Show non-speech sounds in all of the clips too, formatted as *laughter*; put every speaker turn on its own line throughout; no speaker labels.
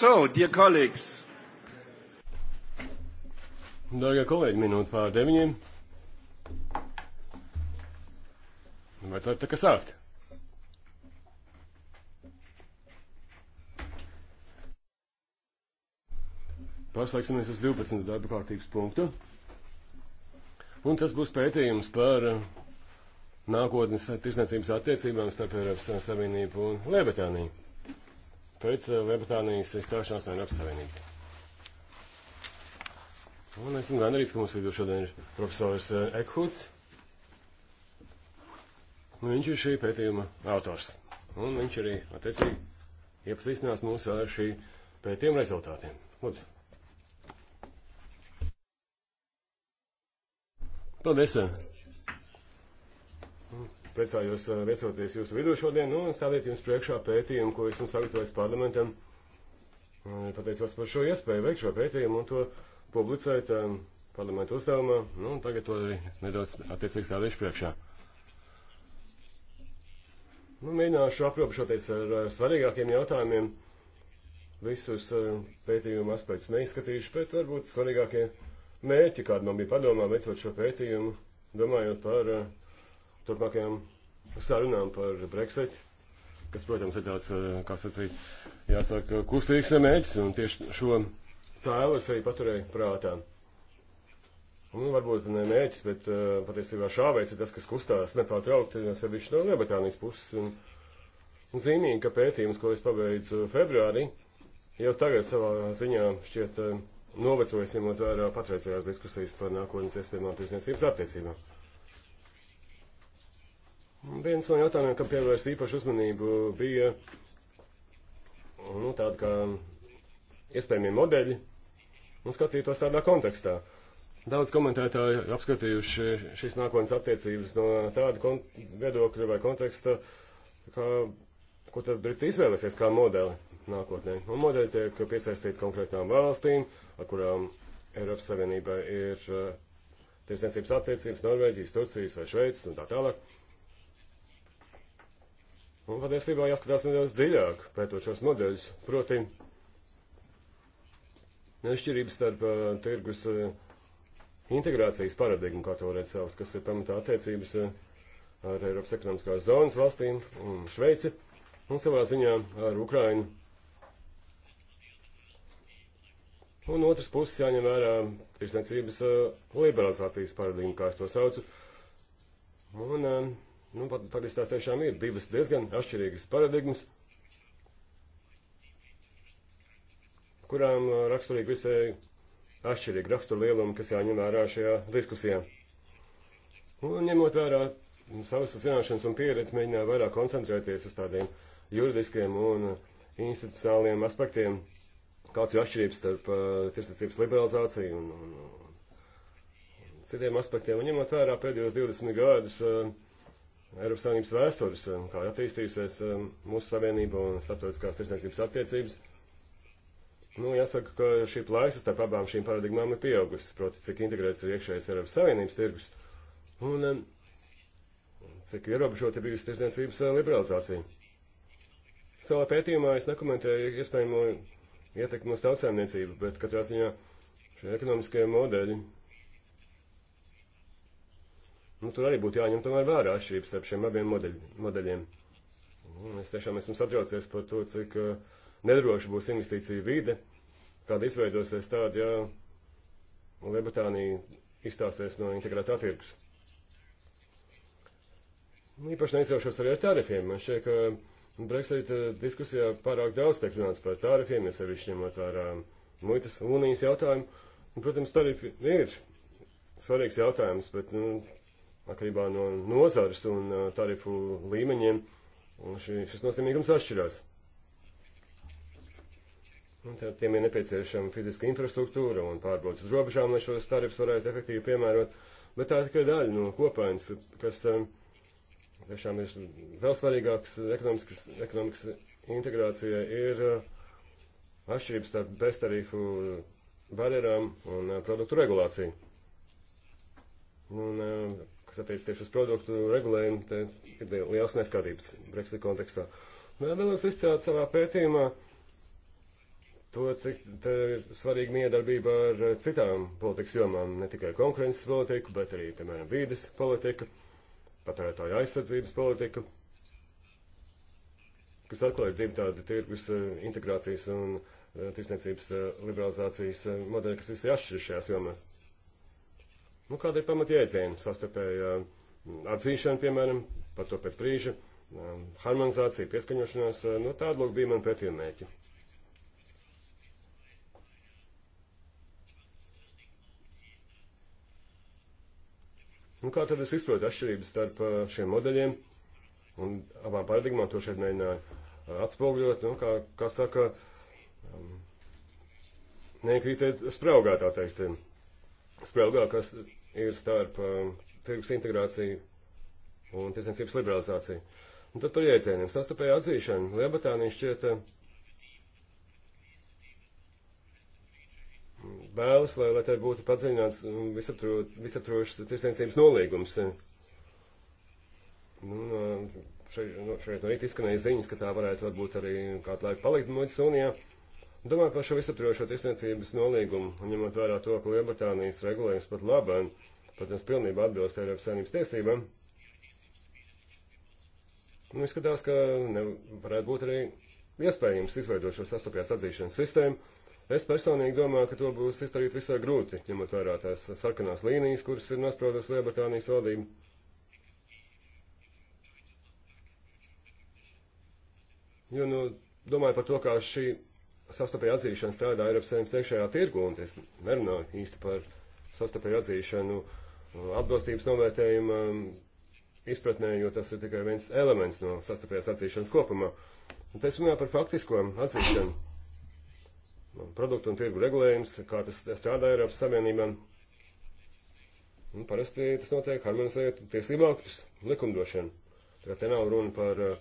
So, dear colleagues. Dārgie kolēģi, minūte pār deviņiem. Vajadzētu tā kā sākt. Pārslēgsimies uz 12. darba kārtības punktu. Un tas būs pētījums par eh, nākotnes tirsniecības attiecībām starp Eiropas Savienību un Lielbritāniju pēc eh, Lielbritānijas izstāšanās no Eiropas Savienības. Un esmu gandrīz, ka mūsu vidū šodien ir profesors Ekhūts. Eh, nu, viņš ir šī pētījuma autors. Un viņš arī, attiecīgi, iepazīstinās mūs ar šī pētījuma rezultātiem. Lūdzu. Paldies! priecājos eh, viesoties jūsu vidū šodien nu, un stādīt jums priekšā pētījumu, ko esmu sagatavojis parlamentam. Eh, pateicos par šo iespēju veikt šo pētījumu un to publicēt um, parlamentu uzdevumā. Nu, tagad to arī nedaudz attiecīgi stādīšu priekšā. Nu, mēģināšu aprobežoties ar, ar svarīgākiem jautājumiem. Visus pētījuma aspektus neizskatīšu, bet varbūt svarīgākie mērķi, kādi man bija padomā, veicot šo pētījumu, domājot par uh, turpmākajām sarunām par Brexit, kas, protams, ir tāds, eh, kā sacīt, jāsaka, kustīgs mērķis, un tieši šo tēlu es arī paturēju prātā. Nu, varbūt ne mērķis, bet uh, patiesībā šāveids ir tas, kas kustās nepārtraukti, sevišķi no Lielbritānijas puses. Un, un zīmīgi, ka pētījums, ko es pabeidzu februārī, jau tagad savā ziņā šķiet uh, eh, novecojis, ņemot vērā patreizējās diskusijas par nākotnes iespējamām tirsniecības attiecībām. Viens no jautājumiem, kam pievērst īpašu uzmanību, bija nu, tāda kā iespējamie modeļi un skatītos tādā kontekstā. Daudz komentētāji apskatījuši šīs nākotnes attiecības no tāda viedokļa vai konteksta, kā, ko tad Briti izvēlēsies kā modeli nākotnē. Un modeļi tiek piesaistīti konkrētām valstīm, ar kurām Eiropas Savienībai ir eh, tiesniecības attiecības, Norvēģijas, Turcijas vai Šveicas un tā tālāk. Un patiesībā jāskatās nedaudz dziļāk pētot šos modeļus. Proti, nešķirības starp uh, tirgus uh, integrācijas paradigmu, kā to varētu saukt, kas ir pamatā attiecības uh, ar Eiropas ekonomiskās zonas valstīm un Šveici un savā ziņā ar Ukrainu. Un otrs puses jāņem vērā tirsniecības uh, liberalizācijas paradigma, kā es to saucu. Un, uh, Nu, pat, faktiski tās tiešām ir divas diezgan atšķirīgas paradigmas, kurām uh, raksturīgi visai atšķirīgi rakstura lielumi, kas jāņem vērā šajā diskusijā. Un, ņemot vērā savas zināšanas un pieredzi, mēģināju vairāk koncentrēties uz tādiem juridiskiem un uh, institucionāliem aspektiem, kāds ir atšķirības starp uh, tirsniecības liberalizāciju un, un, un citiem aspektiem. Un, ņemot vērā pēdējos 20 gadus, uh, Eiropas Savienības vēstures, um, kā ir attīstījusies um, mūsu savienība un starptautiskās tirsniecības attiecības. Nu, jāsaka, ka šī plaisa starp abām šīm paradigmām ir pieaugusi, proti, cik integrēts ir iekšējais Eiropas Savienības tirgus un um, cik ierobežota bijusi tirsniecības uh, liberalizācija. Savā pētījumā es nekomentēju iespējamo ietekmi uz tautsēmniecību, bet katrā ziņā šie ekonomiskie modeļi Nu, tur arī būtu jāņem tomēr vērā atšķirības starp šiem abiem modeļ, modeļiem. Un nu, es tiešām esmu satraucies par to, cik uh, nedroši būs investīcija vide, kāda izveidosies tāda, ja Lielbritānija izstāsies no integrētā tirgus. Nu, īpaši neizjaušos arī ar tarifiem. Man šķiet, ka Brexit uh, diskusijā pārāk daudz tiek runāts par tarifiem, ja sevišķi ņemot vērā muitas unijas jautājumu. Un, protams, tarifi ir svarīgs jautājums, bet nu, atkarībā no nozares un uh, tarifu līmeņiem, un šī, šis nozīmīgums atšķirās. Un tad tiem ir nepieciešama fiziska infrastruktūra un pārbaudas uz robežām, lai šos tarifus varētu efektīvi piemērot, bet tā ir tikai daļa no kopainas, kas um, tiešām ir vēl svarīgāks ekonomiskas, ekonomikas integrācija, ir uh, atšķirības starp beztarifu barjerām un uh, produktu regulāciju. Un, kas attiec tieši uz produktu regulējumu, te ir liels neskatības Brexit kontekstā. Nu, vēlos izcelt savā pētījumā to, cik ir svarīga miedarbība ar citām politikas jomām, ne tikai konkurences politiku, bet arī, piemēram, vīdes politika, patērētāju aizsardzības politika, kas atklāja divi tādi tirgus eh, integrācijas un eh, tirsniecības eh, liberalizācijas modeļi, kas visi atšķiras šajās jomās. Nu, kāda ir pamatjēdziena? Sastapēja mm, atzīšana, piemēram, par to pēc brīža, mm, harmonizācija, pieskaņošanās, mm, nu, tāda lūk bija man pretīmēķi. Nu, kā tad es izprotu atšķirības starp šiem modeļiem un abām paradigmām, to šeit mēģināju atspoguļot, nu, kā, kā saka, neiekrītiet spraugā, tā teikt, spraugā, kas ir starp uh, tirgus integrāciju un tiesniecības liberalizāciju. Un tad par jēdzieniem. Sastapēja atzīšana. Lielbritānija šķiet uh, vēlas, lai, lai tai būtu padziļināts mm, visaptrošs tiesniecības nolīgums. Nu, uh, šeit, nu, šeit no rīta izskanēja ziņas, ka tā varētu varbūt arī kādu laiku palikt muļķis unijā. Ja Domāju par šo visaptvarošo tiesniecības nolīgumu, ņemot vērā to, ka Lielbritānijas regulējums pat labam, protams, pilnībā atbilst Eiropas saimnības tiesībām. Nu, izskatās, ka ne, varētu būt arī iespējams izveidot šo sastopjās atzīšanas sistēmu. Es personīgi domāju, ka to būs izdarīt visai grūti, ņemot vērā tās sarkanās līnijas, kuras ir nospraudusi Lielbritānijas valdība. Jo, nu, domāju par to, kā šī sastapēja atzīšana strādā Eiropas Savienības iekšējā tirgu, un es nerunāju īsti par sastapēja atzīšanu uh, atbilstības novērtējuma um, izpratnē, jo tas ir tikai viens elements no sastapējās atzīšanas kopumā. Un te es runāju par faktisko atzīšanu. Produktu un tirgu regulējums, kā tas strādā Eiropas Savienībā. Un parasti tas notiek harmonizējot tiesību aktus, likumdošanu. Tā kā te nav runa par uh,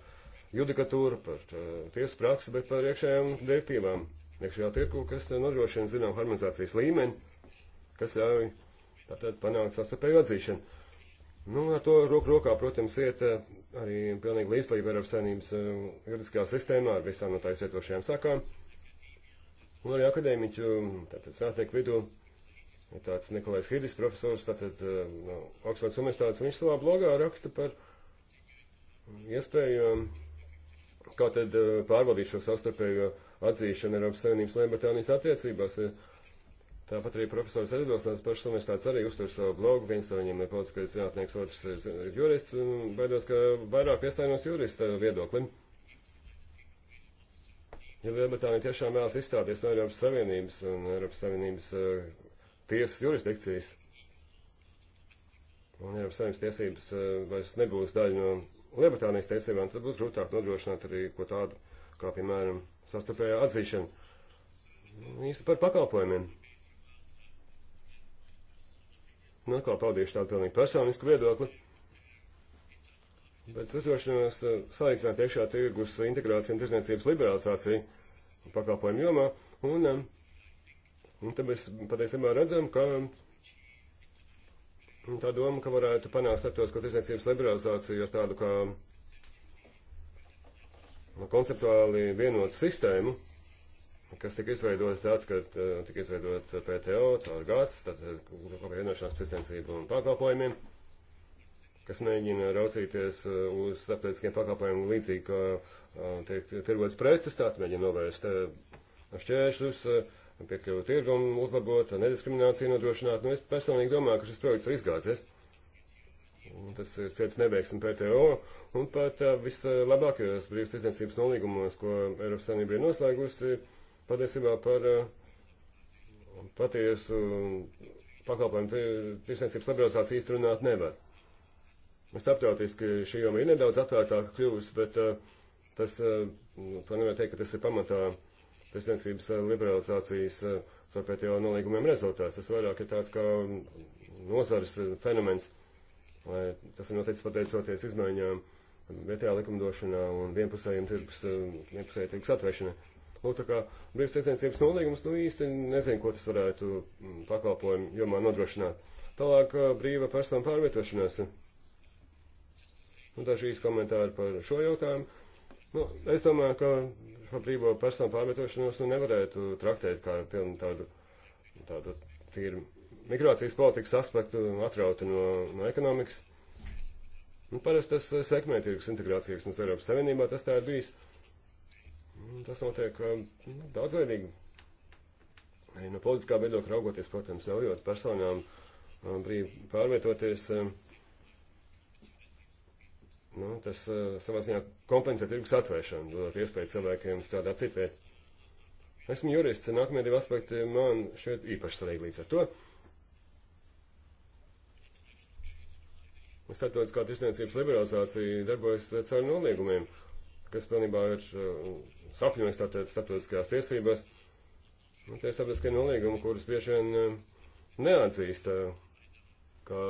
judikatūru, par eh, tiesu praksi, bet par iekšējām vērtībām, iekšējā tirku, kas nodrošina zinām harmonizācijas līmeni, kas ļauj tātad panākt sastapēju atzīšanu. Nu, ar to roku rokā, protams, iet eh, arī pilnīgi līdzlība Eiropas saimnības eh, juridiskajā sistēmā ar visām no tā iesietošajām sakām. Un arī akadēmiķu, tātad sātiek vidū, ir tāds Nikolais Hidis, profesors, tātad no Oksfordas universitātes, viņš savā blogā raksta par iespēju Kā tad eh, pārvaldīt šo savstarpējo atzīšanu Eiropas Savienības un Lielbritānijas attiecībās? Eh, tāpat arī profesors Edvards Nācis pašs universitātes arī uztur savu blogu, viens no viņiem ir politiskais zinātnieks, otrs ir jurists, un baidos, ka vairāk iestājos jurista viedoklim. Ja Lielbritānija tiešām vēlas izstāties no Eiropas Savienības un Eiropas Savienības uh, tiesas jurisdikcijas, un Eiropas Savienības tiesības uh, vairs nebūs daļa no Lielbritānijas tiesībām, tad būs grūtāk nodrošināt arī ko tādu, kā, piemēram, sastapējā atzīšana. Īsti par pakalpojumiem. Nu, atkal paudīšu tādu pilnīgi personisku viedokli. Bet es uzrošinos eh, salīdzināt iekšā tirgus integrāciju un tirzniecības liberalizāciju pakalpojumu jomā. Un, eh, un tad mēs patiesībā redzam, ka Tā doma, ka varētu panākt starptautisko tirsniecības liberalizāciju ar tādu kā nu, konceptuāli vienotu sistēmu, kas tika izveidota tad, kad eh, tika izveidota PTO caur GATS, tātad eh, kopēja vienošanās tirsniecību un pakalpojumiem, kas mēģina raucīties eh, uz starptautiskiem pakalpojumiem līdzīgi, kā tiek tirgots preces, tātad mēģina novērst šķēršļus, uh, piekļuvu tirgumu uzlabot, nediskrimināciju nodrošināt. Nu, es personīgi domāju, ka šis projekts ir izgāzies. Un tas ir ciets neveiksmi PTO, un pat uh, vislabākajos brīvas izniecības nolīgumos, ko Eiropas Savienība ir noslēgusi, patiesībā par uh, patiesu pakalpojumu tirsniecības liberalizāciju īstenot nevar. Starptautiski šī joma ir nedaudz atvērtāka kļuvusi, bet uh, tas, nu, to nevar teikt, ka tas ir pamatā. Uh, tirsniecības eh, liberalizācijas eh, starpējo nolīgumiem rezultāts. Tas vairāk ir tāds kā nozares eh, fenomens, vai tas ir noticis pateicoties izmaiņām vietējā likumdošanā un vienpusējiem tirgus, vienpusējiem tirgus atvēršanai. Lūk, tā kā brīvs tirsniecības nolīgums, nu īsti nezinu, ko tas varētu mm, pakalpojumu jomā nodrošināt. Tālāk brīva persona pārvietošanās. Nu, daži īsti komentāri par šo jautājumu. Nu, es domāju, ka brīvo personu pārvietošanos nu nevarētu traktēt kā pilnu tādu, tādu tīru migrācijas politikas aspektu atrauti no, no ekonomikas. Nu, parasti tas eh, sekmē tirgus integrācijas mums Eiropas Savienībā, tas tā ir bijis. Tas notiek eh, nu, daudzveidīgi. Arī no politiskā viedokļa raugoties, protams, ļaujot personām eh, brīvi pārvietoties. Um, Nu, tas eh, savā ziņā kompensē tirgus atvēršanu, dodot iespēju cilvēkiem strādāt citviet. Esmu jurists, nākamie divi aspekti man šeit īpaši svarīgi līdz ar to. Startautiskā tirsniecības liberalizācija darbojas caur noliegumiem, kas pilnībā ir eh, sapņojis tātad starptautiskajās tiesībās. Un nu, tie ir starptautiskie noliegumi, kurus bieži vien eh, neatzīst kā,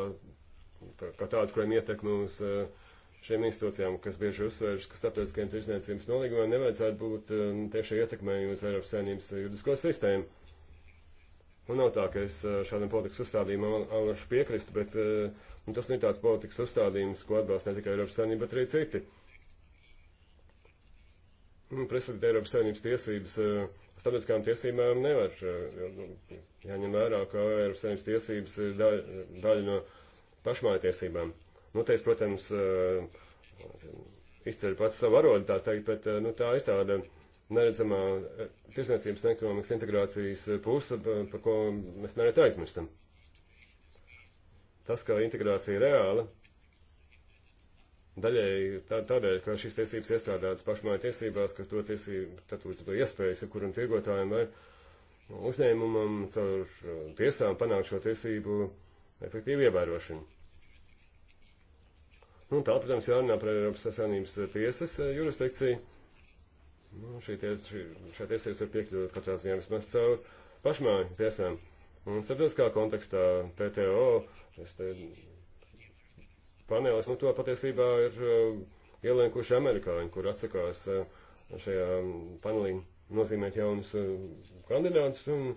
kā tāds, kuriem ietekmi uz uh, šīm institūcijām, kas bieži uzsvērš, ka starptautiskajiem tirsniecības nolīgumiem nevajadzētu būt um, tieši ietekmēji uz Eiropas saimnības juridisko sistēmu. Un nu, nav tā, ka es uh, šādam politikas uzstādījumam alaši piekristu, bet uh, nu, tas ir tāds politikas uzstādījums, ko atbalsta ne tikai Eiropas saimnība, bet arī citi. Nu, Prasīt Eiropas saimnības tiesības, uh, starptautiskām tiesībām nevar. Jāņem vērā, ka Eiropas saimnības tiesības ir daļa, daļa no pašmāja tiesībām. Nu, teiks, protams, eh, izceļ pats savu arodu, tā teikt, bet eh, nu, tā ir tāda neredzamā eh, tirsniecības un ekonomikas integrācijas puse, par ko mēs nereti aizmirstam. Tas, ka integrācija ir reāla, daļēji tā, tādēļ, ka šīs tiesības iestrādātas pašmāju tiesībās, kas dod tiesību, tad līdz to iespējas, ja kuram tirgotājiem vai uzņēmumam caur tiesām panākt šo tiesību efektīvu ievērošanu. Nu, tā, protams, jārunā par Eiropas Savienības eh, tiesas eh, jurisdikciju. Nu, šī tiesa, šī, šai tiesai var piekļūt katrā ziņā vismaz caur pašmāju tiesām. Un sabiedriskā kontekstā PTO, es te panelis, nu, to patiesībā ir uh, eh, ielenkuši amerikāņi, kur atsakās uh, šajā mm, panelī nozīmēt jaunus uh, kandidātus. Un,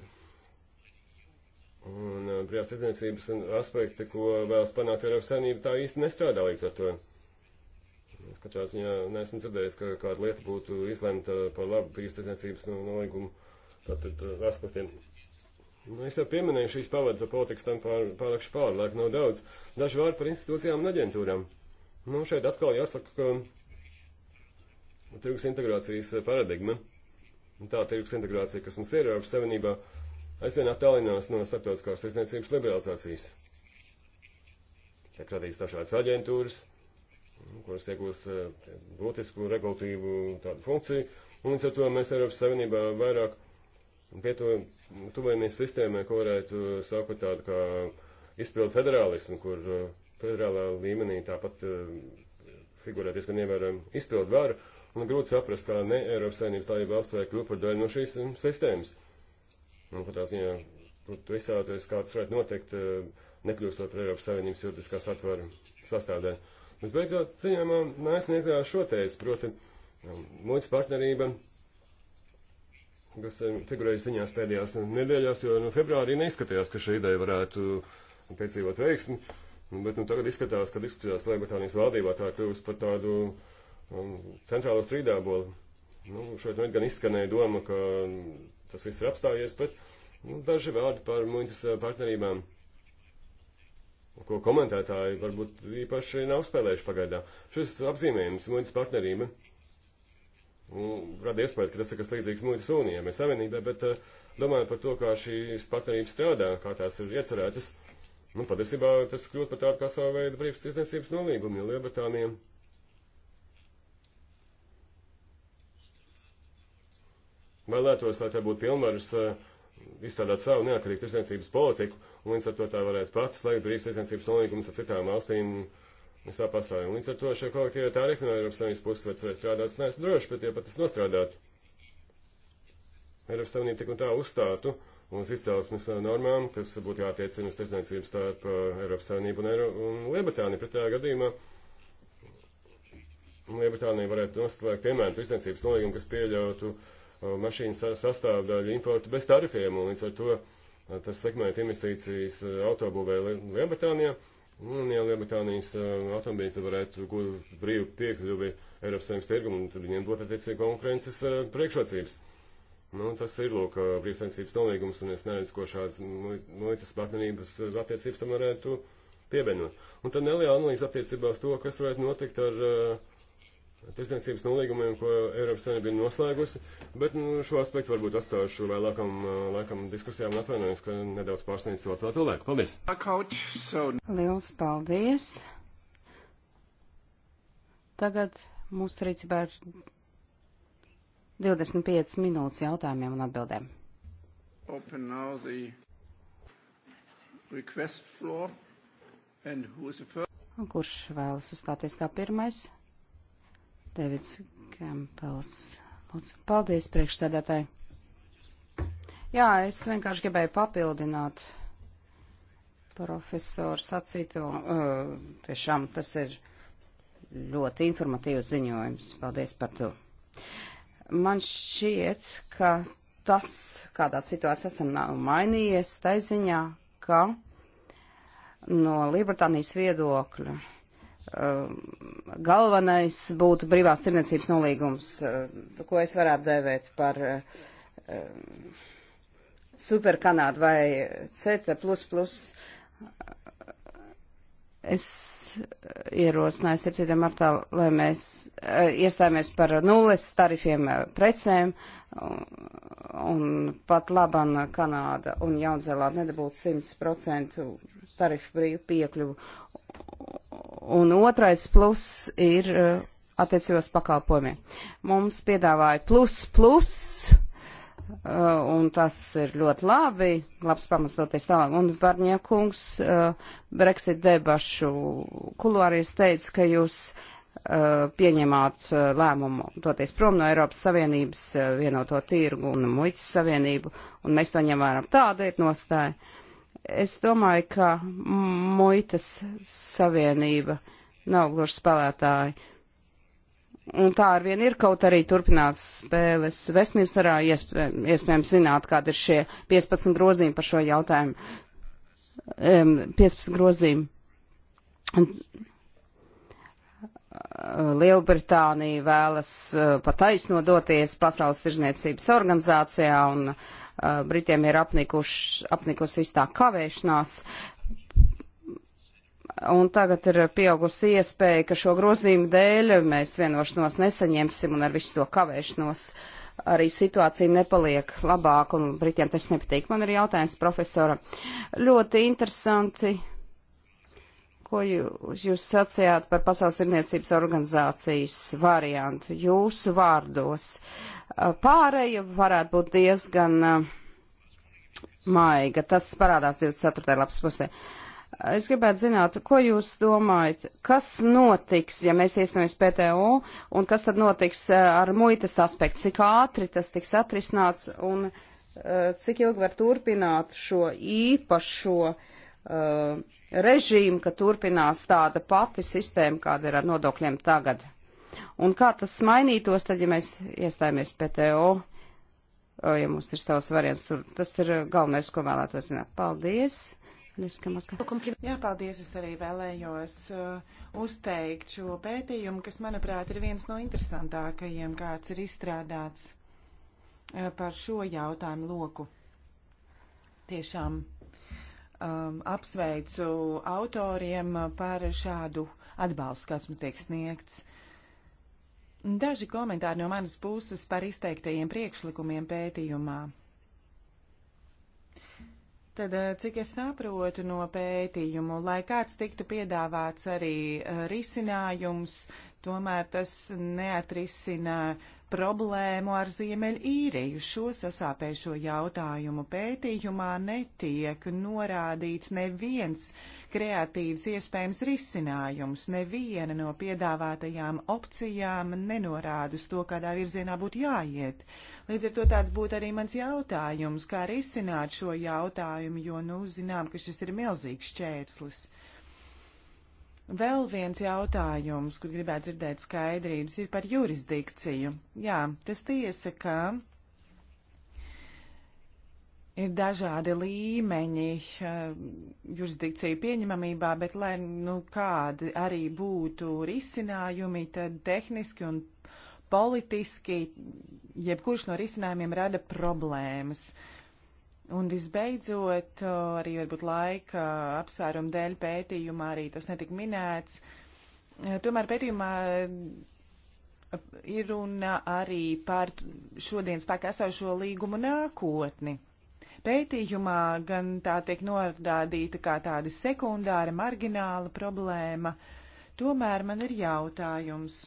Un uh, brīvās tirdzniecības aspekti, ko vēlas panākt Eiropas saimnība, tā īsti nestrādā līdz ar to. Es katrā ziņā neesmu dzirdējis, ka kāda lieta būtu izlemta par labu brīvās tirdzniecības nolīgumu tātad uh, aspektiem. Nu, es jau pieminēju šīs pavadu politikas tam pār, pārlekšu pārlēku nav daudz. Daži vārdi par institūcijām un aģentūrām. Nu, šeit atkal jāsaka, ka tirgus integrācijas uh, paradigma, tā tirgus integrācija, kas mums ir Eiropas Savienībā, uh, aizvien attālinās no starptautiskās tirsniecības liberalizācijas. Tiek radīts dažādas aģentūras, kuras iegūst eh, būtisku regulatīvu tādu funkciju, un līdz ar to mēs Eiropas Savienībā vairāk pie to tuvojamies sistēmai, ko varētu sākot tādu kā izpildu federālismu, kur eh, federālā līmenī tāpat eh, figurē diezgan ievērojama izpildu vara, un grūti saprast, kā ne Eiropas Savienības dalība valsts vai kļūt par daļu no šīs mm, sistēmas. Um, Un, katrā ziņā, kur tu izstāvoties, kā tas varētu notikt, eh, nekļūstot par Eiropas Savienības juridiskā satvara sastāvdē. Visbeidzot, ciņāmā neesmu iekļāvis šo tēzi, proti, um, muitas partnerība, kas um, figurēja ziņās pēdējās nedēļās, jo nu, februārī neizskatījās, ka šī ideja varētu piedzīvot veiksmi, bet nu, tagad izskatās, ka diskusijās Lielbritānijas valdībā tā kļūst par tādu um, centrālo strīdābolu. Nu, šeit nu, gan izskanēja doma, ka tas viss ir apstājies, bet nu, daži vārdi par muitas eh, partnerībām, ko komentētāji varbūt īpaši nav spēlējuši pagaidā. Šis apzīmējums muitas partnerība nu, rada iespēju, ka tas ir kas līdzīgs muitas unijai, mēs savienībai, bet uh, domājot par to, kā šīs partnerības strādā, kā tās ir iecerētas, nu, patiesībā tas kļūst par tādu kā savu veidu brīvas izniecības nolīgumu, jo Lielbritānija. Ja vēlētos, lai tā būtu pilnvaras eh, izstrādāt savu neatkarīgu tirsniecības politiku, un līdz ar to tā varētu pats slēgt brīvas tirsniecības nolīgumus ar citām valstīm visā pasaulē. Un līdz ar to šie kolektīvie tarifi no Eiropas Savienības puses var cerēt strādāt, es neesmu drošs, bet ja pat es nostrādātu, Eiropas Savienība tik un tā uzstātu uz izcelsmes eh, normām, kas būtu jātiecina uz tirsniecību starp eh, Eiropas Savienību un, Eiro un Lielbritāniju. Pretējā gadījumā Lielbritānija varētu noslēgt piemēram tirsniecības nolīgumu, kas pieļautu uh, Uh, mašīnu sastāvdaļu importu bez tarifiem, un līdz ar to uh, tas sekmētu investīcijas uh, autobūvē Lielbritānijā. Un, ja Lielbritānijas automobīļi varētu gūt brīvu piekļuvi Eiropas saimnes tirgumu, tad viņiem dot attiecīgi konkurences priekšrocības. Nu, tas ir, lūk, brīvsaimniecības nolīgums, un es neredzu, ko šādas muitas partnerības attiecības tam varētu pievienot. Un tad neliela analīze attiecībā uz to, kas varētu notikt ar uh, tirdzniecības nolīgumiem, ko Eiropas Savienība ir noslēgusi, bet nu, šo aspektu varbūt atstāšu vēlākam uh, laikam diskusijām un atvainojos, ka nedaudz pārsniedz vēl tādu laiku. Paldies!
Liels paldies! Tagad mūsu rīcībā ir 25 minūtes jautājumiem un atbildēm. Open now the request floor
and who is the first?
Un kurš vēlas uzstāties kā pirmais? Davids Kempels. Lūdzu. Paldies, priekšsēdētāji. Jā, es vienkārši gribēju papildināt profesoru sacīto. Uh, tiešām tas ir ļoti informatīvs ziņojums. Paldies par to. Man šķiet, ka tas, kādā situācijā esam, nav mainījies, tai ziņā, ka no Lielbritānijas viedokļa Um, galvenais būtu brīvās tirniecības nolīgums, uh, ko es varētu dēvēt par uh, um, superkanādu vai CETA. Es ierosināju 7. martā, lai mēs uh, iestājāmies par nulles tarifiem precēm, un pat laban Kanāda un Jaunzēlāda nedabūtu 100% tarifu brīvu piekļuvu un otrais plus ir uh, attiecībās pakalpojumiem. Mums piedāvāja plus plus, uh, un tas ir ļoti labi, labs pamats doties tālāk. Un Barņie kungs uh, Brexit debašu kuluārijas teica, ka jūs pieņemāt lēmumu doties prom no Eiropas Savienības vienoto tirgu un muitas savienību, un mēs to ņemam vērā. Tāda ir nostāja. Uh, Es domāju, ka muitas savienība nav gluži spēlētāji. Un tā ar vienu ir kaut arī turpinās spēles. Vestminsterā iespējams iespējam zināt, kāda ir šie 15 grozījumi par šo jautājumu. Um, 15 grozījumi. Lielbritānija vēlas uh, eh, pataisno doties pasaules tirzniecības organizācijā un Britiem ir apnikuši, apnikusi viss tā kavēšanās. Un tagad ir pieaugusi iespēja, ka šo grozījumu dēļ mēs vienošanos nesaņemsim un ar visu to kavēšanos arī situācija nepaliek labāk un Britiem tas nepatīk. Man ir jautājums profesora. Ļoti interesanti ko jūs, jūs sacījāt par Pasaules tirniecības organizācijas variantu jūsu vārdos. Pārēja varētu būt diezgan maiga. Tas parādās 24. lapas pusē. Es gribētu zināt, ko jūs domājat, kas notiks, ja mēs iestāmies PTO, un kas tad notiks ar muitas aspektu, cik ātri tas tiks atrisināts, un cik ilgi var turpināt šo īpašo uh, uh, režīmu, ka turpinās tāda pati sistēma, kāda ir ar nodokļiem tagad. Un kā tas mainītos, tad, ja mēs iestājāmies PTO, uh, ja mums ir savs variants tur, tas ir uh, galvenais, ko vēlētos zināt. Paldies! Jā, paldies.
Es arī vēlējos uh, uzteikt šo pētījumu, kas, manuprāt, ir viens no interesantākajiem, kāds ir izstrādāts uh, par šo jautājumu loku. Tiešām um, apsveicu autoriem par šādu atbalstu, kāds mums tiek sniegts. Daži komentāri no manas puses par izteiktajiem priekšlikumiem pētījumā. Tad, uh, cik es saprotu no pētījumu, lai kāds tiktu piedāvāts arī uh, risinājums, tomēr tas neatrisina problēmu ar Ziemeļīriju. Šo sasāpējušo jautājumu pētījumā netiek norādīts neviens kreatīvs iespējams risinājums. Neviena no piedāvātajām opcijām nenorāda uz to, kādā virzienā būtu jāiet. Līdz ar to tāds būtu arī mans jautājums, kā risināt šo jautājumu, jo, nu, zinām, ka šis ir milzīgs šķērslis. Vēl viens jautājums, kur gribētu dzirdēt skaidrības, ir par jurisdikciju. Jā, tas tiesa, ka ir dažādi līmeņi eh, jurisdikciju pieņemamībā, bet lai nu, kādi arī būtu risinājumi, tad tehniski un politiski jebkurš no risinājumiem rada problēmas. Uh, Un visbeidzot, arī varbūt laika apsvērumu dēļ pētījumā arī tas netika minēts. Tomēr pētījumā ir runa arī par šodien spēkā esošo līgumu nākotni. Pētījumā gan tā tiek norādīta kā tāda sekundāra, margināla problēma. Tomēr man ir jautājums.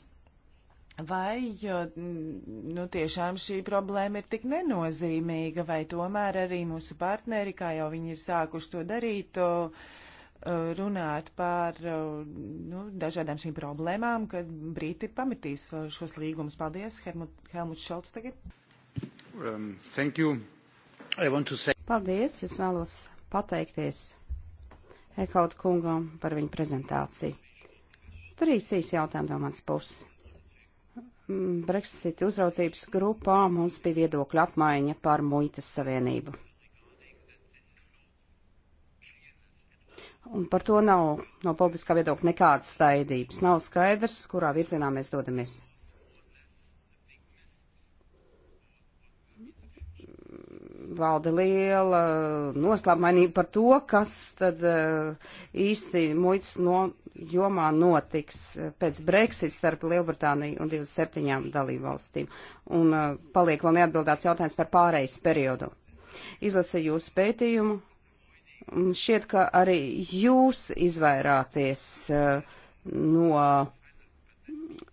Vai jo, mm, nu, tiešām šī problēma ir tik nenozīmīga, vai tomēr arī mūsu partneri, kā jau viņi ir sākuši to darīt, runāt par nu, dažādām šīm problēmām, kad Brīti pametīs šos
līgumus. Paldies, Helmut, Helmut Šalts tagad.
Um, say...
Paldies, es vēlos pateikties Ekaut kungam par viņu prezentāciju. Trīs īsi jautājumi no manas puses. Mm, Brexit uzraudzības grupā mums bija viedokļa apmaiņa par muitas savienību. Un par to nav no politiskā viedokļa nekādas staidības. Nav skaidrs, kurā virzienā mēs dodamies. valda liela noslēpmainība par to, kas tad eh, īsti muitas no, jomā notiks pēc Brexit starp Lielbritāniju un 27 dalībvalstīm. Un eh, paliek vēl neatbildāts jautājums par pārejas periodu. Izlasīju jūsu pētījumu. Šķiet, ka arī jūs izvairāties eh, no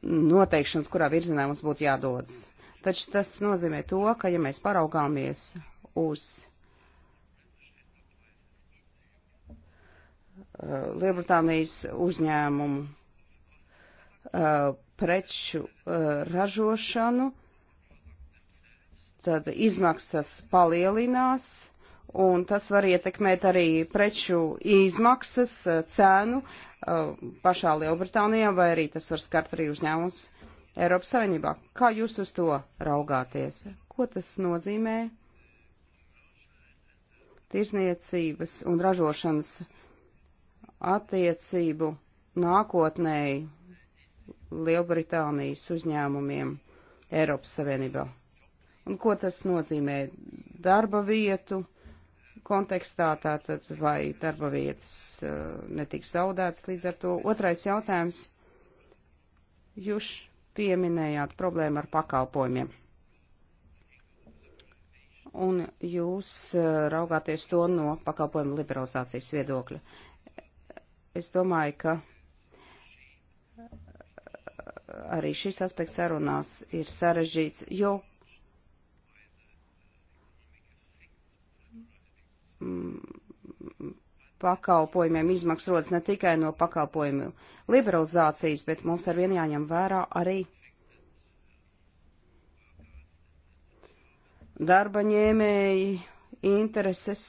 noteikšanas, kurā virzienā mums būtu jādodas. Taču tas nozīmē to, ka ja mēs paraugāmies uz uh, Lielbritānijas uzņēmumu uh, preču uh, ražošanu, tad izmaksas palielinās, un tas var ietekmēt arī preču izmaksas cēnu pašā Lielbritānijā, vai arī tas var skart arī uzņēmums Eiropas Savienībā. Kā jūs uz to raugāties? Ko tas nozīmē? tirzniecības un ražošanas attiecību nākotnēji Lielbritānijas uzņēmumiem Eiropas Savienībā. Un ko tas nozīmē darba vietu kontekstā, tātad vai darba vietas uh, netiks zaudētas līdz ar to. Otrais jautājums. Jūs pieminējāt problēmu ar pakalpojumiem un jūs eh, raugāties to no pakalpojumu liberalizācijas viedokļa. Es domāju, ka eh, arī šis aspekts sarunās ir sarežģīts, jo mm, pakalpojumiem izmaksas rodas ne tikai no pakalpojumu liberalizācijas, bet mums ar vienu jāņem vērā arī darba ņēmēji intereses,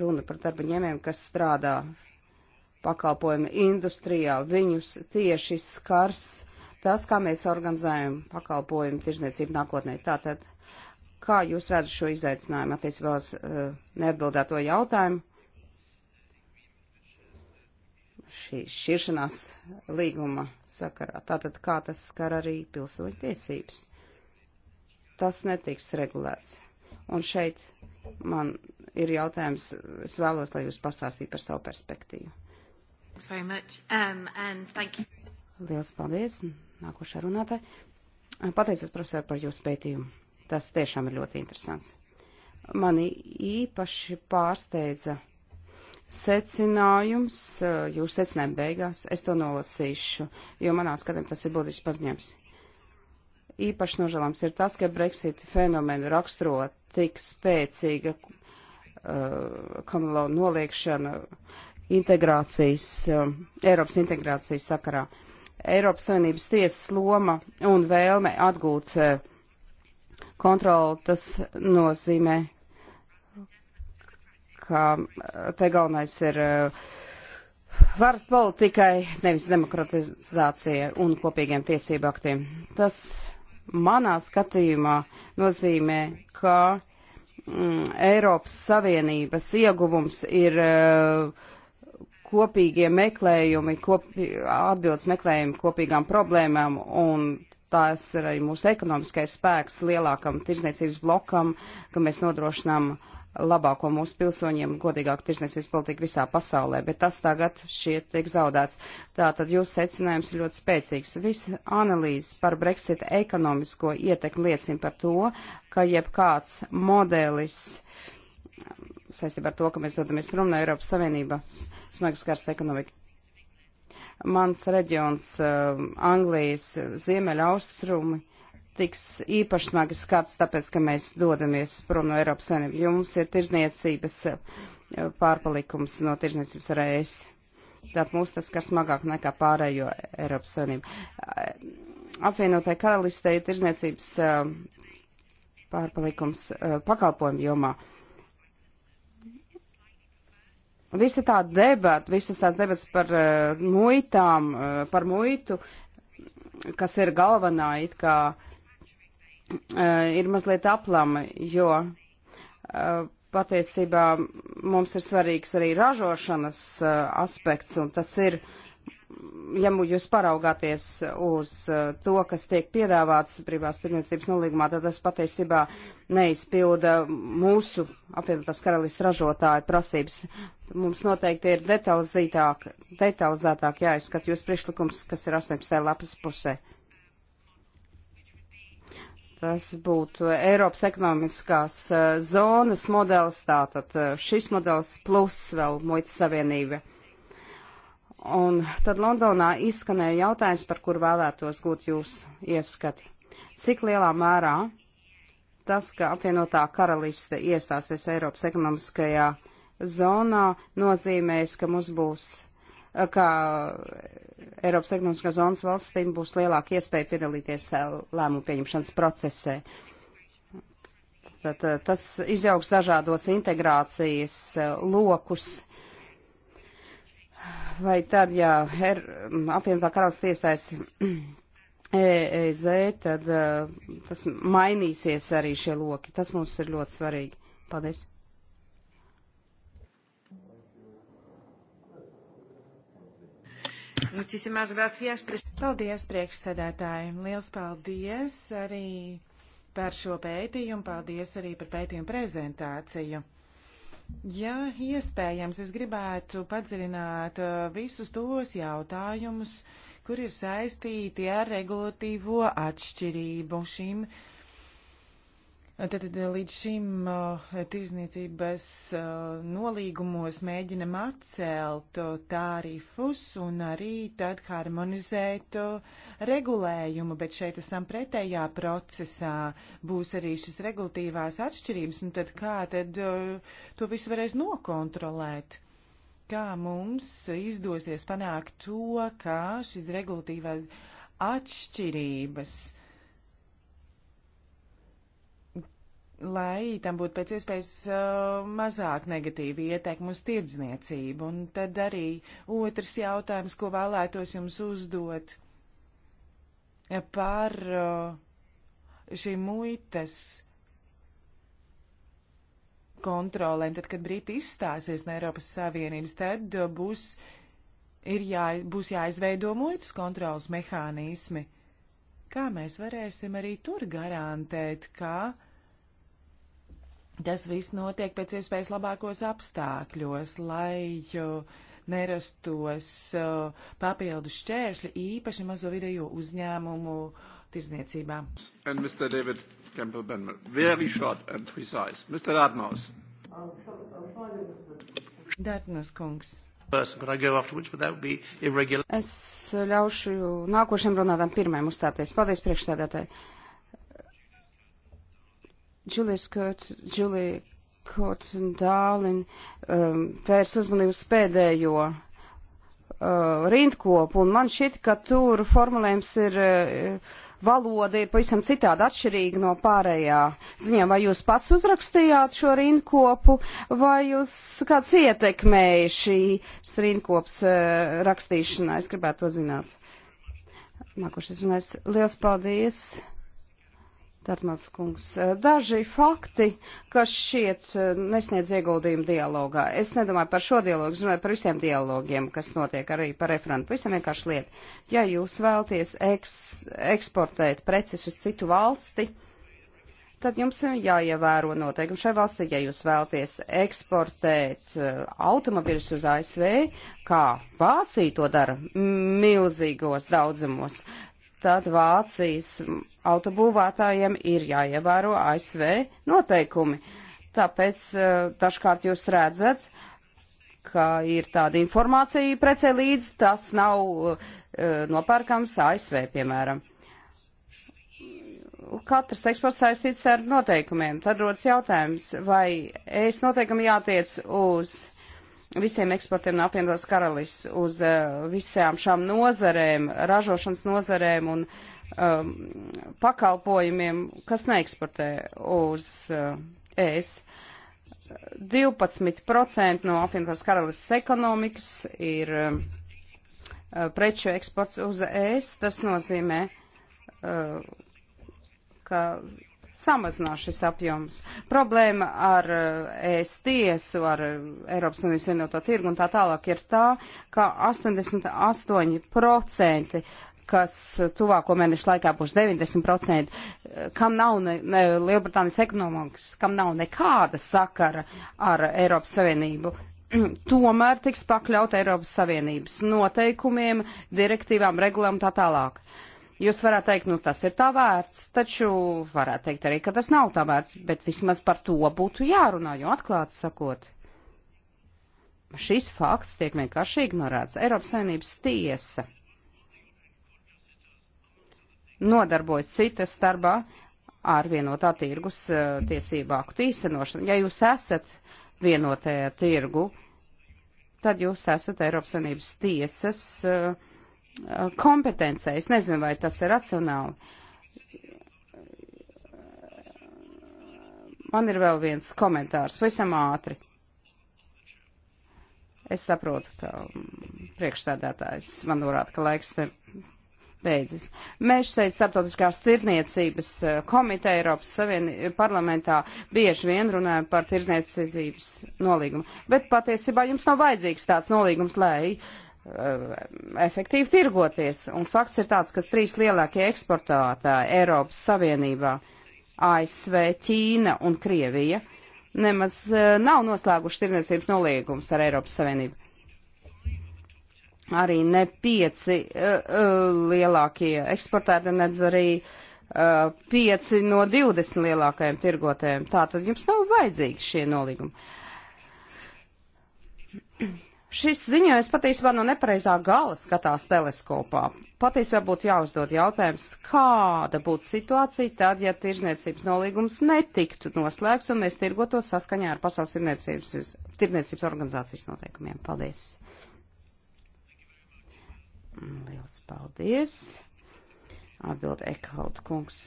runa par darba ņēmējiem, kas strādā pakalpojumu industrijā, viņus tieši skars tas, kā mēs organizējam pakalpojumu tirzniecību nākotnē. Tātad, kā jūs redzat šo izaicinājumu attiecībā uz uh, neatbildēto jautājumu? Šī šķiršanās līguma sakarā. Tātad, kā tas skar arī pilsoņu tiesības? tas netiks regulēts. Un šeit man ir jautājums, es vēlos, lai jūs pastāstītu par savu perspektīvu. Um, Lielas paldies, nākošā runātāja. Pateicos, profesor, par jūsu pētījumu. Tas tiešām ir ļoti interesants. Mani īpaši pārsteidza secinājums, uh, jūs secinājumi beigās, es to nolasīšu, jo manā skatījumā tas ir būtisks paziņojums īpaši nožēlams ir tas, ka Brexit fenomenu raksturo tik spēcīga uh, Kamalo noliekšana integrācijas, uh, Eiropas integrācijas sakarā. Eiropas Savienības tiesas loma un vēlme atgūt uh, kontroli, tas nozīmē, ka uh, te galvenais ir uh, varas politikai, nevis demokratizācijai un kopīgiem tiesību aktiem. Tas manā skatījumā nozīmē, ka mm, Eiropas Savienības ieguvums ir uh, kopīgie meklējumi, kopi, atbildes meklējumi kopīgām problēmām, un tās ir arī mūsu ekonomiskais spēks lielākam tirzniecības blokam, ka mēs nodrošinām uh, labāko mūsu pilsoņiem, godīgāku tirsniecības politiku visā pasaulē, bet tas tagad šiet tiek zaudēts. Tātad jūsu secinājums ir ļoti spēcīgs. Visa analīze par Brexit ekonomisko ietekmi liecina par to, ka jebkāds modelis saistībā ar to, ka mēs dodamies prom no Eiropas Savienības smagas kārs ekonomika. Mans reģions, uh, Anglijas ziemeļa austrumi, tiks īpaši smagi skats, tāpēc, ka mēs dodamies prom no Eiropas Savienības, jo mums ir tirzniecības eh, pārpalikums no tirzniecības ar ES. Tātad mums tas, kas smagāk nekā pārējo Eiropas Savienību. Eh, apvienotai karalistei ir tirzniecības eh, pārpalikums pakalpojumu jomā. Visa tā debata, visas tās debatas par uh, muitām, uh, par muitu, kas ir galvenā it kā uh, Eh, ir mazliet aplama, jo eh, patiesībā mums ir svarīgs arī ražošanas eh, aspekts, un tas ir, ja jūs paraugāties uz to, kas tiek piedāvāts privās tirdzniecības nolīgumā, tad tas patiesībā neizpilda mūsu apvienotās karalists ražotāju prasības. Mums noteikti ir detalizētāk, detalizētāk jāizskat jūs priekšlikums, kas ir 18. lapas pusē. Tas būtu Eiropas ekonomiskās e, zonas modelis, tātad e, šis modelis plus vēl muitas savienība. Un tad Londonā izskanēja jautājums, par kur vēlētos gūt jūs ieskati. Cik lielā mērā tas, ka apvienotā karaliste iestāsies Eiropas ekonomiskajā zonā, nozīmēs, ka mums būs ka Eiropas ekonomiskās zonas valstīm būs lielāka iespēja piedalīties eh, lēmumu pieņemšanas procesē. Tad, eh, tas izjauks dažādos integrācijas eh, lokus. Vai tad, ja er, apvienotā karalists iestājas EEZ, *clears throat* e tad tas mainīsies arī šie loki. Tas mums ir ļoti svarīgi. Paldies.
Paldies, priekšsēdētāji. Liels paldies arī par šo pētījumu. Paldies arī par pētījumu prezentāciju. Ja iespējams, es gribētu padziļināt uh, visus tos jautājumus, kur ir saistīti ar regulatīvo atšķirību šīm uh, Tātad līdz šim uh, tirzniecības uh, nolīgumos mēģinam atcelt uh, tārifus un arī tad harmonizēt regulējumu, bet šeit esam pretējā procesā. Būs arī šis regulatīvās atšķirības, un tad kā tad to visu varēs nokontrolēt? kā mums izdosies panākt to, ka šīs regulatīvās atšķirības uh, lai tam būtu pēc iespējas uh, mazāk negatīvi ietekmi uz tirdzniecību. Un tad arī otrs jautājums, ko vēlētos jums uzdot eh, par uh, šīm muitas kontrolēm. Tad, kad Briti izstāsies no Eiropas Savienības, tad uh, būs, ir jā, būs jāizveido muitas kontrolas mehānismi. Kā mēs varēsim arī tur garantēt, ka Tas viss notiek pēc iespējas labākos apstākļos, lai nerastos papildus šķēršļi īpaši mazo vidējo uzņēmumu tirzniecībā. Dārtners kungs.
Es ļaušu nākošiem runātājiem pirmajam uzstāties. Paldies priekšstādātāji. Džulijas Kurts, Džulija Kurts un Dālin um, vērs uzmanību uz pēdējo uh, rindkopu, un man šķiet, ka tur formulējums ir, uh, valoda ir pavisam citādi atšķirīga no pārējā ziņā. Vai jūs pats uzrakstījāt šo rindkopu, vai jūs kāds ietekmēja šīs rindkopas uh, rakstīšanā? Es gribētu to zināt. Nākošais runājums. Liels paldies! Tartmans kungs, eh, daži fakti, kas šiet eh, nesniedz ieguldījumu dialogā. Es nedomāju par šo dialogu, es runāju par visiem dialogiem, kas notiek arī par referentu. Visam vienkārši lieta. Ja jūs vēlties eks, eksportēt preces uz citu valsti, tad jums ir jāievēro noteikumi šai valstī. Ja jūs vēlties eksportēt eh, automobiļus uz ASV, kā Vācija to dara milzīgos daudzumos, tad Vācijas autobūvētājiem ir jāievēro ASV noteikumi. Tāpēc eh, dažkārt jūs redzat, ka ir tāda informācija precē līdz, tas nav uh, nopērkams ASV, piemēram. Katrs eksports saistīts ar noteikumiem. Tad rodas jautājums, vai es noteikumi jātiec uz uh, visiem eksportiem no apvienotās karalis uz uh, visām šām nozarēm, ražošanas nozarēm un um, pakalpojumiem, kas neeksportē uz uh, ES. 12% no apvienotās karalis ekonomikas ir uh, preču eksports uz ES. Tas nozīmē, uh, ka samazinās šis apjoms. Problēma ar ES eh, tiesu, ar eh, Eiropas Savienības vienoto tirgu un tā tālāk ir tā, ka 88% kas tuvāko mēnešu laikā būs 90%, kam nav ne, ne Lielbritānijas ekonomikas, kam nav nekāda sakara ar Eiropas Savienību, *clears throat* tomēr tiks pakļaut Eiropas Savienības noteikumiem, direktīvām, regulām tā tālāk. Uh, Jūs varētu teikt, nu tas ir tā vērts, taču varētu teikt arī, ka tas nav tā vērts, bet vismaz par to būtu jārunā, jo atklāti sakot, šis fakts tiek vienkārši ignorēts. Eiropas Savienības tiesa nodarbojas citas starpā ar vienotā tirgus eh, tiesību aktu īstenošanu. Ja jūs esat vienotajā tirgu, tad jūs esat Eiropas Savienības tiesas uh, kompetencē. Es nezinu, vai tas ir racionāli. Man ir vēl viens komentārs, visam ātri. Es saprotu, ka priekšstādātājs man norāda, ka laiks ir beidzis. Mēs šeit starptautiskās tirniecības eh, komiteja Eiropas Savien parlamentā bieži vien runājam par tirniecības nolīgumu. Bet patiesībā jums nav vajadzīgs tāds nolīgums, lai Eh, efektīvi tirgoties. Un fakts ir tāds, ka trīs lielākie eksportētāji Eiropas Savienībā - ASV, Ķīna un Krievija - nemaz eh, nav noslēguši tirniecības nolīgumus ar Eiropas Savienību. Arī ne pieci uh, uh, lielākie eksportētāji, nedz arī uh, pieci no 20 lielākajiem tirgotēm. Tātad jums nav vajadzīgi šie nolīgumi. Uh, Šis ziņojums patiesībā no nepareizā gala skatās teleskopā. Patiesībā būtu jāuzdod jautājums, kāda būtu situācija tad, ja tirzniecības nolīgums netiktu noslēgts un mēs tirgotos saskaņā ar Pasaules tirniecības, tirniecības organizācijas noteikumiem. Paldies! Liels paldies! Atbild Ekhaut kungs.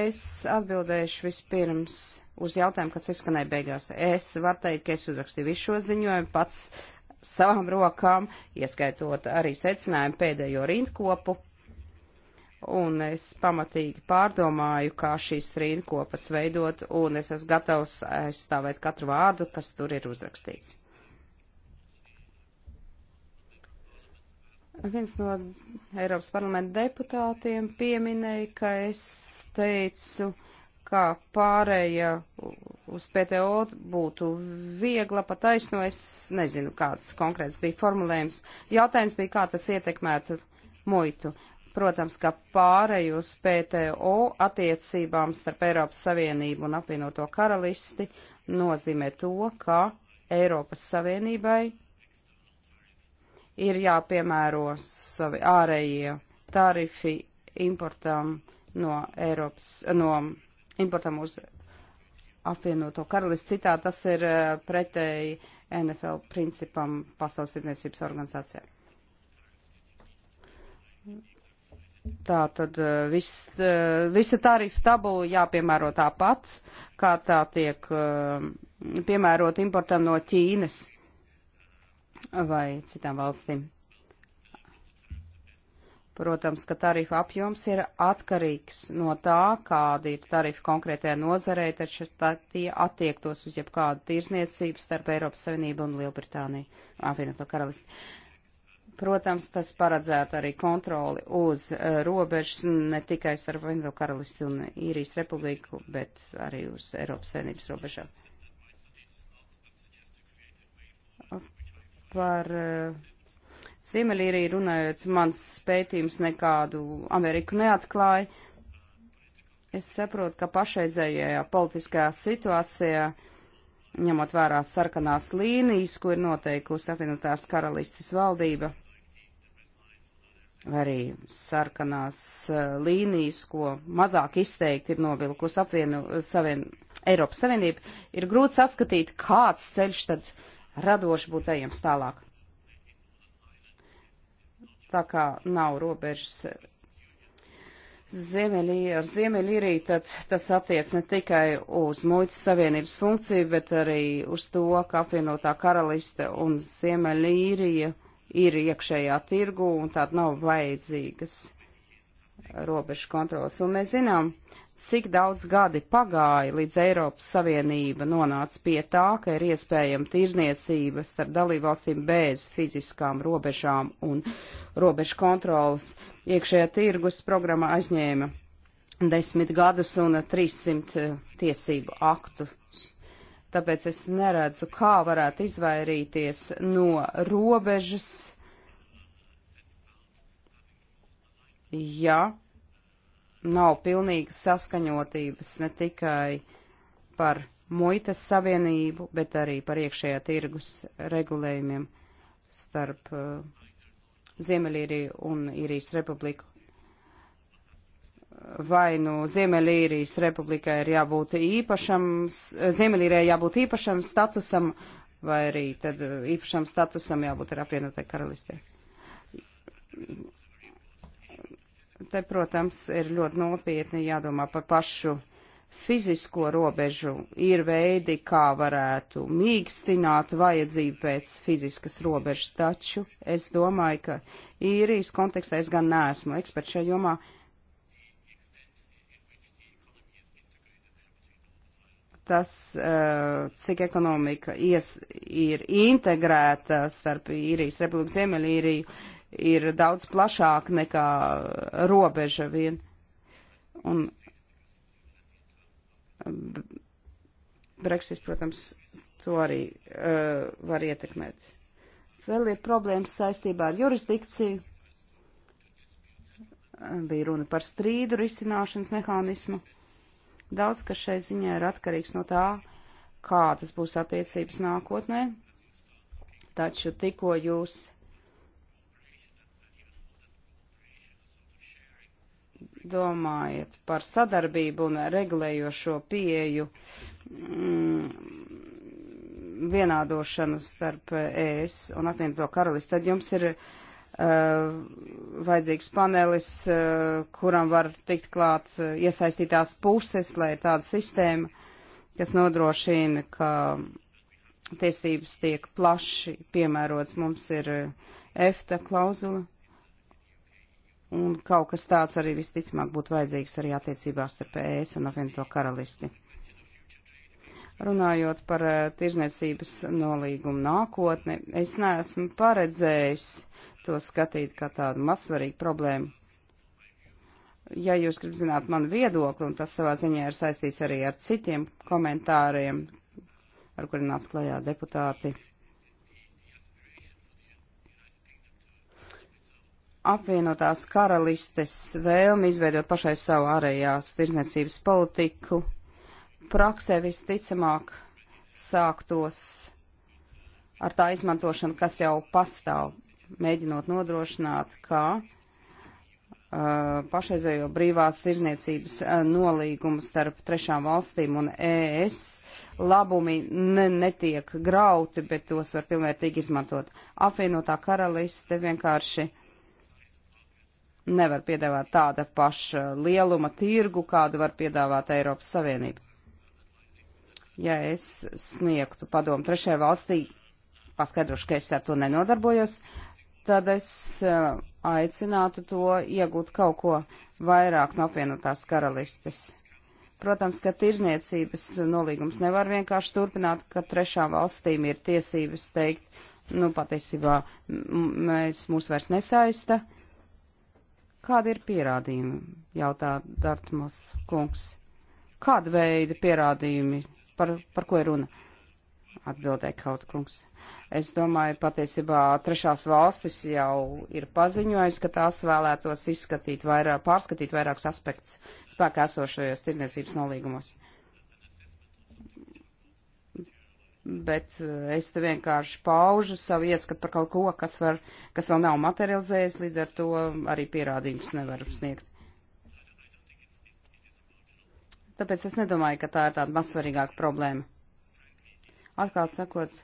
Es atbildēšu vispirms uz jautājumu, kas izskanēja beigās. Es varu teikt, ka es uzrakstīju visu šo ziņojumu pats savām rokām, ieskaitot arī secinājumu pēdējo rindkopu. Un es pamatīgi pārdomāju, kā šīs rindkopas veidot, un es esmu gatavs aizstāvēt katru vārdu, kas tur ir uzrakstīts. Viens no Eiropas parlamenta deputātiem pieminēja, ka es teicu, uh, kā pārēja uz PTO būtu viegla, pataisno, es nezinu, kāds konkrēts bija formulējums. Jautājums bija, kā tas ietekmētu muitu. Protams, ka pārēju uz PTO attiecībām starp Eiropas Savienību un apvienoto karalisti nozīmē to, ka Eiropas Savienībai ir jāpiemēro savi ārējie tarifi importam no Eiropas, no importam uz apvienoto karalistu. Citā tas ir eh, pretēji NFL principam Pasaules tirdzniecības organizācijā. Tā tad eh, vis, eh, visa tarifa tabula jāpiemēro tāpat, kā tā tiek piemērot importam no Ķīnas vai citām valstīm. Protams, ka tarifa apjoms ir atkarīgs no tā, kāda ir tarifa konkrētajā nozarei, taču tie attiektos uz jebkādu tirzniecību starp Eiropas Savienību un Lielbritāniju, apvienoto karalisti. Protams, tas paredzētu arī kontroli uz uh, robežas ne tikai starp Vienu karalisti un Īrijas republiku, bet arī uz Eiropas Savienības robežām. Par uh, Ziemeļīriju runājot, mans pētījums nekādu Ameriku neatklāja. Es saprotu, ka pašreizējajā politiskajā situācijā, ņemot vērā sarkanās līnijas, ko ir noteikusi apvienotās karalistes valdība, vai arī sarkanās eh, līnijas, ko mazāk izteikti ir novilkusi apvienu savien, Eiropas Savienība, ir grūti saskatīt, kāds ceļš tad radoši būtu ejams tālāk tā kā nav robežas Ziemeļīrija, ar Ziemeļīriju, tad tas attiec ne tikai uz muitas savienības funkciju, bet arī uz to, ka apvienotā karaliste un Ziemeļīrija ir iekšējā tirgu un tāda nav vajadzīgas robežu kontrolas. Un mēs zinām, cik daudz gadi pagāja, līdz Eiropas Savienība nonāca pie tā, ka ir iespējama tirzniecība starp dalībvalstīm bez fiziskām robežām un robežu kontrolas. Iekšējā tirgus programma aizņēma desmit gadus un 300 eh, tiesību aktus. Tāpēc es neredzu, kā varētu izvairīties no robežas, ja nav pilnīgas saskaņotības ne tikai par muitas savienību, bet arī par iekšējā tirgus regulējumiem starp uh, Ziemeļīriju un Īrijas republiku. Vai nu Ziemeļīrijas republikai ir jābūt īpašam, Ziemeļīrijai jābūt īpašam statusam, vai arī tad īpašam statusam jābūt ar apvienotai karalistē. Te, protams, ir ļoti nopietni jādomā par pašu fizisko robežu, ir veidi, kā varētu mīkstināt vajadzību pēc fiziskas robežas, taču es domāju, ka īrijas kontekstā es gan neesmu eksperts šajā jomā. Tas, eh, cik ekonomika ies, ir integrēta starp īrijas republiku Ziemeļīriju, ir daudz plašāk nekā robeža vien. Un Brexit, protams, to arī uh, var ietekmēt. Vēl ir problēmas saistībā ar jurisdikciju. Bija runa par strīdu risināšanas mehānismu. Daudz, kas šai ziņā ir atkarīgs no tā, kā tas būs attiecības nākotnē. Taču tikko jūs domājat par sadarbību un regulējošo pieeju mm, vienādošanu starp ES un apvienoto karalistu, tad jums ir Uh, vajadzīgs panelis, uh, kuram var tikt klāt uh, iesaistītās puses, lai ir tāda sistēma, kas nodrošina, ka tiesības tiek plaši piemērots. Mums ir EFTA klauzula, Un kaut kas tāds arī visticamāk būtu vajadzīgs arī attiecībās starp ES un apvienoto karalisti. Runājot par eh, tirzniecības nolīgumu nākotni, es neesmu paredzējis to skatīt kā tādu mazsvarīgu problēmu. Ja jūs gribat zināt manu viedokli, un tas savā ziņā ir saistīts arī ar citiem komentāriem, ar kuriem nāca klajā deputāti apvienotās karalistes vēlmi izveidot pašai savu ārējās tirzniecības politiku, praksē visticamāk sāktos ar tā izmantošanu, kas jau pastāv, mēģinot nodrošināt, ka uh, pašreizējo brīvās tirzniecības uh, nolīgumu starp trešām valstīm un ES labumi ne, netiek grauti, bet tos var pilnvērtīgi izmantot. Apvienotā karaliste vienkārši uh, nevar piedāvāt tāda paša lieluma tirgu, kādu var piedāvāt Eiropas Savienība. Ja es sniegtu padomu trešajai valstī, paskaidrošu, ka es ar to nenodarbojos, tad es eh, aicinātu to iegūt kaut ko vairāk no apvienotās karalistes. Protams, ka tirzniecības nolīgums nevar vienkārši turpināt, ka trešām valstīm ir tiesības teikt, nu, patiesībā mēs mūs vairs nesaista, Kāda ir pierādījuma? jautā Dartmos kungs. Kāda veida pierādījumi, par, par ko ir runa? Atbildēja kaut kungs. Es domāju, patiesībā trešās valstis jau ir paziņojusi, ka tās vēlētos izskatīt vairāk, pārskatīt vairākus aspektus spēkā esošajos tirdzniecības nolīgumos. bet eh, es te vienkārši paužu savu ieskatu par kaut ko, kas, var, kas vēl nav materializējies, līdz ar to arī pierādījums nevaru sniegt. Tāpēc es nedomāju, ka tā ir tāda mazsvarīgāka problēma. Atklāt sakot,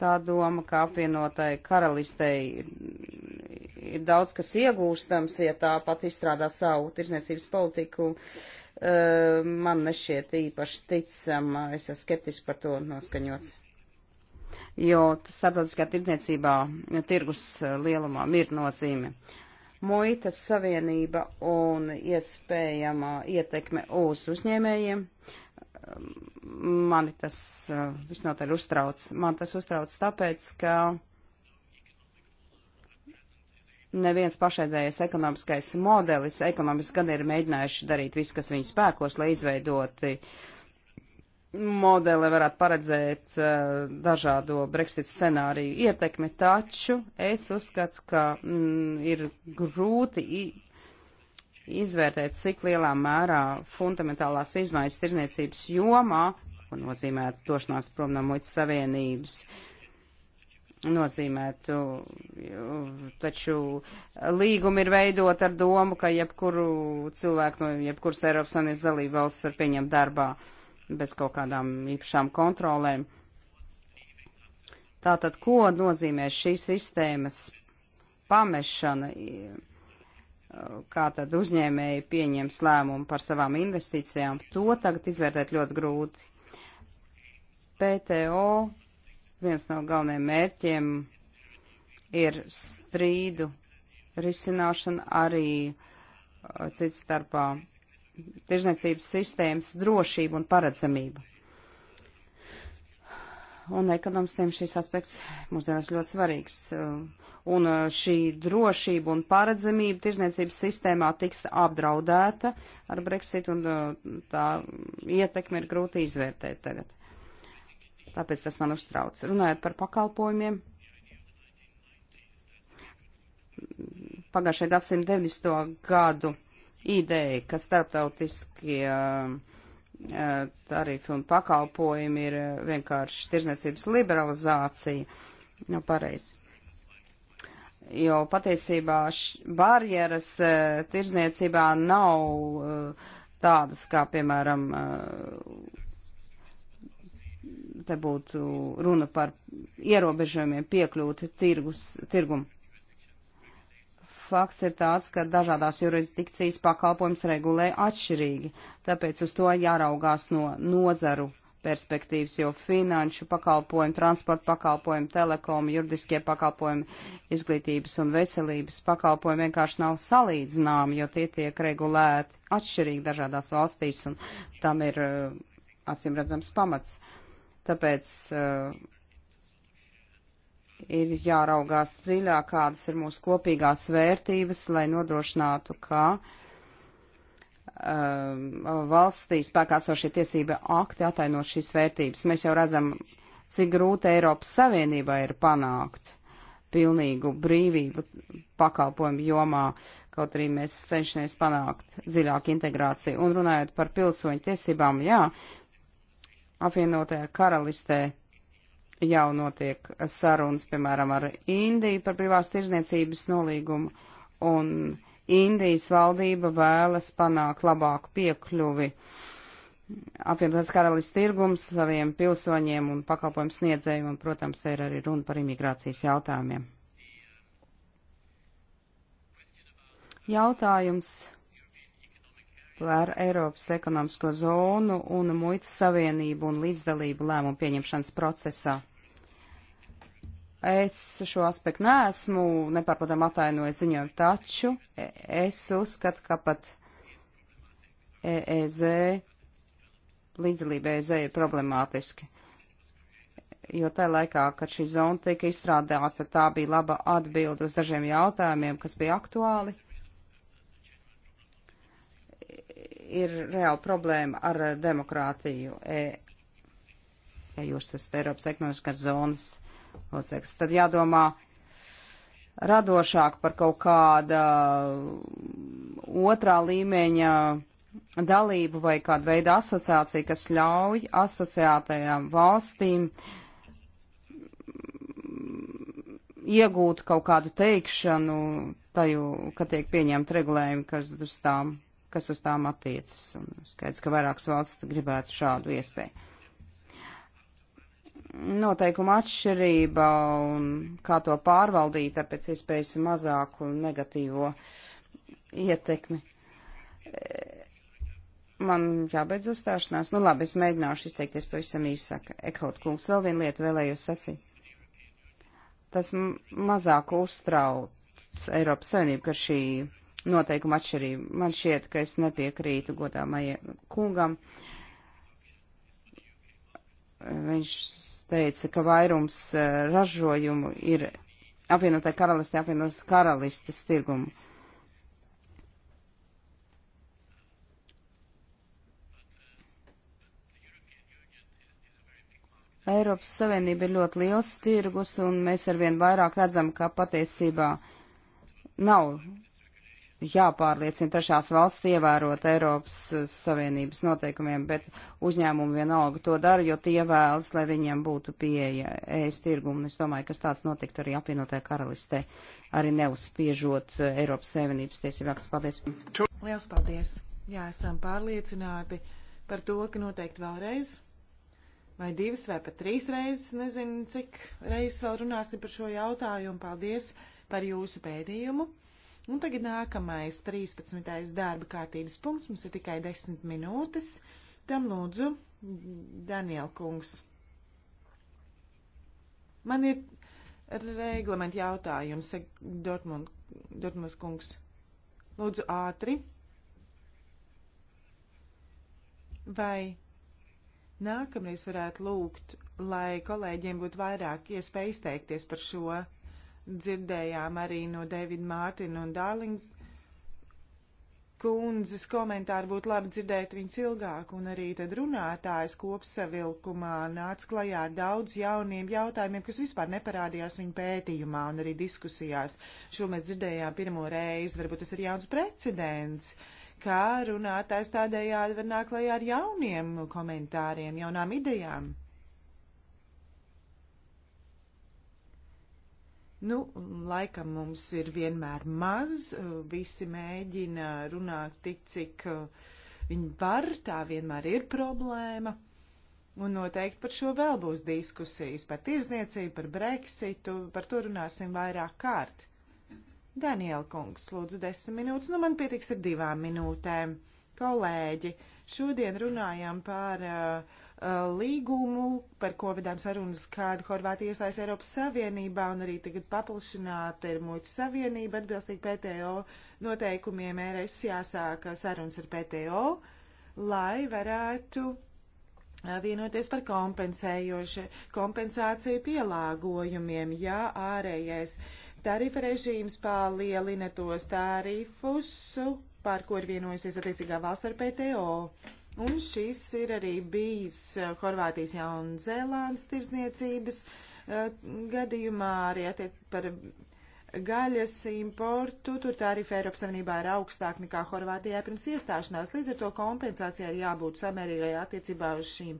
tā doma, ka apvienotai karalistei ir daudz kas iegūstams, ja tā pat izstrādā savu tirsniecības politiku, ehm, man nešķiet īpaši ticama, es esmu skeptiski par to noskaņots. Jo starptautiskā tirdzniecībā tirgus eh, lielumā ir nozīme. Muitas savienība un iespējama ietekme uz uzņēmējiem. Uh, mani tas eh, visnotaļ uztrauc. Man tas uztrauc tāpēc, ka neviens pašreizējais ekonomiskais modelis, ekonomiski gan ir mēģinājuši darīt visu, kas viņu spēkos, lai izveidoti modeli varētu paredzēt uh, dažādo Brexit scenāriju ietekmi, taču es uzskatu, ka mm, ir grūti izvērtēt, cik lielā mērā fundamentālās izmaiņas tirniecības jomā, ko nozīmētu došanās prom no muitas savienības, nozīmētu, taču līgumi ir veidot ar domu, ka jebkuru cilvēku no jebkuras Eiropas Savienības dalību valsts var pieņemt darbā bez kaut kādām īpašām kontrolēm. Tātad, ko nozīmē šīs sistēmas pamešana? kā tad uzņēmēji pieņems lēmumu par savām investīcijām, to tagad izvērtēt ļoti grūti. PTO viens no galvenajiem mērķiem ir strīdu risināšana arī uh, cits starpā tirzniecības sistēmas drošība un paredzamība un ekonomistiem šis aspekts mūsdienās ļoti svarīgs. Un uh, šī drošība un paredzamība tirzniecības sistēmā tiks apdraudēta ar Brexit, un uh, tā ietekme ir grūti izvērtēt tagad. Tāpēc tas man uztrauc. Runājot par pakalpojumiem, pagājušajā gadsimta 90. gadu ideja, ka starptautiskie uh, tarifi un pakalpojumi ir eh, vienkārši tirzniecības liberalizācija. Nu, pareizi. Jo patiesībā barjeras eh, tirzniecībā nav eh, tādas, kā, piemēram, te būtu runa par ierobežojumiem piekļūt tirgus, tirgumu fakts ir tāds, ka dažādās jurisdikcijas pakalpojums regulē atšķirīgi, tāpēc uz to jāraugās no nozaru perspektīvas, jo finanšu pakalpojumi, transporta pakalpojumi, telekomi, juridiskie pakalpojumi, izglītības un veselības pakalpojumi vienkārši nav salīdzināmi, jo tie tiek regulēti atšķirīgi dažādās valstīs, un tam ir eh, acīmredzams pamats. Tāpēc uh, ir jāraugās dziļāk, kādas ir mūsu kopīgās vērtības, lai nodrošinātu, ka um, valstī spēkā sošie tiesība akti ataino šīs vērtības. Mēs jau redzam, cik grūti Eiropas Savienībā ir panākt pilnīgu brīvību pakalpojumu jomā, kaut arī mēs cenšamies panākt dziļāku integrāciju. Un runājot par pilsoņu tiesībām, jā, apvienotajā karalistē jau notiek sarunas, piemēram, ar Indiju par privās tirzniecības nolīgumu, un Indijas valdība vēlas panākt labāku piekļuvi apvienotās karalists tirgums saviem pilsoņiem un pakalpojumu sniedzējiem, un, protams, te ir arī runa par imigrācijas jautājumiem. Jautājums par Eiropas ekonomisko zonu un muitas savienību un līdzdalību lēmumu pieņemšanas procesā. Es šo aspektu neesmu nepārprotam atainojis ziņojumu, taču es uzskatu, ka pat EEZ, līdzdalība EEZ ir problemātiski. Jo tajā laikā, kad šī zona tika izstrādāta, tā bija laba atbilde uz dažiem jautājumiem, kas bija aktuāli ir reāla problēma ar eh, demokrātiju. E, ja jūs esat Eiropas ekonomiskās zonas loceklis, tad jādomā radošāk par kaut kāda mm, otrā līmeņa dalību vai kādu veidu asociāciju, kas ļauj asociētajām valstīm mm, iegūt kaut kādu teikšanu tajā, ka tiek pieņemta regulējumi, kas uz tām kas uz tām attiecas. Un skaidrs, ka vairākas valsts gribētu šādu iespēju. Noteikuma atšķirība un kā to pārvaldīt ar pēc iespējas mazāku negatīvo ietekmi. Man jābeidz uzstāšanās. Nu labi, es mēģināšu izteikties pavisam īsāk. Ekhaut kungs, vēl viena lieta vēlējos sacīt. Tas mazāk uztrauc Eiropas Savienību, ka šī noteikuma atšķirība. Man šķiet, ka es nepiekrītu godāmajam kungam. Viņš teica, ka vairums eh, ražojumu ir apvienotā karalistē, apvienotās karalistes tirgumu. Eiropas Savienība ir ļoti liels tirgus, un mēs arvien vairāk redzam, ka patiesībā nav jāpārliecina trešās valsts ievērot Eiropas eh, Savienības noteikumiem, bet uzņēmumi vienalga to dara, jo tie vēlas, lai viņiem būtu pieeja ēst tirgumu. Es domāju, ka tāds notiktu arī apvienotajā karalistē, arī neuzspiežot eh, Eiropas Savienības tiesību aktus. Paldies!
Liels paldies! Jā, esam pārliecināti par to, ka noteikti vēlreiz. Vai divas vai pat trīs reizes, nezinu, cik reizes vēl runāsim par šo jautājumu. Paldies par jūsu pētījumu. Un tagad nākamais 13. darba kārtības punkts. Mums ir tikai 10 minūtes. Tam lūdzu, Daniel kungs. Man ir reglamenta jautājums, Dortmund, Dortmunds kungs. Lūdzu, ātri. Vai nākamreiz varētu lūgt, lai kolēģiem būtu vairāk iespēja izteikties par šo? dzirdējām arī no Davida Mārtina un Dārlings kundzes komentāru būtu labi dzirdēt viņas ilgāk, un arī tad runātājs kopsavilkumā nāca klajā ar daudz jauniem jautājumiem, kas vispār neparādījās viņa pētījumā un arī diskusijās. Šo mēs dzirdējām pirmo reizi, varbūt tas ir jauns precedents, kā runātājs tādējādi var nākt klajā ar jauniem komentāriem, jaunām idejām. Nu, laika mums ir vienmēr maz, eh, visi mēģina runāt tik, cik eh, viņi var, tā vienmēr ir problēma. Un noteikti par šo vēl būs diskusijas, par tirzniecību, par Brexitu, par to runāsim vairāk kārt. Daniela kungs, lūdzu, desmit minūtes, nu man pietiks ar divām minūtēm. Kolēģi, šodien runājam par uh, Uh, līgumu, par ko vedām sarunas, kāda Horvātija iestājas Eiropas Savienībā un arī tagad paplašināta ir muļķa savienība atbilstīgi PTO noteikumiem. ERS jāsāk sarunas ar PTO, lai varētu uh, vienoties par kompensējošu kompensāciju pielāgojumiem, ja ārējais tarifa režīms palielina tos tarifus, par ko ir vienojusies attiecīgā valsts ar PTO. Un šis ir arī bijis eh, Horvātijas Jaunzēlandes tirzniecības uh, gadījumā arī attiec par gaļas importu. Tur tā arī Eiropas Savienībā ir augstāk nekā Horvātijā pirms iestāšanās. Līdz ar to kompensācijai ir jābūt samērīgai attiecībā uz šīm.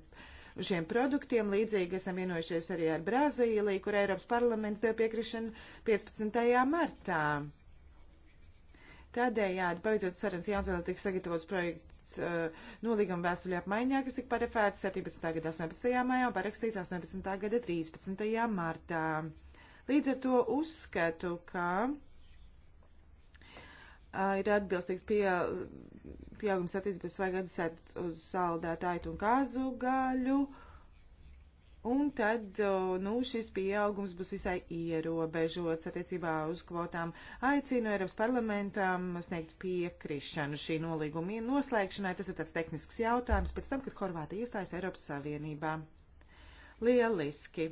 Uz šiem produktiem līdzīgi esam vienojušies arī ar Brazīliju, kur Eiropas parlaments deva piekrišanu 15. martā. Tādējādi, paveidzot sarunas, Jaunzēlē tiks sagatavots projekts punkts eh, nolīguma vēstuļu apmaiņā, kas tika parefēts 17. gada 18. maijā un parakstīts 18. gada 13. martā. Līdz ar to uzskatu, ka eh, ir atbilstīgs pie, pieaugums attīstības vai gadsēt uz saldētu aitu un kāzu gaļu. Uh, Un tad nu, šis pieaugums būs visai ierobežots attiecībā uz kvotām. Aicinu Eiropas parlamentam sniegt piekrišanu šī nolīguma noslēgšanai. Tas ir tāds tehnisks jautājums pēc tam, kad Horvātija iestājas Eiropas Savienībā. Lieliski.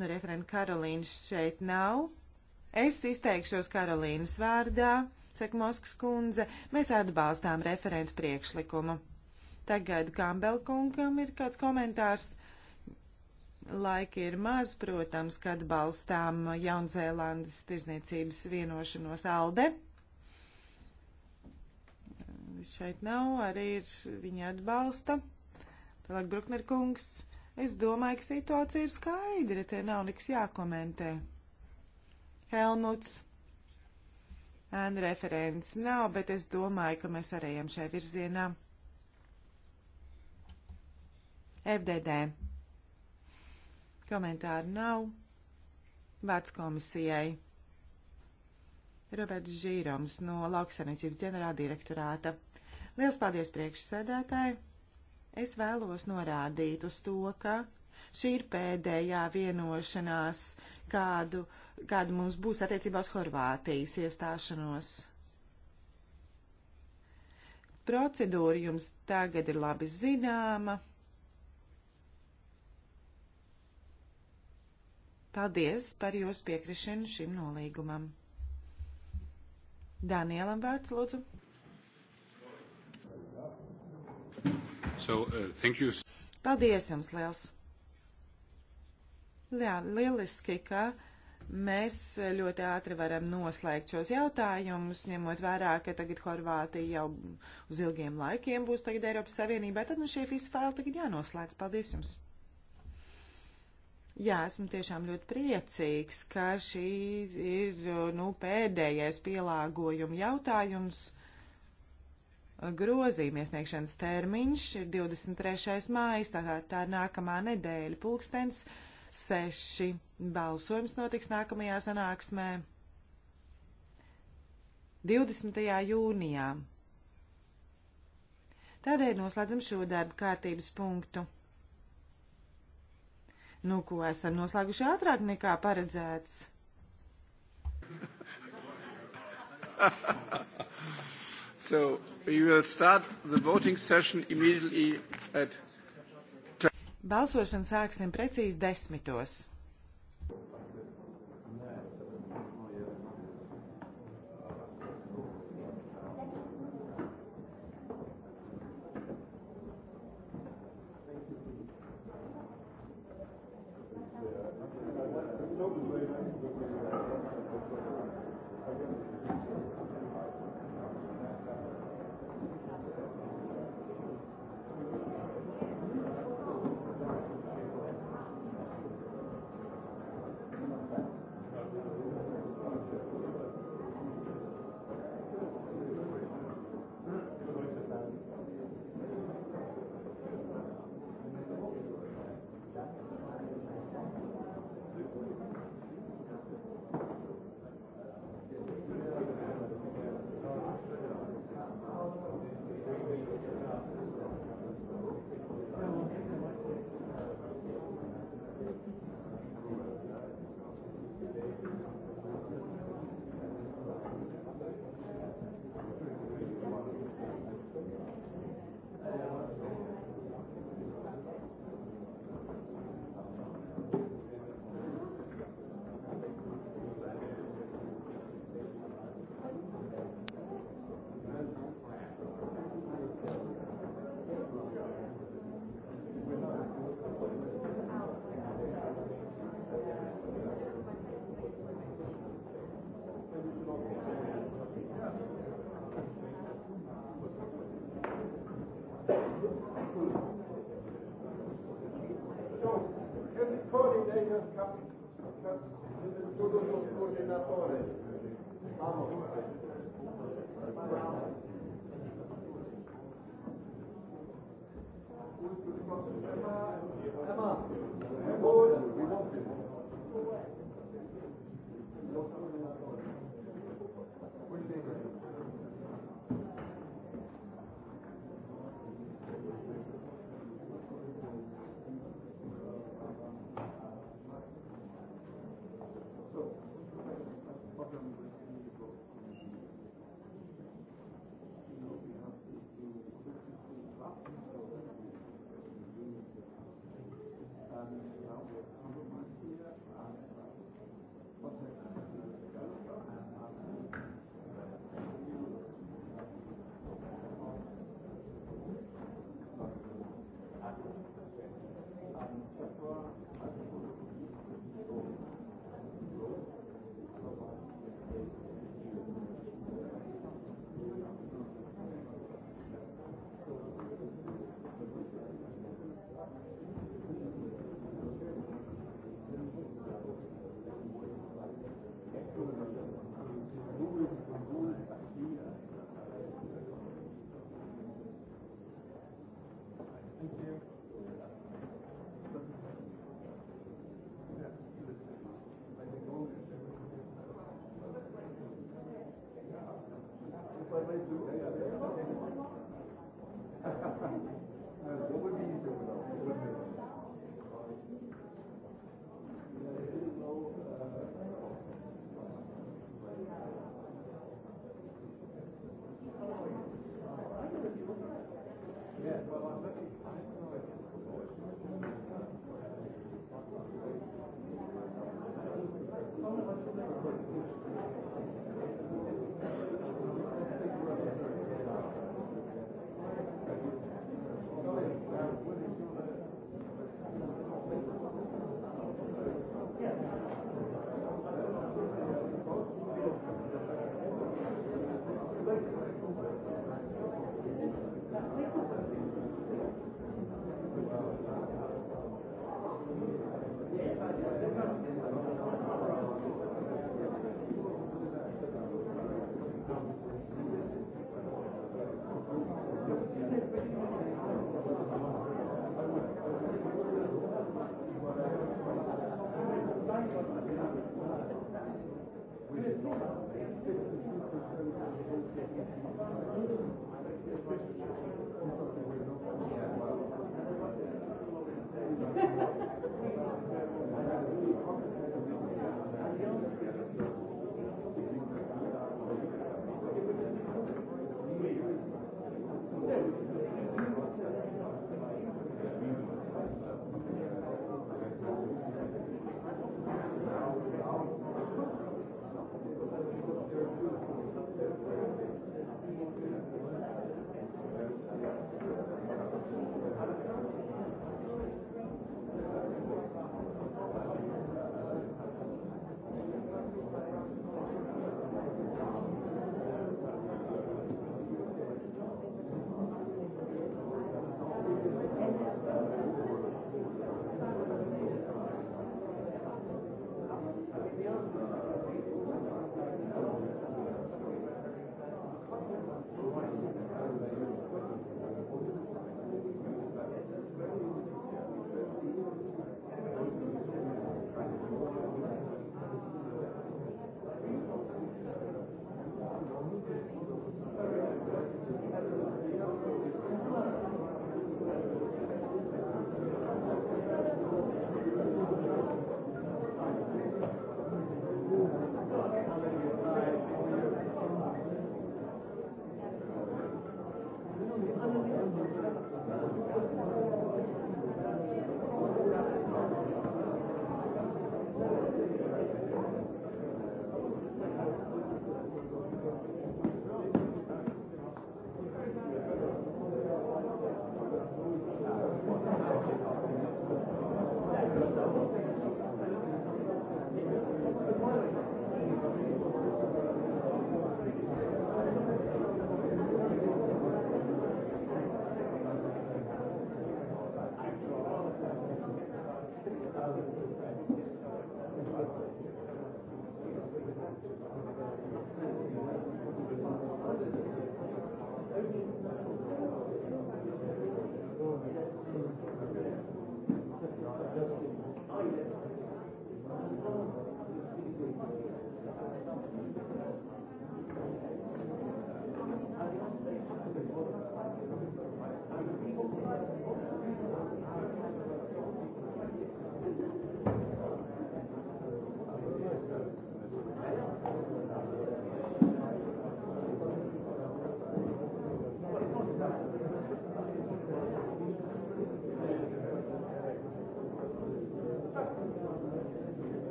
Nu, referenta Karolīnas šeit nav. Es izteikšos Karolīnas vārdā, saka Moskas kundze. Mēs atbalstām referentu priekšlikumu. Tagad Kambelkungam ir kāds komentārs. Uh, Laika ir maz, protams, kad balstām Jaunzēlandes tirzniecības vienošanos ALDE. Šeit nav, arī ir viņa atbalsta. Tālāk Brukner kungs. Es domāju, ka situācija ir skaidra, te nav nekas jākomentē. Helmuts. Ēnu referents nav, bet es domāju, ka mēs arī ejam šai virzienā. FDD. Komentāru nav. Vārds komisijai. Roberts Žīroms no lauksaimniecības ģenerāldirektorāta. Liels paldies priekšsēdētāji! Es vēlos norādīt uz to, ka šī ir pēdējā vienošanās, kādu, kādu mums būs attiecībā uz Horvātijas iestāšanos. Procedūra jums tagad ir labi zināma. Paldies par jūsu piekrišanu šim nolīgumam. Danielam vārds, lūdzu.
So, uh, thank you.
Paldies jums liels. Jā, lieliski, ka mēs ļoti ātri varam noslēgt šos jautājumus, ņemot vērā, ka tagad Horvātija jau uz ilgiem laikiem būs tagad Eiropas Savienībā, tad nu šie visi faili tagad jānoslēdz. Paldies jums! Jā, esmu tiešām ļoti priecīgs, ka šī ir nu, pēdējais pielāgojuma jautājums. Grozījuma iesniegšanas termiņš ir 23. mājas, tā, tā ir nākamā nedēļa, pulkstens 6. Balsojums notiks nākamajā sanāksmē 20. jūnijā. Tādēļ noslēdzam šo darba kārtības punktu nu, ko esam noslēguši ātrāk nekā paredzēts.
*laughs* so we will start the voting session immediately at.
Balsošanu sāksim precīzi desmitos.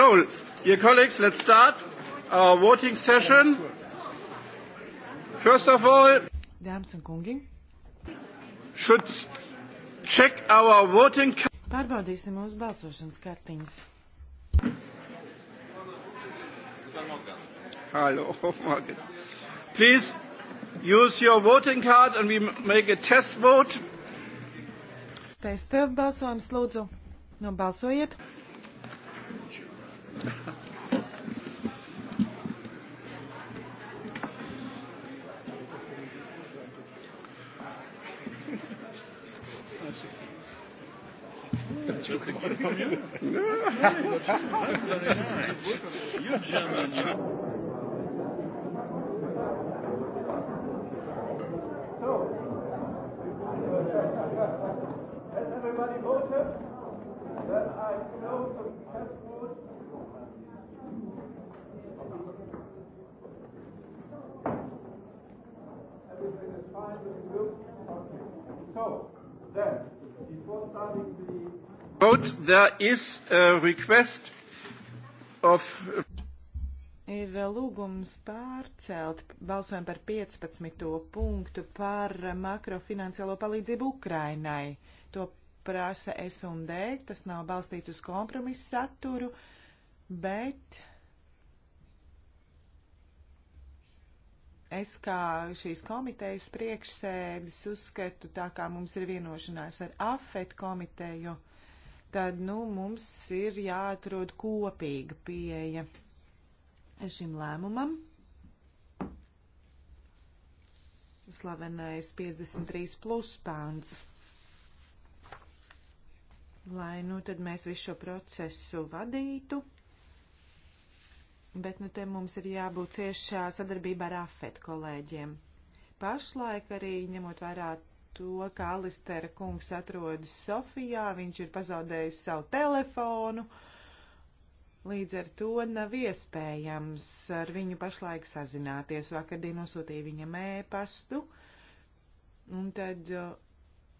So, dear colleagues, let's start our voting session.
First of all, Dāmas un kungi, should check our voting Pārbaudīsim mūsu balsošanas kartiņas. Hallo, *laughs* Morgen.
Please use your voting card and we make a test vote.
Testa balsojums lūdzu. Nobalsojiet. Nu,
nice. You're German, you know. Everybody voted. Then I close the test vote. Everything is fine. Good. Okay. So then, before starting the vote, there is a request of.
Ir uh, lūgums pārcelt balsojumu par 15. punktu par makrofinanciālo palīdzību Ukrainai. To prasa S un D, tas nav balstīts uz kompromisu saturu, bet es kā šīs komitejas priekšsēdis uzskatu, tā kā mums ir vienošanās ar AFET komiteju tad nu, mums ir jāatrod kopīga pieeja šim lēmumam. Slavenais 53 plus pāns. Lai nu tad mēs visu šo procesu vadītu, bet nu te mums ir jābūt ciešā sadarbībā ar AFET kolēģiem. Pašlaik arī ņemot vairāk to, ka Alistera kungs atrodas Sofijā, viņš ir pazaudējis savu telefonu. Līdz ar to nav iespējams ar viņu pašlaik sazināties. Vakardien nosūtīja viņam ēpastu, un tad uh,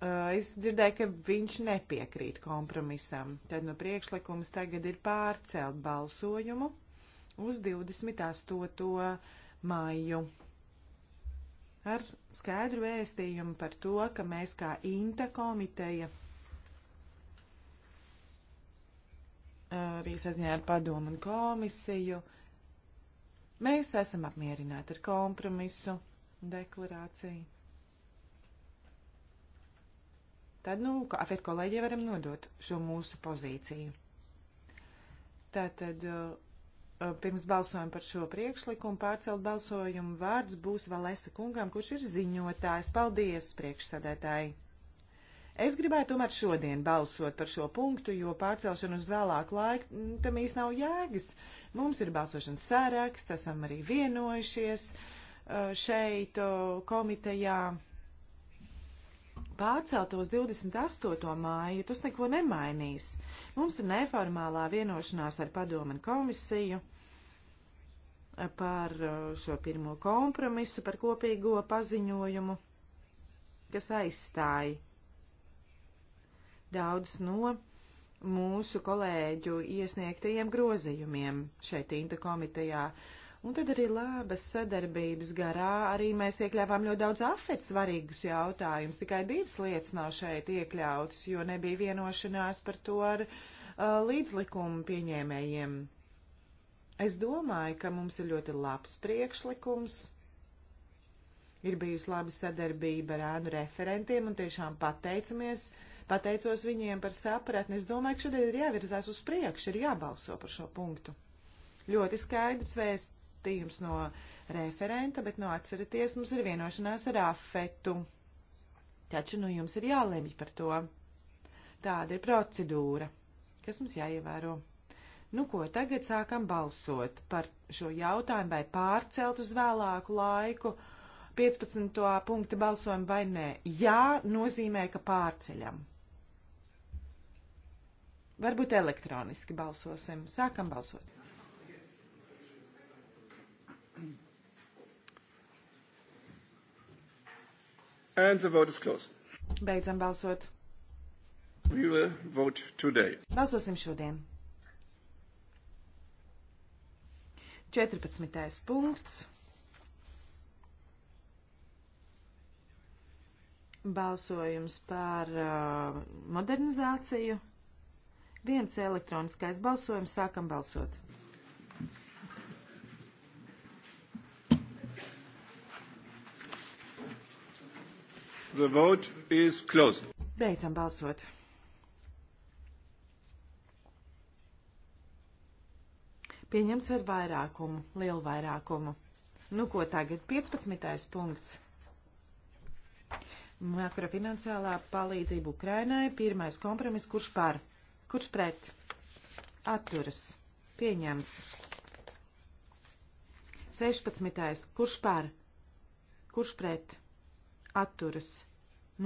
es dzirdēju, ka viņš nepiekrīt kompromisam. Tad no priekšlikums tagad ir pārcelt balsojumu uz 28. māju ar skaidru vēstījumu par to, ka mēs kā INTA komiteja eh, arī saziņā ar padomu un komisiju, mēs esam apmierināti ar kompromisu deklarāciju. Tad, nu, afet kolēģiem varam nodot šo mūsu pozīciju. Tātad. Uh, Uh, pirms balsojuma par šo priekšlikumu pārcelt balsojumu vārds būs Valesa kungam, kurš ir ziņotājs. Paldies, priekšsēdētāji! Es gribēju tomēr šodien balsot par šo punktu, jo pārcelšana uz vēlāku laiku mm, tam īsti nav jēgas. Mums ir balsošanas sēraksts, esam arī vienojušies uh, šeit uh, komitejā. Pārcelt uz 28. māju, tas neko nemainīs. Mums ir neformālā vienošanās ar padomu un komisiju par uh, šo pirmo kompromisu, par kopīgo paziņojumu, kas aizstāja daudz no mūsu kolēģu iesniegtajiem grozījumiem šeit Inta komitejā. Un tad arī labas sadarbības garā arī mēs iekļāvām ļoti daudz afet svarīgus jautājumus. Tikai divas lietas nav šeit iekļautas, jo nebija vienošanās par to ar uh, līdzlikumu pieņēmējiem. Es domāju, ka mums ir ļoti labs priekšlikums. Ir bijusi laba sadarbība ar ēnu referentiem un tiešām pateicamies, pateicos viņiem par sapratni. Es domāju, ka šodien ir jāvirzās uz priekšu, ir jābalso par šo punktu. Ļoti skaidrs vēstījums no referenta, bet no atceraties, mums ir vienošanās ar afetu. Taču nu jums ir jālemj par to. Tāda ir procedūra, kas mums jāievēro. Nu ko, tagad sākam balsot par šo jautājumu, vai pārcelt uz vēlāku laiku 15. punktu balsojumu vai nē. Jā, nozīmē, ka pārceļam. Varbūt elektroniski balsosim. Sākam balsot. And the vote is closed. Beidzam balsot. We will vote today. Balsosim šodien. 14. punkts. Balsojums par uh, modernizāciju. Viens elektroniskais balsojums. Sākam balsot.
The vote is closed.
Beidzam balsot. Pieņemts ar vairākumu, lielu vairākumu. Nu, ko tagad? 15. punkts. Makrofinanciālā palīdzība Ukrainai. Pirmais kompromis, kurš par? Kurš pret? Atturas. Pieņemts. 16. Kurš par? Kurš pret? Atturas.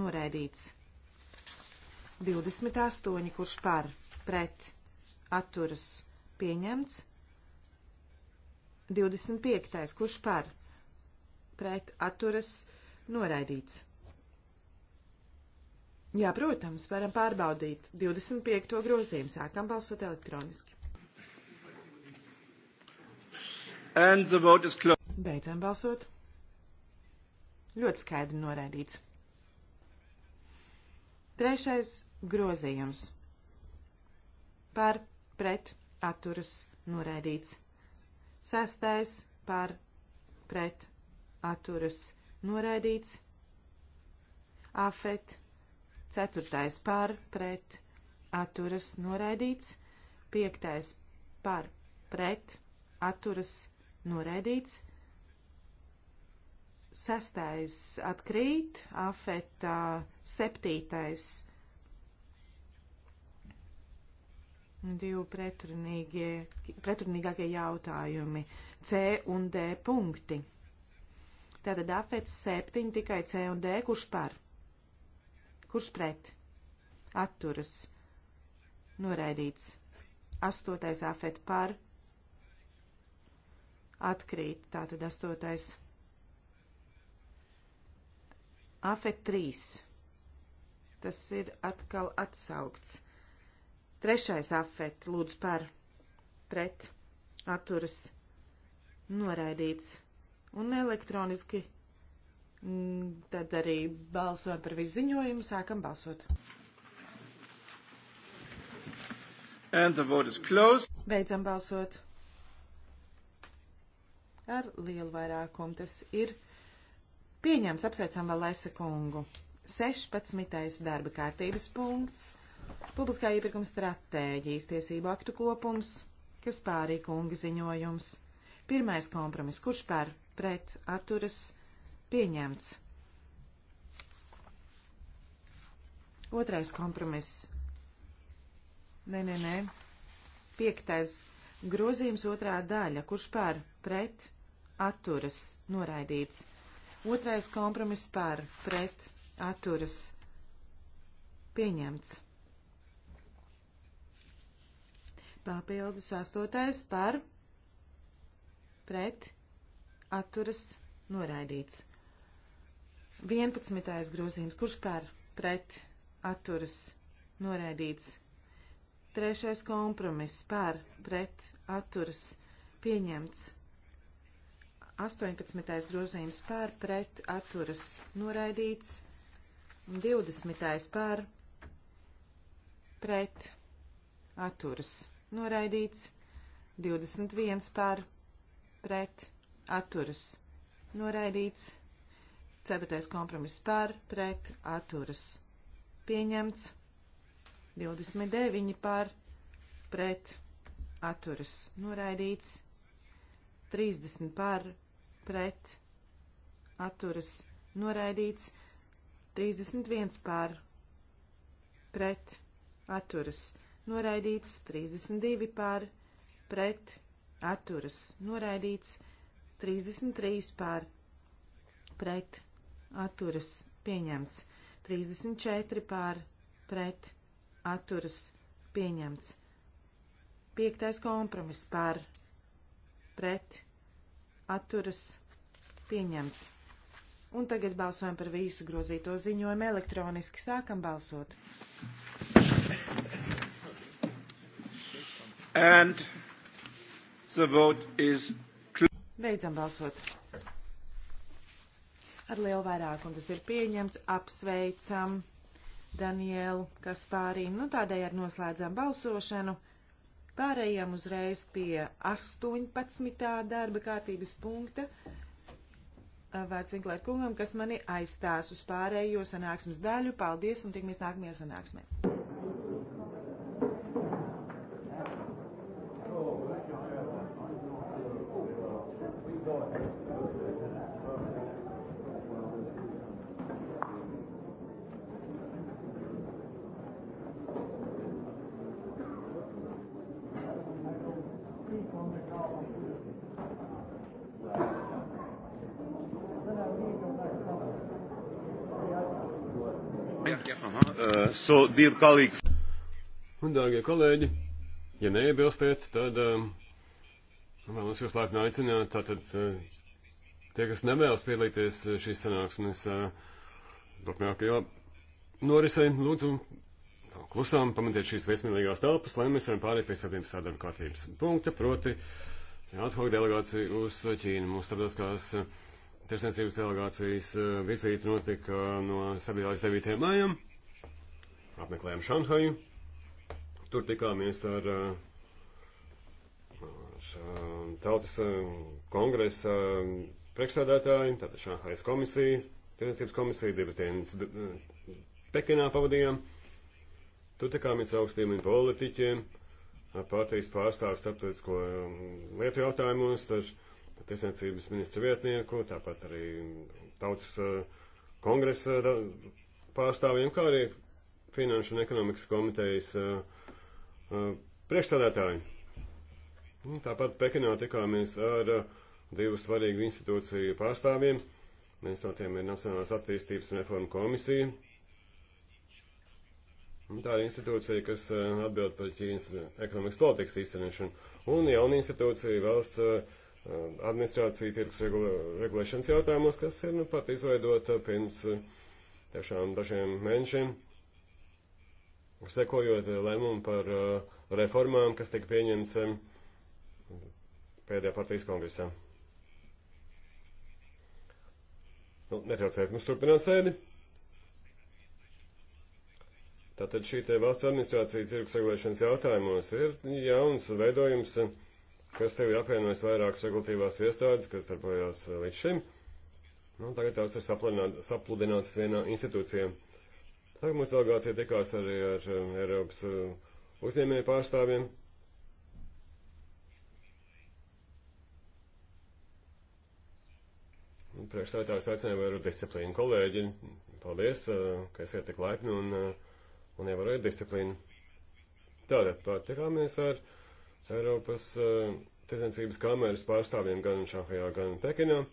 Noraidīts. 28. Kurš par? Pret? Atturas. Pieņemts. 25. Kurš par? Pret atturas noraidīts. Jā, protams, varam pārbaudīt 25. grozījumu. Sākam balsot elektroniski. And the vote is closed. Beidzam balsot. Ļoti skaidri noraidīts. Trešais grozījums. Par pret atturas noraidīts. Sestais par pret atturas noraidīts. Afet. Ceturtais par pret atturas noraidīts. Piektais par pret atturas noraidīts sestais atkrīt, afetā septītais Divi pretrunīgākie jautājumi - C un D punkti. Tātad apēc septiņi tikai C un D, kurš par? Kurš pret? Atturas. Noraidīts. Astotais afet par. Atkrīt. Tātad astotais. Afet trīs. Tas ir atkal atsaukts. Trešais afet, lūdzu par, pret, atturas, noraidīts. Un elektroniski mm, tad arī balsojam par visu ziņojumu, sākam balsot.
And the vote is closed.
Beidzam balsot. Ar lielu vairākumu tas ir pieņemts. Apsveicam vēl Laisa kungu. 16. darba kārtības punkts Publiskā iepirkuma stratēģijas tiesību aktu kopums, kas pārī kunga ziņojums. Pirmais kompromis, kurš pār pret atturas pieņemts. Otrais kompromis. Nē, nē, nē. Piektais grozījums otrā daļa, kurš pār pret atturas noraidīts. Otrais kompromis pār pret atturas pieņemts. Papildus astotais par pret atturas noraidīts. 11. grozījums, kurš par pret atturas noraidīts. Trešais kompromiss par pret atturas pieņemts. 18. grozījums par pret atturas noraidīts. 20. par pret atturas noraidīts noraidīts, 21 par pret atturas noraidīts, 4. kompromiss par pret atturas pieņemts, 29 par pret atturas noraidīts, 30 par pret atturas noraidīts, 31 par pret atturas noraidīts noraidīts, 32 par, pret, atturas, noraidīts, 33 par, pret, atturas, pieņemts, 34 par, pret, atturas, pieņemts, 5. kompromiss par, pret, atturas, pieņemts. Un tagad balsojam par visu grozīto ziņojumu elektroniski. Sākam balsot! And the vote is Beidzam balsot. Ar lielu vairākumu tas ir pieņemts. Apsveicam Danielu Kaspārī. Nu, tādējādi noslēdzam balsošanu. Pārējām uzreiz pie 18. darba kārtības punkta. Vārds Vinklēr kungam, kas mani aizstās uz pārējo sanāksmes daļu. Paldies un tiekamies nākamajā sanāksmē.
So, dear colleagues. Un, dārgie kolēģi, ja neiebilstiet, tad um, vēlos jūs laipni aicināt. Tātad uh, tie, kas nevēlas piedalīties uh, šīs sanāksmes uh, turpmākajā norisē, lūdzu klusām pamatiet šīs viesmīlīgās telpas, lai mēs varam pāriet pie 17. darba kārtības punkta, proti atfolk delegācija uz Ķīnu. Mūsu starptautiskās uh, tirsniecības delegācijas uh, vizīte notika no 7. līdz 9. maijam apmeklējām Šanhaju. Tur tikāmies ar, eh, ar eh, tautas eh, kongresa priekšsēdētāju, tātad Šanhajas komisija, tiesības komisija, divas dienas Pekinā pavadījām. Tur tikāmies augstiem politiķiem, partijas pārstāvis starptautisko lietu jautājumos, ar tiesniecības ministra vietnieku, tāpat arī tautas kongresa pārstāvjiem, kā arī Finanšu un ekonomikas komitejas uh, uh, priekšstādātāji. Nu, tāpat Pekinā tikāmies ar uh, divu svarīgu institūciju pārstāvjiem. Viens no tiem ir Nacionālās attīstības un reformu komisija. Un nu, tā ir institūcija, kas uh, atbild par Ķīnas ekonomikas politikas īstenošanu. Un jauna institūcija valsts uh, administrācija tirgus regulē, regulēšanas jautājumos, kas ir nu, pat izveidota pirms tiešām dažiem mēnešiem sekojot lēmumu par uh, reformām, kas tika pieņemts um, pēdējā partijas kongresā. Nu, netraucējiet mums turpināt sēdi. Tātad šī te valsts administrācija tirgus regulēšanas jautājumos ir jauns veidojums, kas tev ir apvienojis vairākas regulatīvās iestādes, kas darbojās uh, līdz šim. Nu, tagad tās ir sapludinātas vienā institūcijā. Tagad mūsu delegācija tikās arī ar um, Eiropas uh, uzņēmēju pārstāvjiem. Priekšstādātājs aicināja varu disciplīnu kolēģi. Paldies, uh, ka esat tik laipni un, uh, un ievērojat disciplīnu. Tātad pārtikāmies ar Eiropas Tirzniecības kameras pārstāvjiem gan Šanhajā, gan Pekinā.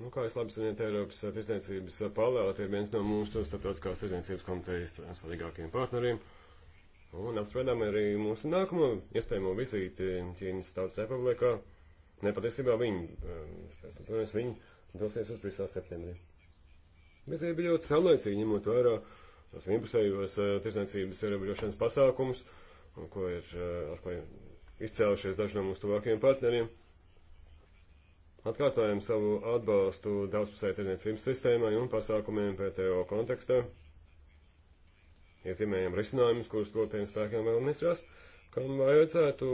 Nu, kā jūs labi zināt, Eiropas eh, tirdzniecības eh, palāta ir viens no mūsu starptautiskās tirdzniecības komitejas svarīgākajiem partneriem. Un apspriedām arī mūsu nākamo iespējamo vizīti Ķīnas Tautas Republikā. Nepatiesībā viņi, protams, eh, viņi dosies uz Brisā septembrī. Vizīte bija ļoti saulēcīga, ņemot vērā tos vienpusējos tirdzniecības ierobežošanas pasākumus, ko ir, ar ko ir izcēlušies daži no mūsu tuvākajiem partneriem. Atkārtojam savu atbalstu daudzpusēju tirdzniecības sistēmai un pasākumiem PTO kontekstā. Iezīmējam risinājumus, kurus kopienas spēkiem vēlamies rast, kam vajadzētu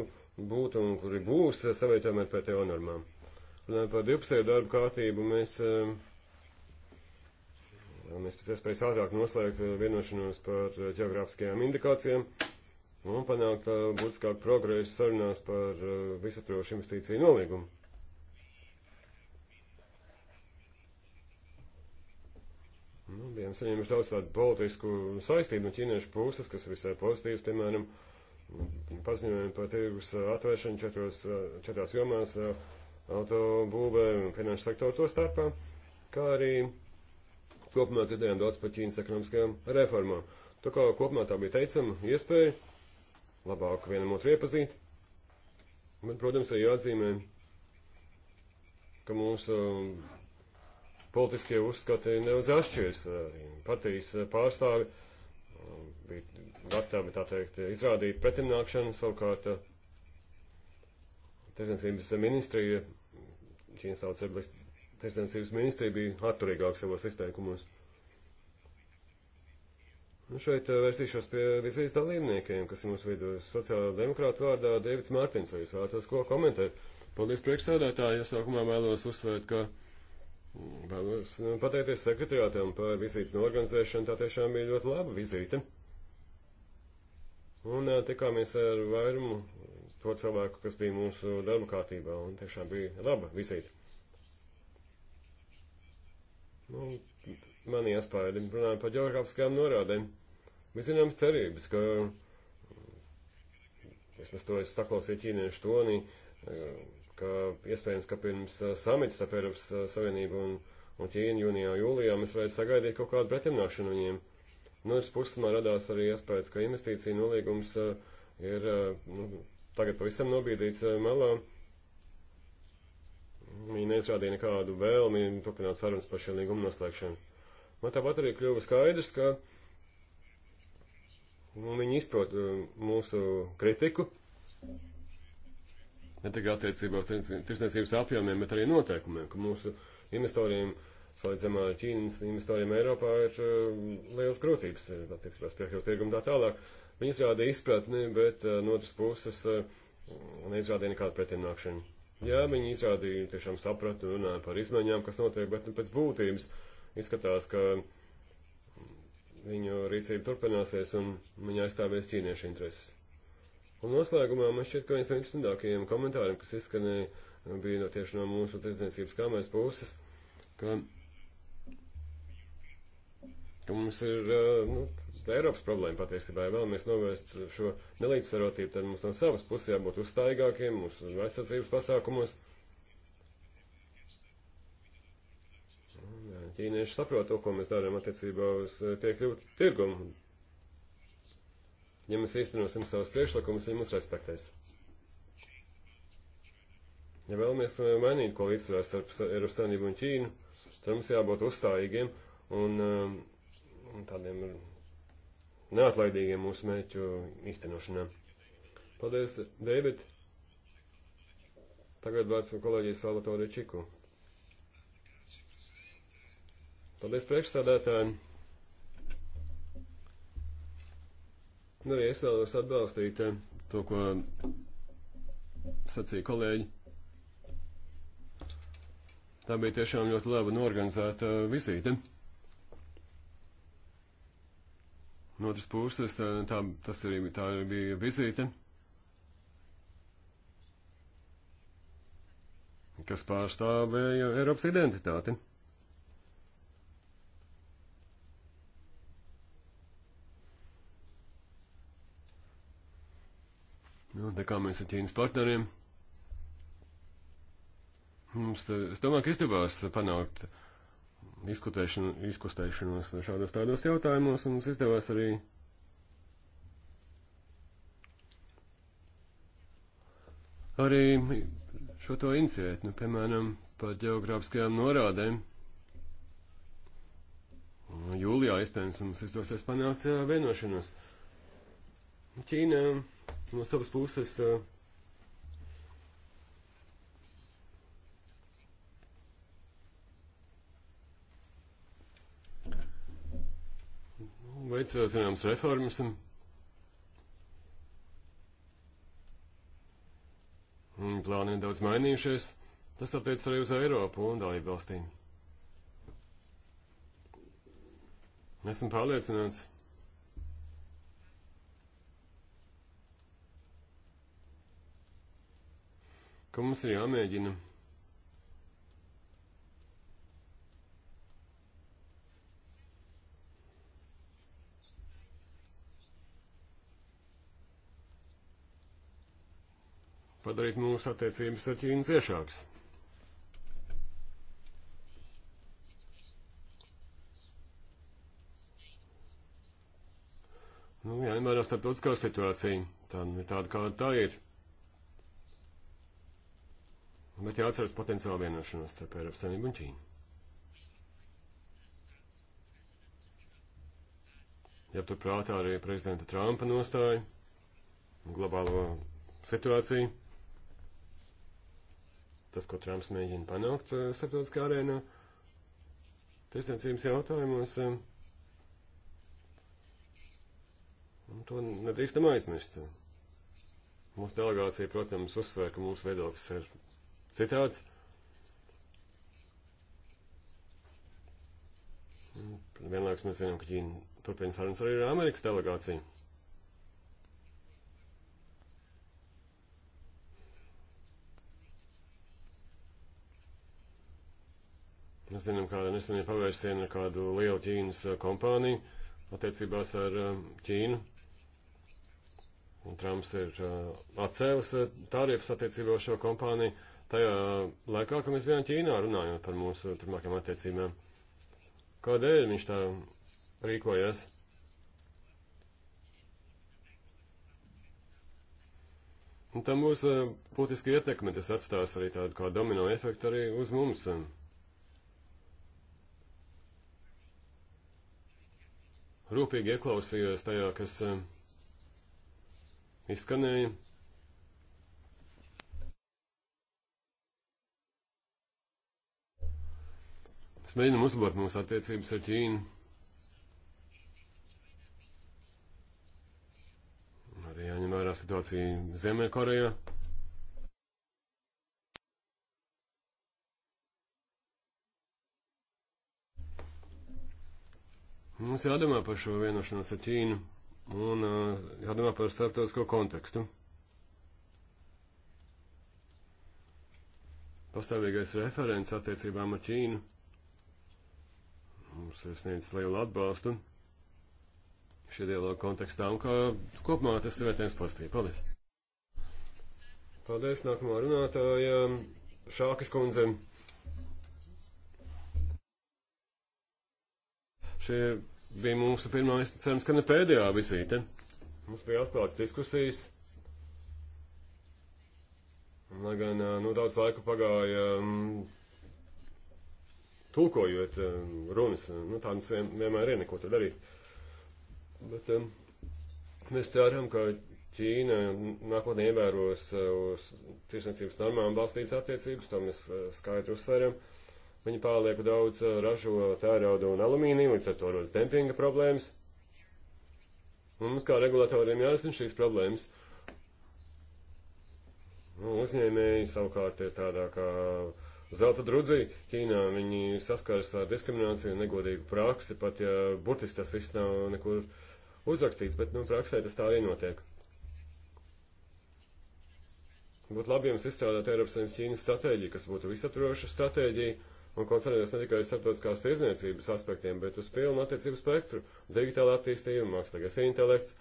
būt un kuri būs savietojami ar PTO normām. Runājot par divpusēju darbu kārtību, mēs eh, vēlamies pēc iespējas ātrāk noslēgt eh, vienošanos par ģeogrāfiskajām indikācijām un panākt eh, būtiskāku progresu sarunās par visaptrošu investīciju nolīgumu. Nu, bijām saņēmuši daudz tādu politisku saistību no ķīniešu puses, kas ir visai pozitīvs, piemēram, paziņojumi par tirgus atvēršanu četros, četrās jomās - autobūvē un finanšu sektoru to starpā, kā arī kopumā dzirdējām daudz par Ķīnas ekonomiskajām reformām. Tā kā kopumā tā bija teicama iespēja labāk vienam otru iepazīt, bet, protams, ir jāatzīmē, ka mūsu uh, politiskie uzskati neuz atšķirs. Eh, partijas eh, pārstāvi eh, bija gatavi, tā teikt, izrādīt pretimnākšanu, savukārt tirsniecības ministrija, Ķīnas tautas republikas tirsniecības ministrija bija atturīgāk savos izteikumos. Nu šeit vērsīšos pie visreiz dalībniekiem, kas ir mūsu vidū sociāla demokrāta vārdā Dēvids Mārtiņš, vai jūs vēlatos ko komentēt? Paldies priekšsēdētāji, es sākumā vēlos uzsvērt, ka Vēlos nu, pateikties sekretariātam par vizītes norganizēšanu. Tā tiešām bija ļoti laba vizīte. Un tikāmies ar vairumu to cilvēku, kas bija mūsu darba kārtībā. Un tiešām bija laba vizīte. Nu, mani iespēja runāt par ģeogrāfiskām norādēm. Mēs zinām cerības, ka mm, vismaz to es saklausīju ķīniešu tonī ka iespējams, ka pirms uh, samits starp Eiropas uh, Savienību un, un Ķīnu jūnijā, jūlijā mēs varētu sagaidīt kaut kādu pretimnāšanu viņiem. No otras puses man radās arī iespējas, ka investīcija nolīgums uh, ir nu, tagad pavisam nobīdīts malā. Viņi neizrādīja nekādu vēlmi turpināt sarunas par šiem līgumu noslēgšanu. Man tāpat arī kļuva skaidrs, ka nu, viņi izprot mūsu kritiku, ne tikai attiecībā uz tirsniecības apjomiem, bet arī noteikumiem, ka mūsu investoriem, salīdzinājumā ar Ķīnas investoriem Eiropā, ir uh, liels grūtības eh, attiecībā uz piekļuvu tirgumu tā tālāk. Viņi izrāda izpratni, bet uh, no otras puses uh, neizrādīja nekādu pretimnākšanu. Jā, viņi izrādīja tiešām sapratu un runāja par izmaiņām, kas notiek, bet nu, pēc būtības izskatās, ka viņu rīcība turpināsies un viņi aizstāvēs ķīniešu intereses. Un noslēgumā man šķiet, ka viens no interesantākajiem komentāriem, kas izskanēja, bija no tieši no mūsu tirdzniecības kāmēs puses, ka, ka mums ir nu, Eiropas problēma patiesībā. Ja vēlamies novērst šo nelīdzsvarotību, tad mums no savas puses jābūt uzstājīgākiem mūsu aizsardzības pasākumos. ķīnieši saprot to, ko mēs darām attiecībā uz piekļuvu tirgumu ja mēs īstenosim savus priekšlikumus, viņi mums respektēs. Ja vēlamies mainīt ko līdzsvarā starp Eiropas Savienību un Ķīnu, tad mums jābūt uzstājīgiem un, um, un tādiem neatlaidīgiem mūsu mērķu īstenošanā. Paldies, David! Tagad vārds kolēģis Salvatore Čiku. Paldies priekšstādātājiem! Nu, arī es vēlos atbalstīt eh, to, ko sacīja kolēģi. Tā bija tiešām ļoti laba norganizēta vizīte. No otras puses, eh, tā, tas arī tā bija vizīte, kas pārstāvēja Eiropas identitāti. Nu, tā kā mēs ar Ķīnas partneriem. Mums, es domāju, ka izdevās panākt izkustēšanos šādos tādos jautājumos, un mums izdevās arī arī šo to iniciēt, nu, piemēram, par geogrāfiskajām norādēm. Jūlijā, iespējams, mums izdosies panākt vienošanos. Ķīna no savas puses uh, nu, veic uh, zināmas reformas. Un, un plāni nedaudz mainījušies. Tas attiec arī uz Eiropu un dalību valstīm. Esmu pārliecināts. ka mums ir jāmēģina padarīt mūsu attiecības ar Ķīnu ciešākas. Nu, jāņemērā starptautiskā situācija. Tā ir tāda, kāda tā ir. Bet jāatceras potenciāla vienošanās starp Eiropas Savienību un Ķīnu. Ja tur prātā arī prezidenta Trumpa nostāja, globālo situāciju, tas, ko Trumps mēģina panākt eh, starptautiskā arēnā, tiesniecības jautājumos, eh, un to nedrīkstam aizmirst. Mūsu delegācija, protams, uzsver, ka mūsu viedoklis ir Citāds. Vienlaikus mēs zinām, ka Ķīna turpina sarunas arī ar Amerikas delegāciju. Mēs zinām, kāda nesenie pavērsiena ar kādu lielu Ķīnas eh, kompāniju attiecībās ar eh, Ķīnu. Un Trumps ir eh, atcēlis tāriepas attiecībā uz šo kompāniju tajā laikā, kad mēs bijām Ķīnā runājot par mūsu turpmākajām attiecībām. Kādēļ viņš tā rīkojas? Un tam būs eh, būtiski ietekme, tas atstās arī tādu kā domino efektu arī uz mums. Rūpīgi ieklausījos tajā, kas eh, izskanēja. Mēs mēģinām uzlabot mūsu attiecības ar Ķīnu. Arī jāņem vērā situācija Ziemeļkorejā. Mums jādomā par šo vienošanos ar Ķīnu un uh, jādomā par starptautisko kontekstu. Pastāvīgais referents attiecībām ar Ķīnu mums ir sniedzis lielu atbalstu šī dialoga kontekstā, un kā kopumā tas ir vērtējums pozitīvi. Paldies! Paldies nākamā runātāja Šākas kundze. Šī bija mūsu pirmā, cerams, ka ne pēdējā vizīte. Mums bija atklāts diskusijas. Lai gan, nu, daudz laika pagāja. Um, tulkojot runas. Nu, tādas vien, vienmēr ir neko tur darīt. Bet um, mēs ceram, ka Ķīna nākotnē ievēros eh, uz tiešniecības normām balstītas attiecības, to mēs eh, skaidri uzsveram. Viņi pārlieku daudz eh, ražo tērauda un alumīniju, līdz ar to rodas dempinga problēmas. Un mums kā regulatoriem jārisina šīs problēmas. Nu, uzņēmēji savukārt ir tādā kā uh, zelta drudzī. Ķīnā viņi saskaras ar diskrimināciju un negodīgu praksi, pat ja burtiski tas viss nav nekur uzrakstīts, bet, nu, praksē tas tā arī notiek. Būtu labi jums izstrādāt Eiropas Savienības Ķīnas stratēģiju, kas būtu visaptvaroša stratēģija un koncentrēties ne tikai uz starptautiskās tirzniecības aspektiem, bet uz pilnu attiecību spektru - digitāla attīstība, mākslīgais intelekts,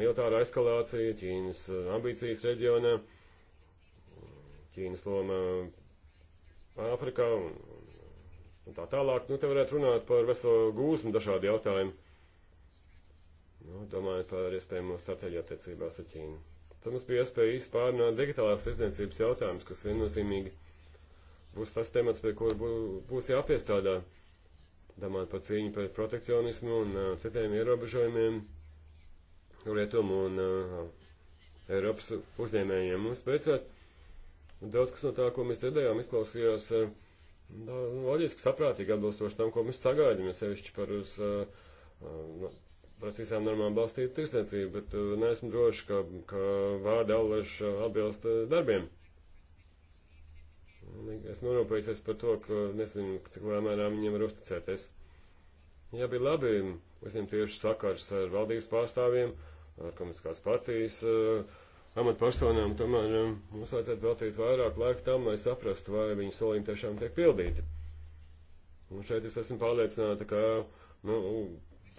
militāra eskalācija, Ķīnas ambīcijas reģionā, Ķīnas loma Āfrikā un, un tā tālāk. Nu, te varētu runāt par veselo gūsmu dažādu jautājumu. Nu, domāju par iespējamo stratēģiju attiecībās ar Ķīnu. Tad mums bija iespēja izpārnāt digitālās tirdzniecības jautājumus, kas viennozīmīgi būs tas temats, pie kura būs jāpiestrādā. Domājot par cīņu pret protekcionismu un uh, citiem ierobežojumiem, rietumu un uh, Eiropas uzņēmējiem. Mums beidzot Daudz kas no tā, ko mēs dzirdējām, izklausījās eh, nu, loģiski, saprātīgi atbilstoši tam, ko mēs sagaidām, ja sevišķi par uz eh, eh, no, nu, precīzām normām balstītu tirsniecību, bet neesmu droši, ka, ka vārdi allaž atbilst darbiem. Es norūpējies par to, ka nezinu, cik lielā mērā viņiem var uzticēties. Ja bija labi, visiem tieši sakars ar valdības pārstāvjiem, ar komunistiskās partijas, uh, amatpersonām, tomēr um, mums vajadzētu veltīt vairāk laika tam, lai saprastu, vai viņu solījumi tiešām tiek pildīti. Un šeit es esmu pārliecināta, ka nu,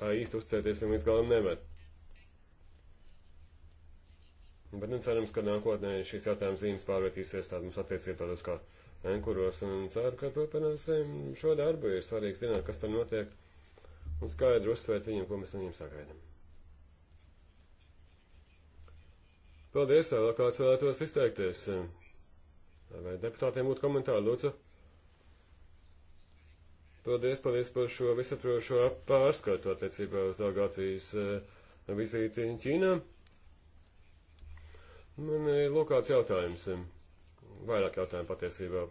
tā īsti uzticēties viņam līdz galam nevar. Bet nu, cerams, ka nākotnē šīs jautājums zīmes pārvērtīsies tādā mums attiecībā tādos kā enkuros, un ceru, ka turpināsim šo darbu, ir svarīgi zināt, kas tur notiek, un skaidri uzsvērt viņiem, ko mēs no viņiem sagaidām. Paldies, vēl kāds vēlētos izteikties. Vai deputātiem būtu komentāri, lūdzu? Paldies, paldies par šo visaprošo pārskatu attiecībā uz delegācijas eh, vizīti Ķīnā. Man ir lūkāts jautājums. Eh, vairāk jautājumu patiesībā.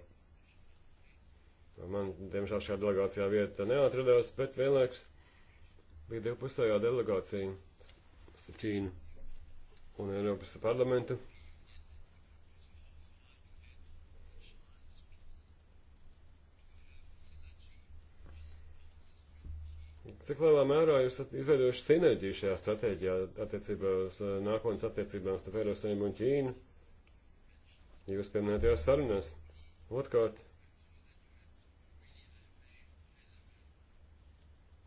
Man, diemžēl, šajā delegācijā vieta neatradās, bet vienlaiks bija divpusējā delegācija starp Ķīnu un Eiropas parlamentu. Cik lielā mērā jūs esat izveidojuši sinerģiju šajā stratēģijā attiecībā uz eh, nākotnes attiecībām starp Eiropas Savienību un Ķīnu? Jūs pieminējāt jau sarunās. Otkārt,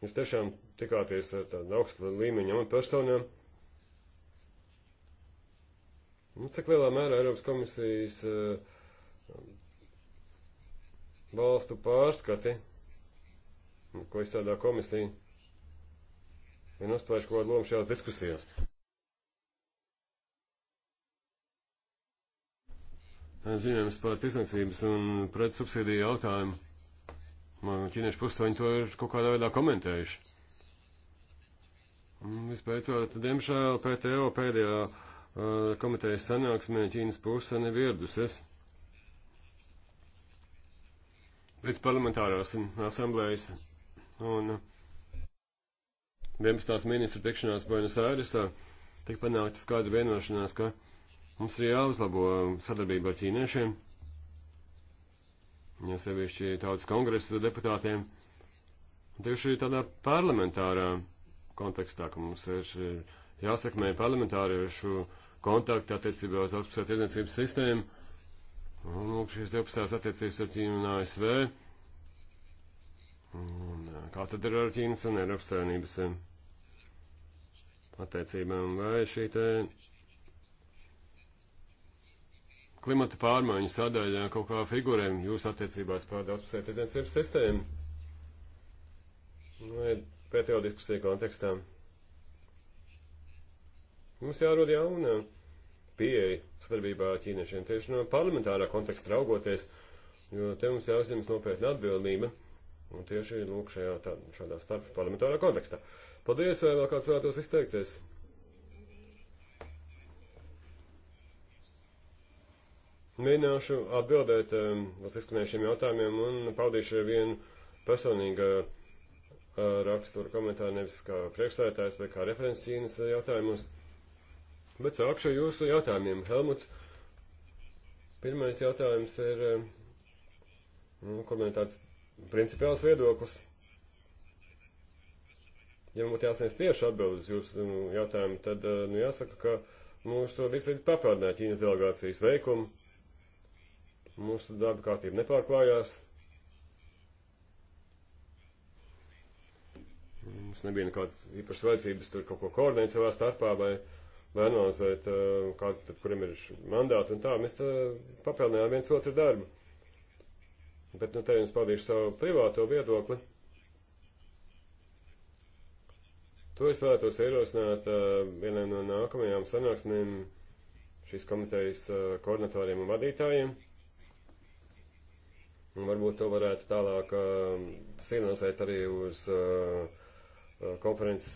jūs tiešām tikāties ar tādu augstu līmeņu amatpersonām. personām. Un nu, cik lielā mērā Eiropas komisijas eh, valstu pārskati, nu, ko izstrādā komisija, ir nostājuši kaut kādu lomu šajās diskusijās? ziņojums par tirsniecības un pret subsīdiju jautājumu. Man ķīniešu pusceļi to ir kaut kādā veidā komentējuši. Vispēcot, diemžēl PTO pēdējā Eh, komitejas sanāksmē Ķīnas puse nebija ieradusies. Līdz parlamentārās asamblējas un 11. ministru tikšanās Buenos Airesā tika panākta skaidra vienošanās, ka mums ir jāuzlabo sadarbība ar ķīniešiem, ja sevišķi tautas kongresa deputātiem, tieši tādā parlamentārā kontekstā, ka mums ir jāsekmē parlamentāriešu kontakti attiecībā uz augstsā tirdzniecības sistēmu. Un lūk, šīs 12. attiecības ar Ķīnu un ASV. Un, kā tad ir ar Ķīnas un Eiropas Savienības attiecībām? Vai šī te klimata pārmaiņu sadaļā kaut kā figurēm jūsu attiecībās pār daudzpusē tirdzniecības sistēmu? Nu, pēdējo diskusiju kontekstā. Mums jārod jauna pieeja sadarbībā ar ķīniešiem tieši no parlamentārā konteksta raugoties, jo te mums jāuzņemas nopietna atbildība. Un tieši lūk šajā tā, šādā starp parlamentārā kontekstā. Paldies, vai vēl kāds vēlētos izteikties? Mēģināšu atbildēt um, uz izskanējušiem jautājumiem un paudīšu vienu personīgu uh, raksturu komentāru nevis kā priekšsētājs, bet kā referents Ķīnas jautājumus. Bet sākšu ar jūsu jautājumiem. Helmut, pirmais jautājums ir, eh, nu, kur man ir tāds principiāls viedoklis. Ja man būtu jāsniedz tieši atbildes uz jūsu nu, jautājumu, tad, eh, nu, jāsaka, ka mūsu to visu papildināja Ķīnas delegācijas veikumu. Mūsu darba kārtība nepārklājās. Mums nebija nekādas īpašas vajadzības tur kaut ko koordinēt savā starpā vai. Uh, vai analizēt, eh, kā, tad, kuriem ir mandāti un tā. Mēs tā papildinājām viens otru darbu. Bet, nu, te jums pavīšu savu privāto viedokli. To es vēlētos ierosināt eh, vienai no nākamajām sanāksmēm šīs komitejas eh, koordinatoriem un vadītājiem. Un varbūt to varētu tālāk signalizēt arī uz konferences,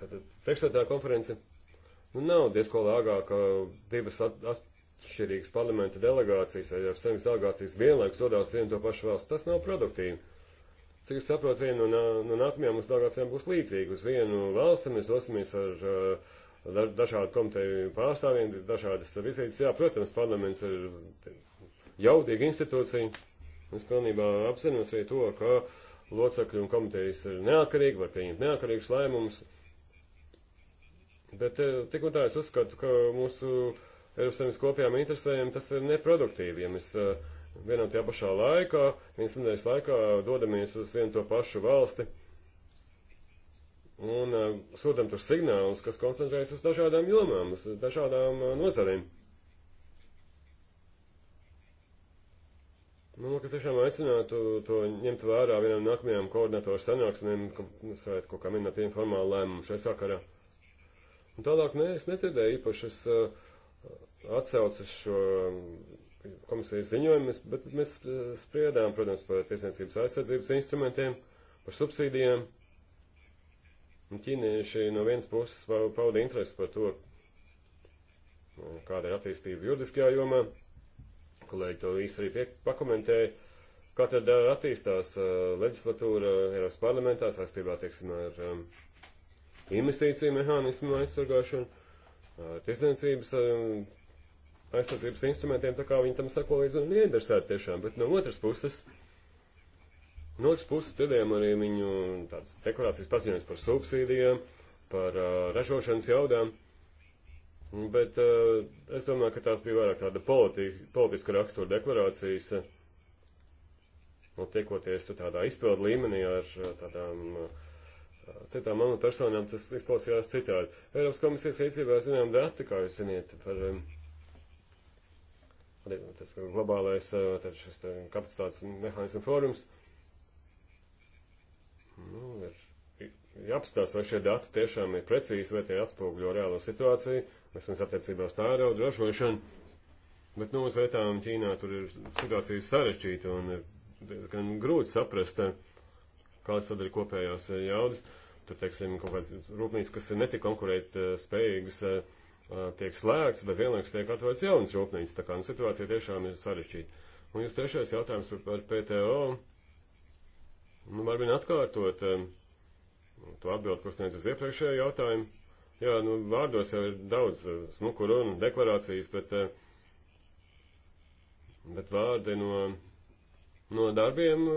tātad priekšstādā konferences. Nu, nav diezko lāgāk, ka divas at atšķirīgas parlamenta delegācijas vai Eiropas Savienības delegācijas vienlaikus dodās vienu to pašu valsts. Tas nav produktīvi. Cik es saprotu, viena no, nā, no nākamajām mūsu delegācijām būs līdzīga. Uz vienu valsti mēs dosimies ar uh, dažādu komiteju pārstāvjiem, dažādas vizītes. Jā, protams, parlaments ir jaudīga institūcija. Es pilnībā apzinos arī to, ka locekļi un komitejas ir neatkarīgi, var pieņemt neatkarīgus lēmumus. Uh, Bet eh, tik un tā es uzskatu, ka mūsu Eiropas Savienības kopējām interesēm tas ir neproduktīvi. Ja mēs eh, vienā tajā pašā laikā, vienas nedēļas laikā dodamies uz vienu to pašu valsti un eh, sūtam tur signālus, kas koncentrējas uz dažādām jomām, uz dažādām nozarēm. Nu, kas tiešām aicinātu to ņemt vērā vienam nākamajām koordinatoru sanāksmēm, kas varētu kaut kā minēt informālu lēmumu šai sakarā. Un tālāk ne, es nedzirdēju īpašas uh, atsaucas šo um, komisijas ziņojumus, bet mēs uh, spriedām, protams, par tiesniecības aizsardzības instrumentiem, par subsīdijām. Un ķīnieši no vienas puses pauda interesi par to, uh, kāda ir attīstība juridiskajā jomā. Kolēģi to īsti arī pakomentēja. Kā tad attīstās leģislatūra Eiropas parlamentā saistībā, tieksim, ar um, investīciju mehānismu aizsargāšanu, ar tiesniecības aizsardzības instrumentiem, tā kā viņi tam sako līdz un ieinteresēti tiešām, bet no otras puses, no otras puses dzirdējām arī viņu tādas deklarācijas paziņojums par subsīdijām, par uh, ražošanas jaudām, bet uh, es domāju, ka tās bija vairāk tāda politi politiska rakstura deklarācijas, uh, nu, un tiekoties tu tādā izpildu līmenī ar uh, tādām uh, citām amatpersonām tas izklausījās citādi. Eiropas komisijas rīcībā zinām dati, kā jūs ziniet, par um, tas globālais uh, šis uh, kapacitātes mehānismu fórums. Nu, ir jāapstās, vai šie dati tiešām ir precīzi, vai tie atspūgļo reālo situāciju, vismaz attiecībā uz tērauda ražošanu. Bet, nu, uz vietām Ķīnā tur ir situācija sarežģīta un gan grūti saprast, uh, kādas tad ir kopējās jaudas. Uh, tur, teiksim, kaut kāds rūpnīcas, kas ir netik konkurēt eh, spējīgas, eh, eh, tiek slēgts, bet vienlaikus tiek atvērts jaunas rūpnīcas. Tā kā nu, situācija tiešām ir sarežģīta. Un jūs trešais jautājums par, par PTO. Nu, varbūt atkārtot to atbildi, ko sniedz uz iepriekšējo jautājumu. Jā, nu, vārdos jau ir daudz smuku runu, deklarācijas, bet, bet vārdi no, no darbiem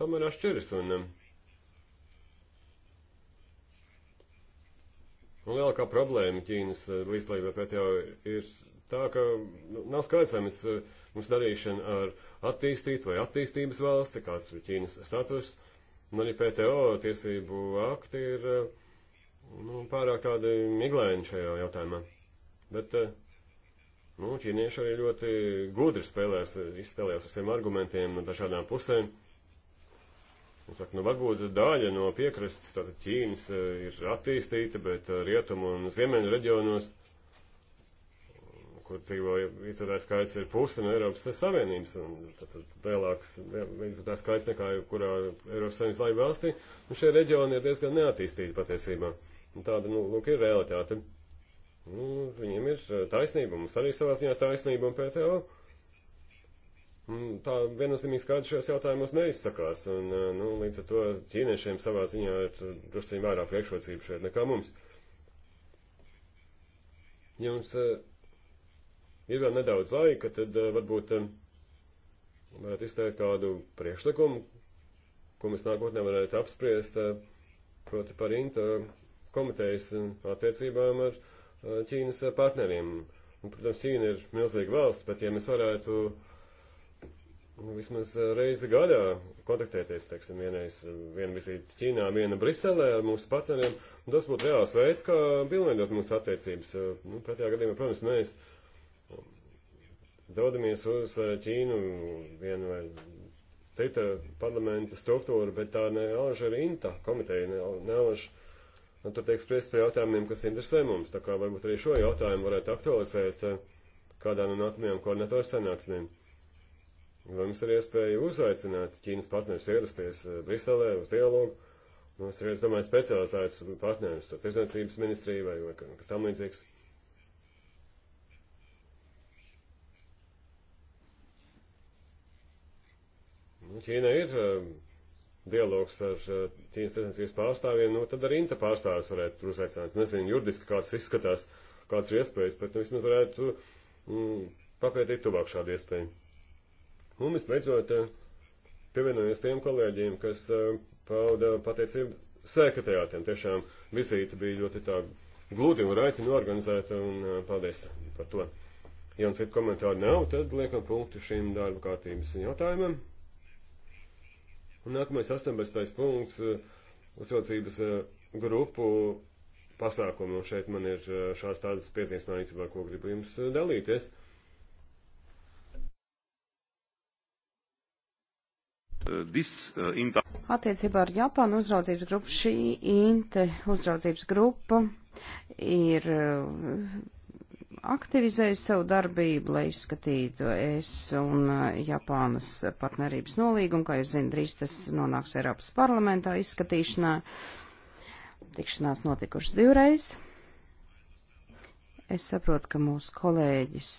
tomēr atšķiras. Un, Un nu, lielākā problēma Ķīnas eh, līdzlībai pētījā ir tā, ka nu, nav skaidrs, vai mēs, eh, mums darīšana ar attīstītu vai attīstības valsti, kāds ir Ķīnas status, un arī PTO tiesību akti ir eh, nu, pārāk tādi miglēni šajā jautājumā. Bet nu, ķīnieši arī ļoti gudri spēlēs, izspēlēs ar saviem argumentiem no dažādām pusēm. Saka, nu, varbūt daļa no piekrastes, tātad Ķīnas, e, ir attīstīta, bet e, rietumu un ziemeņu reģionos, kur dzīvo iedzīvotāju skaits, ir puse no Eiropas Savienības, un tātad lielāks iedzīvotāju skaits nekā kurā Eiropas Savienības laiva valstī, un šie reģioni ir diezgan neattīstīti patiesībā. Un tāda, nu, lūk, ir realitāte. Nu, viņiem ir e, taisnība, mums arī savā ziņā taisnība un PTO. Mm, tā viennozīmīgi skaidrs šajos jautājumos neizsakās, un, eh, nu, līdz ar to ķīniešiem savā ziņā ir eh, drusciņ vairāk priekšrocību šeit nekā mums. Jums eh, ir vēl nedaudz laika, tad varbūt varētu izteikt kādu priekšlikumu, ko mēs nākotnē varētu apspriest, proti par INTA komitejas attiecībām ar Ķīnas partneriem. Un, protams, Ķīna ir milzīga valsts, bet ja mēs varētu uh, vismaz eh, reizi gadā kontaktēties, teiksim, vienreiz, eh, viena vizīte Ķīnā, viena Briselē ar mūsu partneriem. Tas būtu reāls veids, kā pilnveidot mūsu attiecības. Eh, nu, pretējā gadījumā, protams, mēs um, dodamies uz Ķīnu vienu vai cita parlamenta struktūru, bet tā neauž ar INTA komiteju, neauž. Un nu, tur tiek spriest par jautājumiem, kas interesē mums. Tā kā varbūt arī šo jautājumu varētu aktualizēt kādā no nākamajām koordinatoru sanāksmēm. Vai mums ir iespēja uzaicināt Ķīnas partnerus ierasties eh, Briselē uz dialogu? Mums ir, es domāju, specializēts partnerus, to tirzniecības ministrija vai, vai kas tam līdzīgs. Nu, Ķīna ir eh, dialogs ar eh, Ķīnas tirsniecības pārstāvjiem, nu tad arī Inta pārstāvis varētu tur uzaicināt. Nezinu juridiski, kāds izskatās, kāds ir iespējas, bet nu, vismaz varētu mm, papētīt tuvāk šādu iespēju. Un, visbeidzot, eh, pievienojos tiem kolēģiem, kas eh, pauda pateicību sekretariātiem. Tiešām vizīte bija ļoti tā gludi un raiti norganizēta, un eh, paldies par to. Ja un citu komentāru nav, tad liekam punktu šim darba kārtības jautājumam. Un nākamais 18. punkts uzraudzības grupu pasākumu. Un šeit man ir šās tādas piezīmes, man īstenībā, ko gribu jums dalīties. Ja Uh,
Attiecībā ar Japānu uzraudzības grupu šī INTE uzraudzības grupa ir uh, aktivizējusi savu darbību, lai izskatītu es un uh, Japānas partnerības nolīgumu, kā jūs zināt, drīz tas nonāks Eiropas parlamentā izskatīšanā. Tikšanās notikušas divreiz. Es saprotu, ka mūsu kolēģis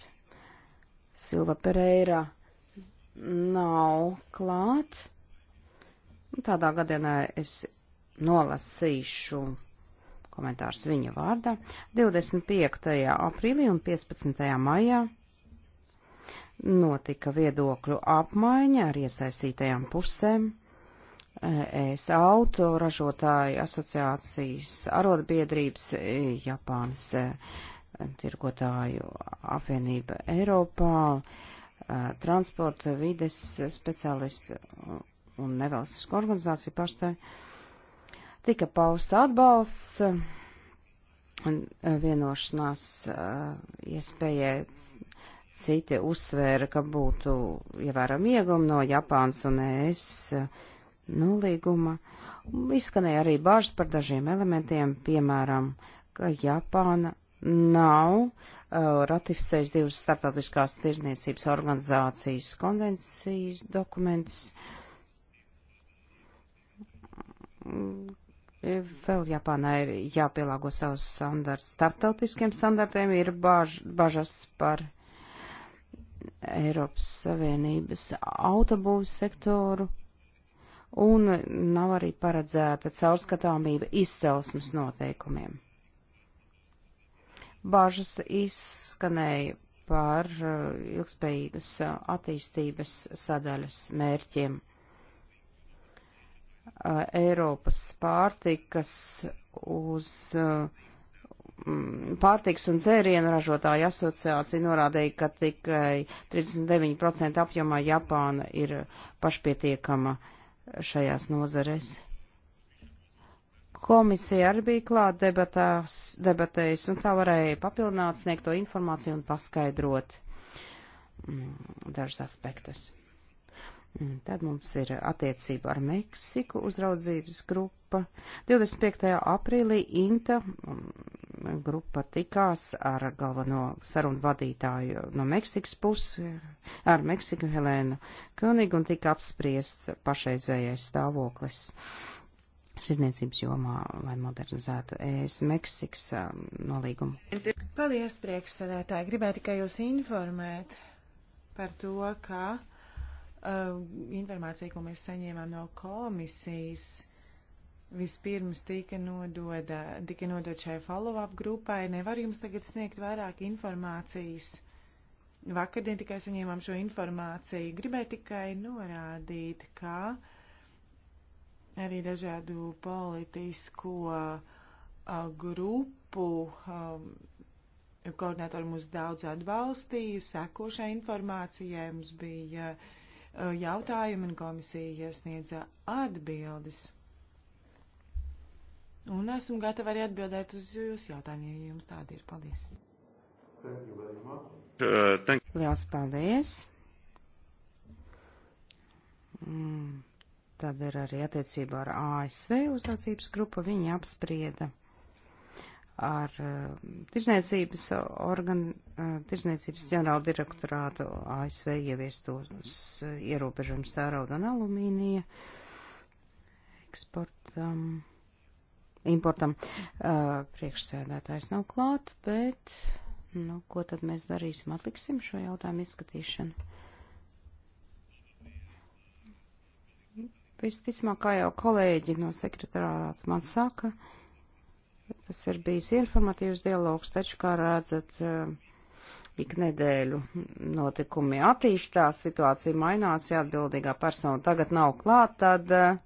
Silva Pereira nav klāt. Tādā gadienā es nolasīšu komentārs viņa vārdā 25. aprīlī un 15. maijā. Notika viedokļu apmaiņa ar iesaistītajām pusēm. Es auto ražotāju asociācijas arotbiedrības Japānas eh, tirgotāju apvienība Eiropā. Uh, transporta, vides speciālisti un nevalstisku organizāciju pārstāvi. Tika pausta atbalsts un vienošanās iespējai citi uzsvēra, ka būtu ievērami ja iegumi no Japānas un ES nolīguma. Izskanēja arī bāžas par dažiem elementiem, piemēram, ka Japāna nav uh, ratificējis divas starptautiskās tirzniecības organizācijas konvencijas dokumentus. Mm, vēl Japānā ir jāpielāgo savus standarts starptautiskiem standartiem, ir baž, bažas par Eiropas Savienības autobūvas sektoru, un nav arī paredzēta caurskatāmība izcelsmes noteikumiem. Bāžas izskanēja par eh, ilgspējīgas eh, attīstības sadaļas mērķiem. Eh, Eiropas pārtikas uz pārtiks un dzērienu ražotāju asociācija norādīja, ka tikai 39% apjomā Japāna ir pašpietiekama šajās nozarēs. Komisija arī bija klāt debatās, debatēs, un tā varēja papildināt sniegto informāciju un paskaidrot mm, dažus aspektus. Mm, tad mums ir attiecība ar Meksiku uzraudzības grupa. 25. aprīlī Inta mm, grupa tikās ar galveno sarunu vadītāju no Meksikas puses, ar Meksiku Helēnu Konigu, un tika apspriests pašreizējais stāvoklis. Uh, šizniecības jomā, lai modernizētu ES Meksikas um, nolīgumu.
Paldies, priekšsēdētāji. Gribēju tikai jūs informēt par to, ka uh, informācija, ko mēs saņēmām no komisijas, vispirms tika nododa, tika nodot šai follow-up grupai. Nevar jums tagad sniegt vairāk informācijas. Vakardien tikai saņēmām šo informāciju. Gribēju tikai norādīt, ka. Uh, arī dažādu politisko grupu koordinatori mūs daudz atbalstīja, sekošai informācijai mums bija jautājumi un komisija iesniedza atbildes. Un esmu gatava arī atbildēt uz jūsu jautājumiem, ja jums tādi ir. Paldies! Uh,
Liels paldies! Mm. Tad ir arī attiecībā ar ASV uzraudzības grupu viņi apsprieda ar uh, tirzniecības organ, uh, tirzniecības ģenerāla direktorātu ASV ieviestos uh, ierobežojums tērauda un alumīnija eksportam, importam. Uh, priekšsēdētājs nav klāt, bet, nu, ko tad mēs darīsim? Atliksim šo jautājumu izskatīšanu. Visticamāk, kā jau kolēģi no sekretārāta man saka, tas ir bijis informatīvs dialogs, taču, kā redzat, eh, ik nedēļu notikumi attīstās, situācija mainās, ja atbildīgā persona tagad nav klāt, tad, eh,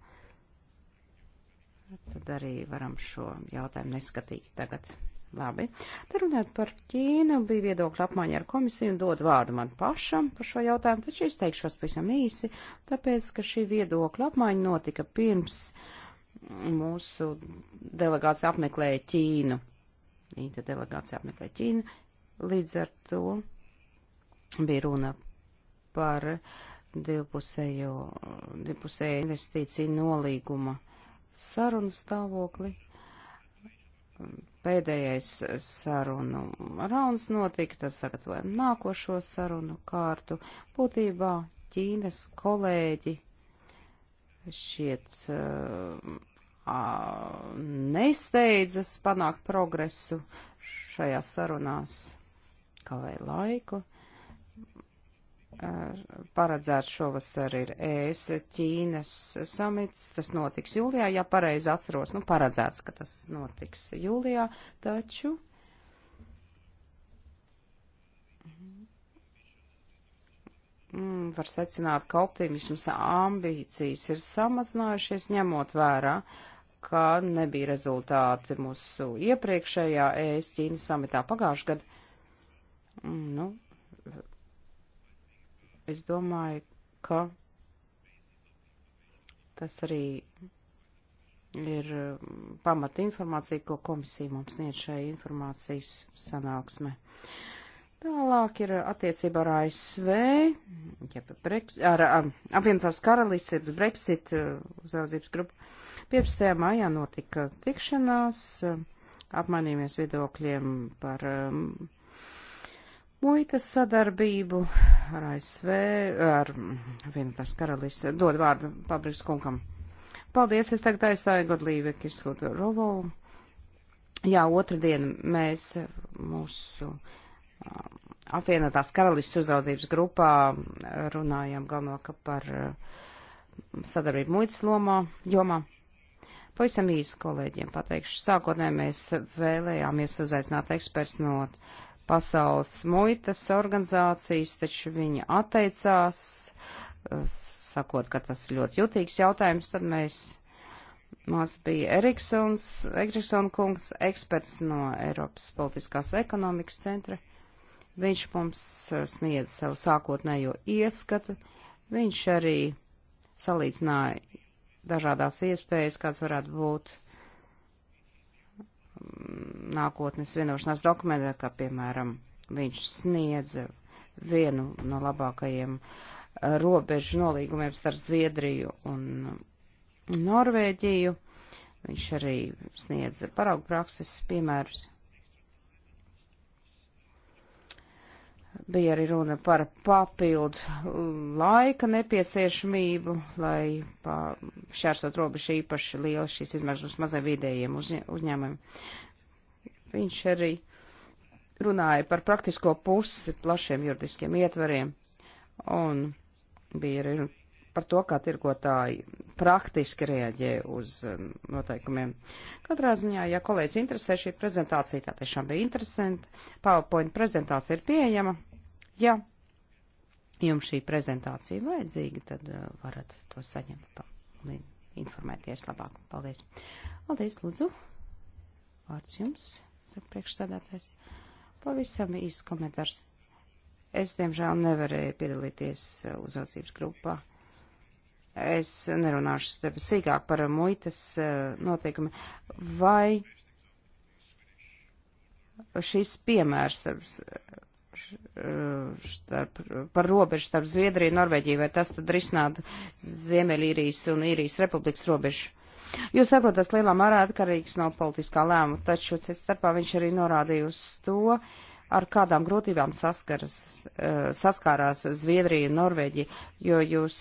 tad arī varam šo jautājumu neskatīt tagad. Labi. Te runāt par Ķīnu, bija viedokļa apmaiņa ar komisiju un dod vārdu man pašam par šo jautājumu, taču izteikšos pavisam īsi, tāpēc, ka šī viedokļa apmaiņa notika pirms mūsu delegācija apmeklēja Ķīnu. Inta delegācija apmeklēja Ķīnu, līdz ar to bija runa par divpusējo, divpusējo investīciju nolīguma sarunu stāvokli pēdējais sarunu rauns notika, tad sagatavojam nākošo sarunu kārtu. Būtībā Ķīnas kolēģi šiet uh, nesteidzas panākt progresu šajās sarunās, kā vai laiku paredzēts šovasar ir ES Ķīnas samits, tas notiks jūlijā, ja pareizi atceros, nu paredzēts, ka tas notiks jūlijā, taču. Mm, var secināt, ka optimisms ambīcijas ir samazinājušies, ņemot vērā, ka nebija rezultāti mūsu iepriekšējā ES Ķīnas samitā pagājušajā gadā. Mm, nu, es domāju, ka tas arī ir um, pamata informācija, ko komisija mums sniedz šai informācijas sanāksmē. Tālāk ir attiecība ar ASV, ja Brex, ar, ar um, apvienotās karalisti, ir Brexit uh, uzraudzības grupa. 15. maijā notika tikšanās, um, apmainījāmies viedokļiem par um, muitas sadarbību ar ASV, ar vienotās karalists, dod vārdu Pabriks kungam. Paldies, es tagad aizstāju Godlīve Kirskotu Rovovu. Jā, otrdien mēs mūsu apvienotās karalists uzraudzības grupā runājām galvenokārt par sadarbību muitas lomā, jomā. Pavisam īsi kolēģiem pateikšu. Sākotnē mēs vēlējāmies uzaicināt eksperts no pasaules muitas organizācijas, taču viņa atteicās, sakot, ka tas ir ļoti jutīgs jautājums, tad mēs Mums bija Eriksons, Eriksona kungs, eksperts no Eiropas politiskās ekonomikas centra. Viņš mums sniedza savu sākotnējo ieskatu. Viņš arī salīdzināja dažādās iespējas, kāds varētu būt nākotnes vienošanās dokumentā, ka, piemēram, viņš sniedza vienu no labākajiem eh, robežu nolīgumiem starp Zviedriju un Norvēģiju. Viņš arī sniedza paraugu prakses piemērus. Bija arī runa par papildu uh, laika nepieciešamību, lai šķērsot robežu īpaši liela šīs izmaksas mazai vidējiem uzņēmumiem. Viņš arī runāja par praktisko pusi plašiem juridiskiem ietvariem un bija arī par to, kā tirgotāji praktiski rēģē uz um, noteikumiem. Katrā ziņā, ja kolēģis interesē šī prezentācija, tā tiešām bija interesanta. PowerPoint prezentācija ir pieejama. Ja jums šī prezentācija vajadzīga, tad uh, varat to saņemt un informēties labāk. Paldies. Paldies, lūdzu. Vārds jums, saka priekšsēdētājs. Pavisam īsts komentārs. Es, diemžēl, nevarēju piedalīties uh, uzraudzības grupā es nerunāšu sīkāk par muitas eh, notiekumu, vai šis piemērs starp, eh, starp, par robežu starp Zviedriju un Norvēģiju, vai tas tad risinātu Ziemeļīrijas un Īrijas republikas robežu? Jūs saprotat, tas lielā mērā atkarīgs no politiskā lēma, taču cits starpā viņš arī norādīja uz to, ar kādām grūtībām saskaras, eh, saskārās Zviedrija un Norvēģija, jo jūs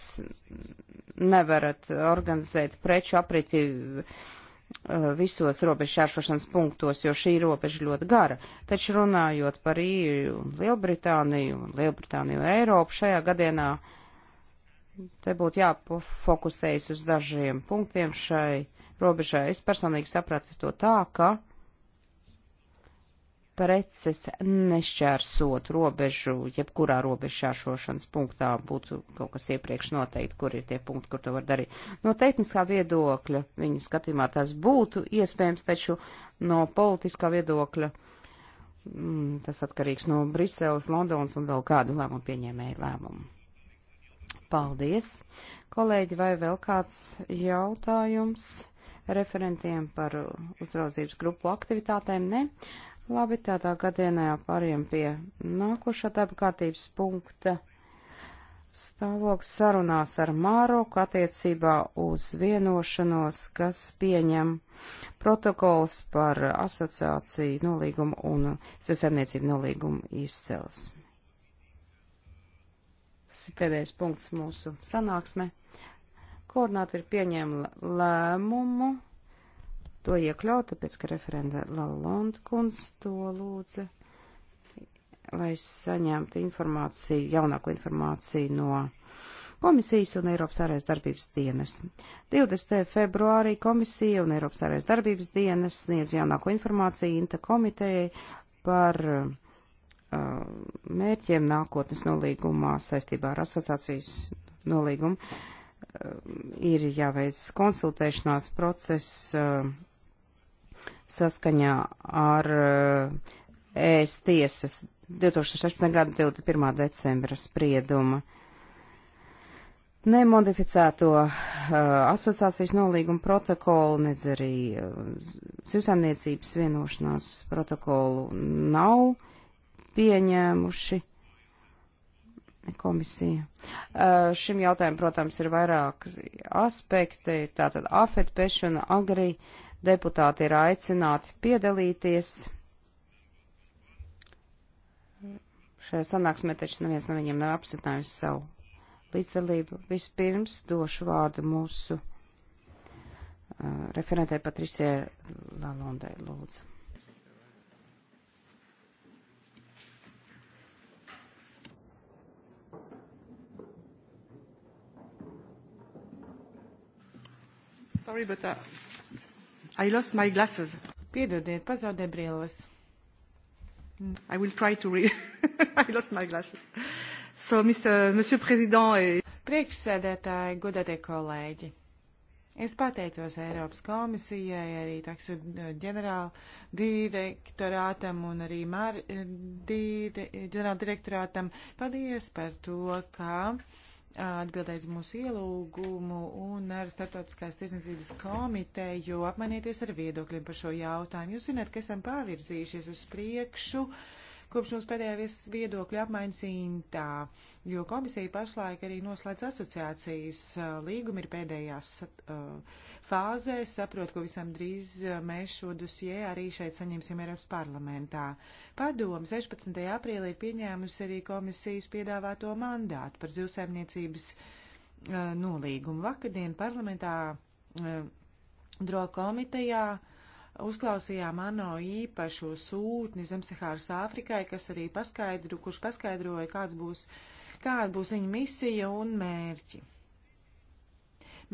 nevarat organizēt preču apriti e, visos robežu šķēršošanas punktos, jo šī robeža ļoti gara. Taču runājot par īriju un Lielbritāniju un Lielbritāniju un Eiropu šajā gadienā, te būtu jāfokusējas uz dažiem punktiem šai robežai. Es personīgi sapratu to tā, ka preces nešķērsot robežu, jebkurā robežu šķēršošanas punktā būtu kaut kas iepriekš noteikti, kur ir tie punkti, kur to var darīt. No tehniskā viedokļa viņa skatījumā tas būtu iespējams, taču no politiskā viedokļa mm, tas atkarīgs no Briseles, Londonas un vēl kādu lēmumu pieņēmēju lēmumu. Paldies! Kolēģi, vai vēl kāds jautājums referentiem par uzraudzības grupu aktivitātēm? Ne. Labi, tādā gadienā pāriem pie nākošā darba kārtības punkta. Stāvoklis sarunās ar Māroku attiecībā uz vienošanos, kas pieņem protokols par asociāciju nolīgumu un sivsarniecību nolīgumu izcelsmi. Tas ir pēdējais punkts mūsu sanāksmē. Koordināti ir pieņēma lēmumu to iekļaut, tāpēc, ka referenda Lalonda kungs to lūdza, lai saņemtu informāciju, jaunāko informāciju no komisijas un Eiropas ārējas darbības dienas. 20. februārī komisija un Eiropas ārējas darbības dienas sniedz jaunāko informāciju Inta komitejai par uh, mērķiem nākotnes nolīgumā saistībā ar asociācijas nolīgumu. Uh, ir jāveic konsultēšanās process uh, saskaņā ar uh, eh, ES tiesas 2016. gada 21. decembra sprieduma. Nemodificēto uh, asociācijas nolīgumu protokolu, nedz arī uh, zivsaimniecības vienošanās protokolu nav pieņēmuši komisija. Uh, šim jautājumam, protams, ir vairāk aspekti, tātad afetpešana, agrī. Uh, Deputāti ir aicināti piedalīties. Šajā sanāksmē taču neviens no viņiem nav apstiprinājis savu līdzdalību. Vispirms došu vārdu mūsu uh, referentē Patrisie Lalondai Lūdzu.
Sorry, but uh, I lost my glasses. Piedodiet, pazaudēju brīlis. I will try to read. *laughs* I lost my glasses. So, Mr. Monsieur President. Et... Priekšsēdētāji, godātie kolēģi. Es pateicos Eiropas komisijai, arī taksu eh, ģenerāla direktorātam un arī mar, eh, dire, ģenerāla direktorātam. Paldies par to, ka atbildējis mūsu ielūgumu un ar Startautiskās tirsniecības komiteju apmainīties ar viedokļiem par šo jautājumu. Jūs zināt, ka esam pavirzījušies uz priekšu. Uh, kopš mums pēdējā viedokļa apmaiņas intā, jo komisija pašlaik arī noslēdz asociācijas līgumi ir pēdējās uh, fāzē. Saprotu, ka visam drīz mēs šo dosjē arī šeit saņemsim Eiropas parlamentā. Padoma 16. aprīlī ir pieņēmusi arī komisijas piedāvāto mandātu par zivsaimniecības uh, nolīgumu. Vakardien parlamentā uh, Dro komitejā uh, Uzklausījām ANO īpašo sūtni Zemsahāras Āfrikai, kas arī paskaidro, kurš paskaidroja, kāds būs, kāda būs viņa misija un mērķi.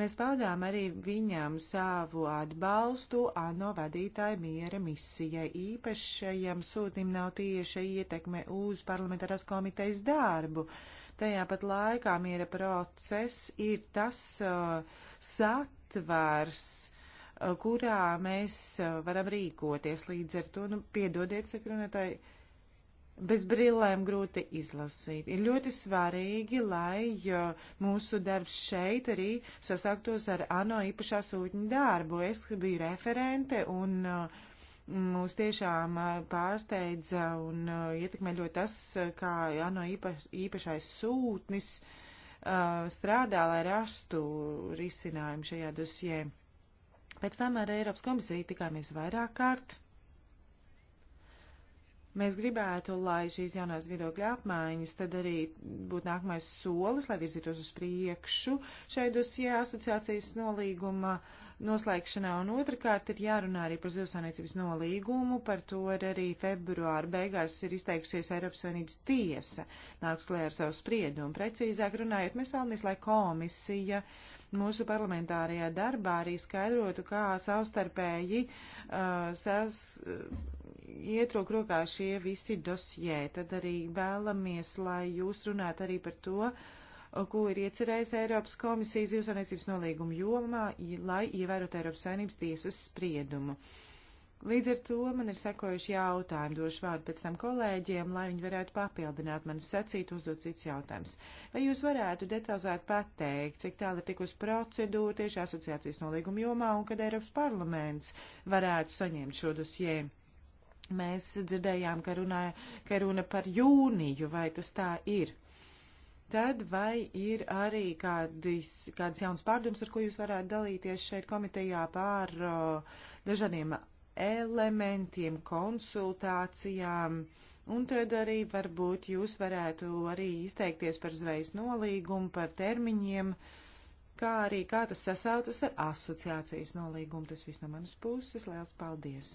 Mēs paudām arī viņam savu atbalstu ANO vadītāju miera misijai. Īpašajam sūtnim nav tieša ietekme uz parlamentāras komitejas darbu. Tajā pat laikā miera process ir tas uh, satvērs, kurā mēs varam rīkoties. Līdz ar to, nu, piedodiet, sakrunātāji, bez brillēm grūti izlasīt. Ir ļoti svarīgi, lai mūsu darbs šeit arī sasāktos ar ANO īpašā sūtņa darbu. Es biju referente un mūs tiešām pārsteidza un ietekmē ļoti tas, kā ANO īpaš, īpašais sūtnis strādā, lai rastu risinājumu šajā dosijā. Pēc tam ar Eiropas komisiju tikāmies vairāk kārt. Mēs gribētu, lai šīs jaunās viedokļa apmaiņas tad arī būtu nākamais solis, lai virzītos uz priekšu šai dosijā asociācijas nolīguma noslēgšanā. Un otrkārt ir jārunā arī par zivsainiecības nolīgumu, par to ir arī februāra beigās ir izteikusies Eiropas Savienības tiesa, nāks klē ar savu spriedumu. Precīzāk runājot, mēs vēlamies, lai komisija uh, mūsu parlamentārajā darbā arī skaidrotu, kā savstarpēji uh, savs, uh, iet roku rokā šie visi dosjē. Tad arī vēlamies, lai jūs runātu arī par to, uh, ko ir iecerējis Eiropas komisijas zivsainiecības nolīguma jomā, lai ievērotu Eiropas saimnības tiesas spriedumu. Uh, Līdz ar to man ir sekojuši jautājumi, došu vārdu pēc tam kolēģiem, lai viņi varētu papildināt manis sacīt, uzdot cits jautājums. Vai jūs varētu detalizēt pateikt, cik tālu ir tikus procedūra tieši asociācijas nolīguma jomā un kad Eiropas parlaments varētu saņemt šo dosjē? Mēs dzirdējām, ka, runāja, ka runa par jūniju, vai tas tā ir? Tad vai ir arī kādis, kādas jaunas pārdomas, ar ko jūs varētu dalīties šeit komitejā pār uh, dažādiem elementiem, konsultācijām. Un tad arī varbūt jūs varētu arī izteikties par zvejas nolīgumu, par termiņiem, kā arī kā tas sasautas ar asociācijas nolīgumu. Tas viss no manas puses. Liels paldies!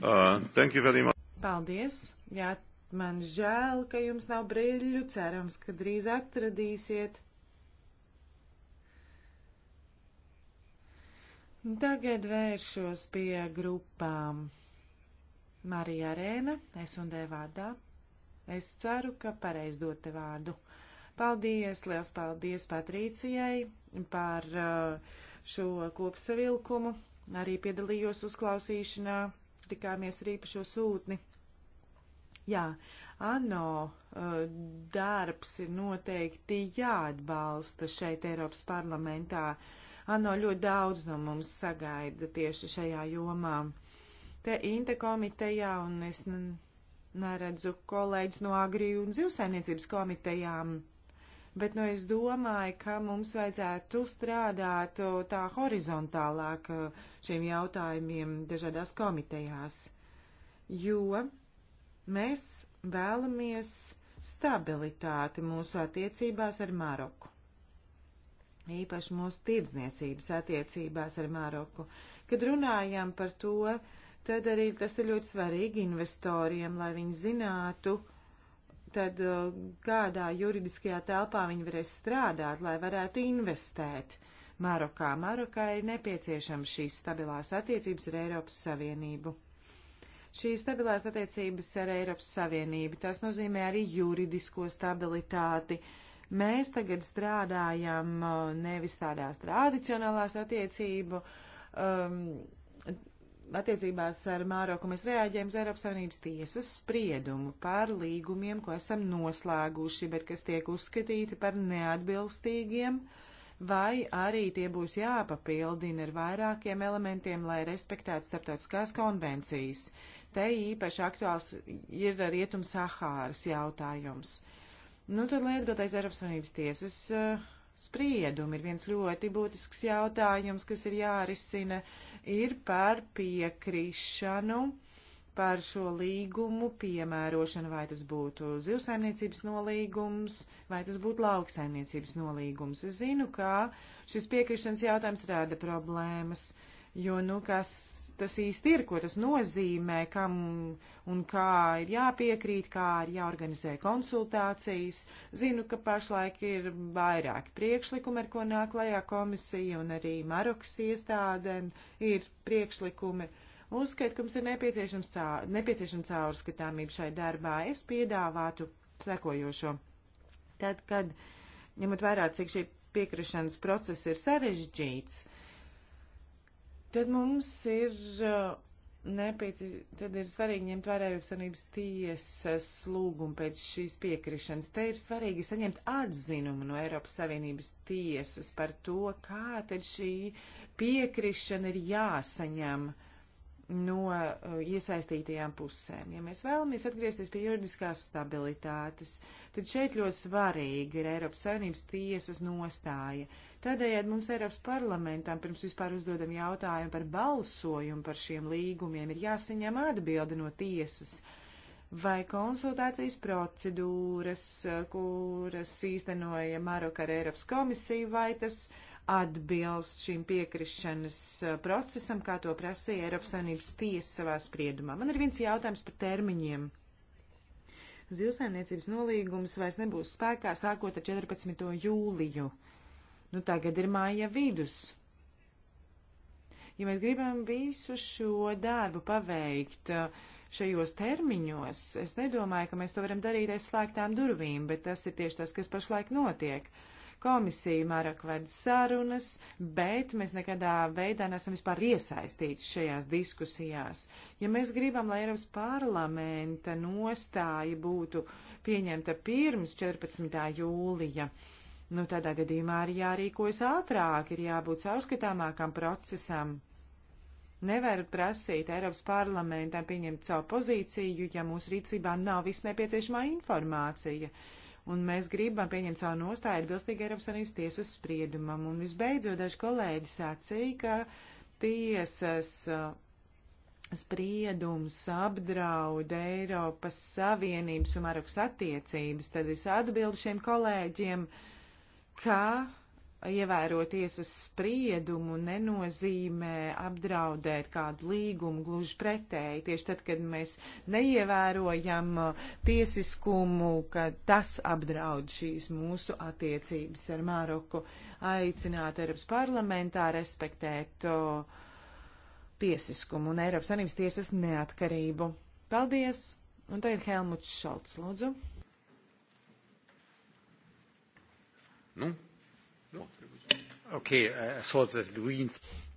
Uh, thank you very much.
Paldies! Jā, man žēl, ka jums nav brīļu. Cerams, ka drīz atradīsiet. Tagad vēršos pie grupām. Marija Arēna, es un tev vārdā. Es ceru, ka pareiz dot te vārdu. Paldies, liels paldies Patrīcijai par uh, šo kopsavilkumu. Arī piedalījos uzklausīšanā, tikāmies arī pa šo sūtni. Jā, ANO uh, darbs ir noteikti jāatbalsta šeit Eiropas parlamentā. Uh, ANO ļoti daudz no mums sagaida tieši šajā jomā. Te interkomitejā un es neredzu kolēģis no Agriju un Zivsainiecības komitejām. Bet nu, es domāju, ka mums vajadzētu strādāt tā horizontālāk šiem jautājumiem dažādās komitejās, jo mēs vēlamies stabilitāti mūsu attiecībās ar Maroku īpaši mūsu tirdzniecības attiecībās ar Maroku. Kad runājam par to, tad arī tas ir ļoti svarīgi investoriem, lai viņi zinātu, tad uh, kādā juridiskajā telpā viņi varēs strādāt, lai varētu investēt. Marokā. Marokā ir nepieciešams šīs stabilās attiecības ar Eiropas Savienību. Šīs stabilās attiecības ar Eiropas Savienību, tas nozīmē arī juridisko stabilitāti, uh, Mēs tagad strādājam uh, nevis tādās tradicionālās attiecību. Um, attiecībās ar Māroku mēs reaģējam uz Eiropas Savienības tiesas spriedumu par līgumiem, ko esam noslēguši, bet kas tiek uzskatīti par neatbilstīgiem, vai arī tie būs jāpapildina ar vairākiem elementiem, lai respektētu starptautiskās konvencijas. Te īpaši aktuāls ir Rietum Sahāras jautājums. Uh, Nu, tad, lai atbildētu Eiropas Savienības tiesas uh, eh, spriedumu, ir viens ļoti būtisks jautājums, kas ir jārisina, ir par piekrišanu, par šo līgumu piemērošanu, vai tas būtu zivsaimniecības nolīgums, vai tas būtu lauksaimniecības nolīgums. Es zinu, ka šis piekrišanas jautājums rada problēmas. Uh, Jo, nu, kas tas īsti ir, ko tas nozīmē, kam un kā ir jāpiekrīt, kā ir jāorganizē konsultācijas. Zinu, ka pašlaik ir vairāki priekšlikumi, ar ko nāk lajā komisija, un arī Marokas iestādēm ir priekšlikumi. Uzskatu, ka mums ir nepieciešams caur, nepieciešama caurskatāmība šai darbā. Es piedāvātu sekojošo. Tad, kad ņemot vērā, cik šī piekrišanas process ir sarežģīts, tad mums ir uh, nepieci, tad ir svarīgi ņemt vērā Eiropas Savienības tiesas lūgumu pēc šīs piekrišanas. Te ir svarīgi saņemt atzinumu no Eiropas Savienības tiesas par to, kā tad šī piekrišana ir jāsaņem no uh, iesaistītajām pusēm. Ja mēs vēlamies atgriezties pie juridiskās stabilitātes, tad šeit ļoti svarīga ir Eiropas Savienības tiesas nostāja. Uh, Tādējādi mums Eiropas parlamentam pirms vispār uzdodam jautājumu par balsojumu par šiem līgumiem ir jāsaņem atbildi no tiesas. Vai konsultācijas procedūras, eh, kuras īstenoja Maroka ar Eiropas komisiju, vai tas atbilst šīm piekrišanas eh, procesam, kā to prasīja Eiropas Savienības tiesa savā spriedumā. Man ir viens jautājums par termiņiem. Zivsaimniecības nolīgums vairs nebūs spēkā sākot ar 14. jūliju. Nu, tagad ir māja vidus. Ja mēs gribam visu šo darbu paveikt uh, šajos termiņos, es nedomāju, ka mēs to varam darīt aiz slēgtām durvīm, bet tas ir tieši tas, kas pašlaik notiek. Komisija mērāk ved sarunas, bet mēs nekādā veidā nesam vispār iesaistīti šajās diskusijās. Ja mēs gribam, lai Eiropas parlamenta nostāja būtu pieņemta pirms 14. jūlija, uh, Nu, tādā gadījumā arī jārīkojas ātrāk, ir jābūt caurskatāmākam procesam. Nevar prasīt Eiropas parlamentam pieņemt savu pozīciju, ja mūsu rīcībā nav viss nepieciešamā informācija. Un mēs gribam pieņemt savu nostāju atbilstīgi Eiropas Savienības tiesas spriedumam. Un visbeidzot, daži kolēģi sacīja, ka tiesas uh, spriedums apdraud Eiropas Savienības un Marokas attiecības. Tad es atbildu šiem kolēģiem. Uh, ka ievērot tiesas spriedumu nenozīmē apdraudēt kādu līgumu, gluži pretēji. Tieši tad, kad mēs neievērojam uh, tiesiskumu, ka tas apdraud šīs mūsu attiecības ar Maroku, aicinātu Eiropas parlamentā respektēt uh, tiesiskumu un Eiropas Savienības tiesas neatkarību. Paldies! Un tagad Helmuts Šalts, lūdzu.
Nu? nu.
Okay, uh,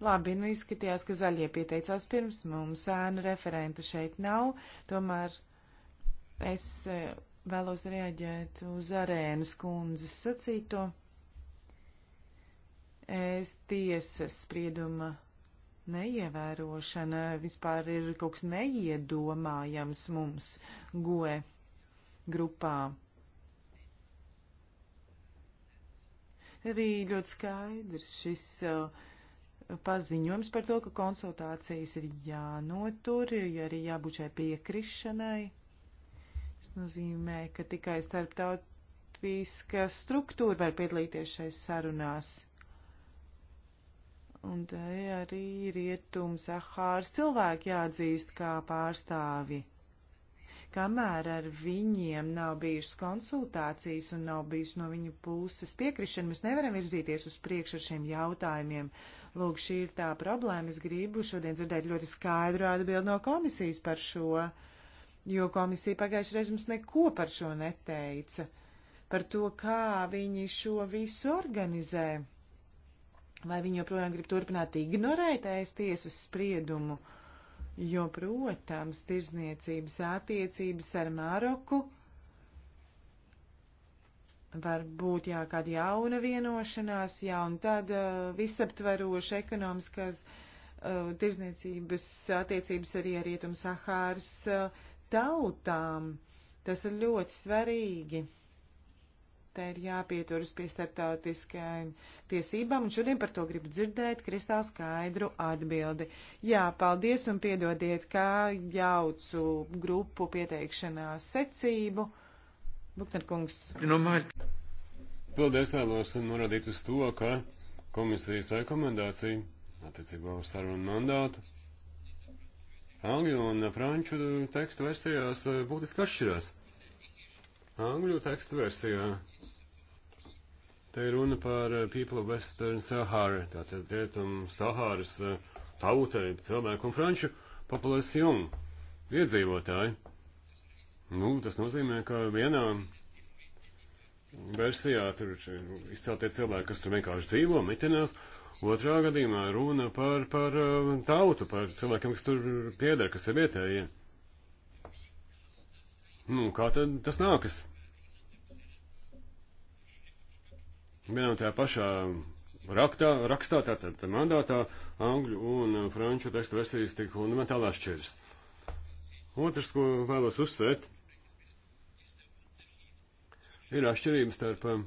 Labi, nu izskatījās, ka zaļie pieteicās pirms mums, ēnu referenta šeit nav, tomēr es eh, vēlos reaģēt uz arēnas kundzes sacīto. Es tiesas sprieduma neievērošana vispār ir kaut kas neiedomājams mums goe grupā. arī ļoti skaidrs šis uh, paziņojums par to, ka konsultācijas ir jānotur, ja arī jābūt šai piekrišanai. Tas nozīmē, ka tikai starptautiska struktūra var piedalīties šais sarunās un te arī rietums Ahārs cilvēki jāatzīst kā pārstāvi kamēr ar viņiem nav bijušas konsultācijas un nav bijusi no viņu puses piekrišana, mēs nevaram virzīties uz priekšu ar šiem jautājumiem. Lūk, šī ir tā problēma. Es gribu šodien dzirdēt ļoti skaidru atbildi no komisijas par šo, jo komisija pagājušajā reizē mums neko par šo neteica, par to, kā viņi šo visu organizē. Vai viņi joprojām grib turpināt ignorēt ēst tiesas spriedumu? Uh, jo, protams, tirzniecības attiecības ar Maroku var būt jā, kāda jauna vienošanās, jā, un tāda uh, visaptveroša ekonomiskas uh, tirzniecības attiecības arī ar Rietum Sahāras uh, tautām. Tas ir ļoti svarīgi. Te ir jāpieturas pie starptautiskajām tiesībām, un šodien par to gribu dzirdēt kristāli skaidru atbildi. Jā, paldies un piedodiet, kā jaucu grupu pieteikšanās secību. Buknerkungs.
Nu, paldies, vēlos norādīt uz to, ka komisijas rekomendācija attiecībā uz sarunu mandātu angļu un franču tekstu versijās eh, būtiski atšķirās. Angļu tekstu versijā Te ir runa par eh, People of Western Sahara, tātad rietumu Saharas eh, tautai, cilvēku un franču populācijum, iedzīvotāji. Nu, tas nozīmē, ka vienā versijā tur izceltie cilvēki, kas tur vienkārši dzīvo, mitinās. Otrā gadījumā runa par, par eh, tautu, par cilvēkiem, kas tur pieder, kas ir vietējie. Nu, kā tad tas nākas? vienā un tajā pašā raktā, rakstā, tātad tā, mandātā, angļu un uh, franču tekstu versijas tik fundamentāli atšķiras. Otrs, ko vēlos uzsvērt, ir atšķirības starp um,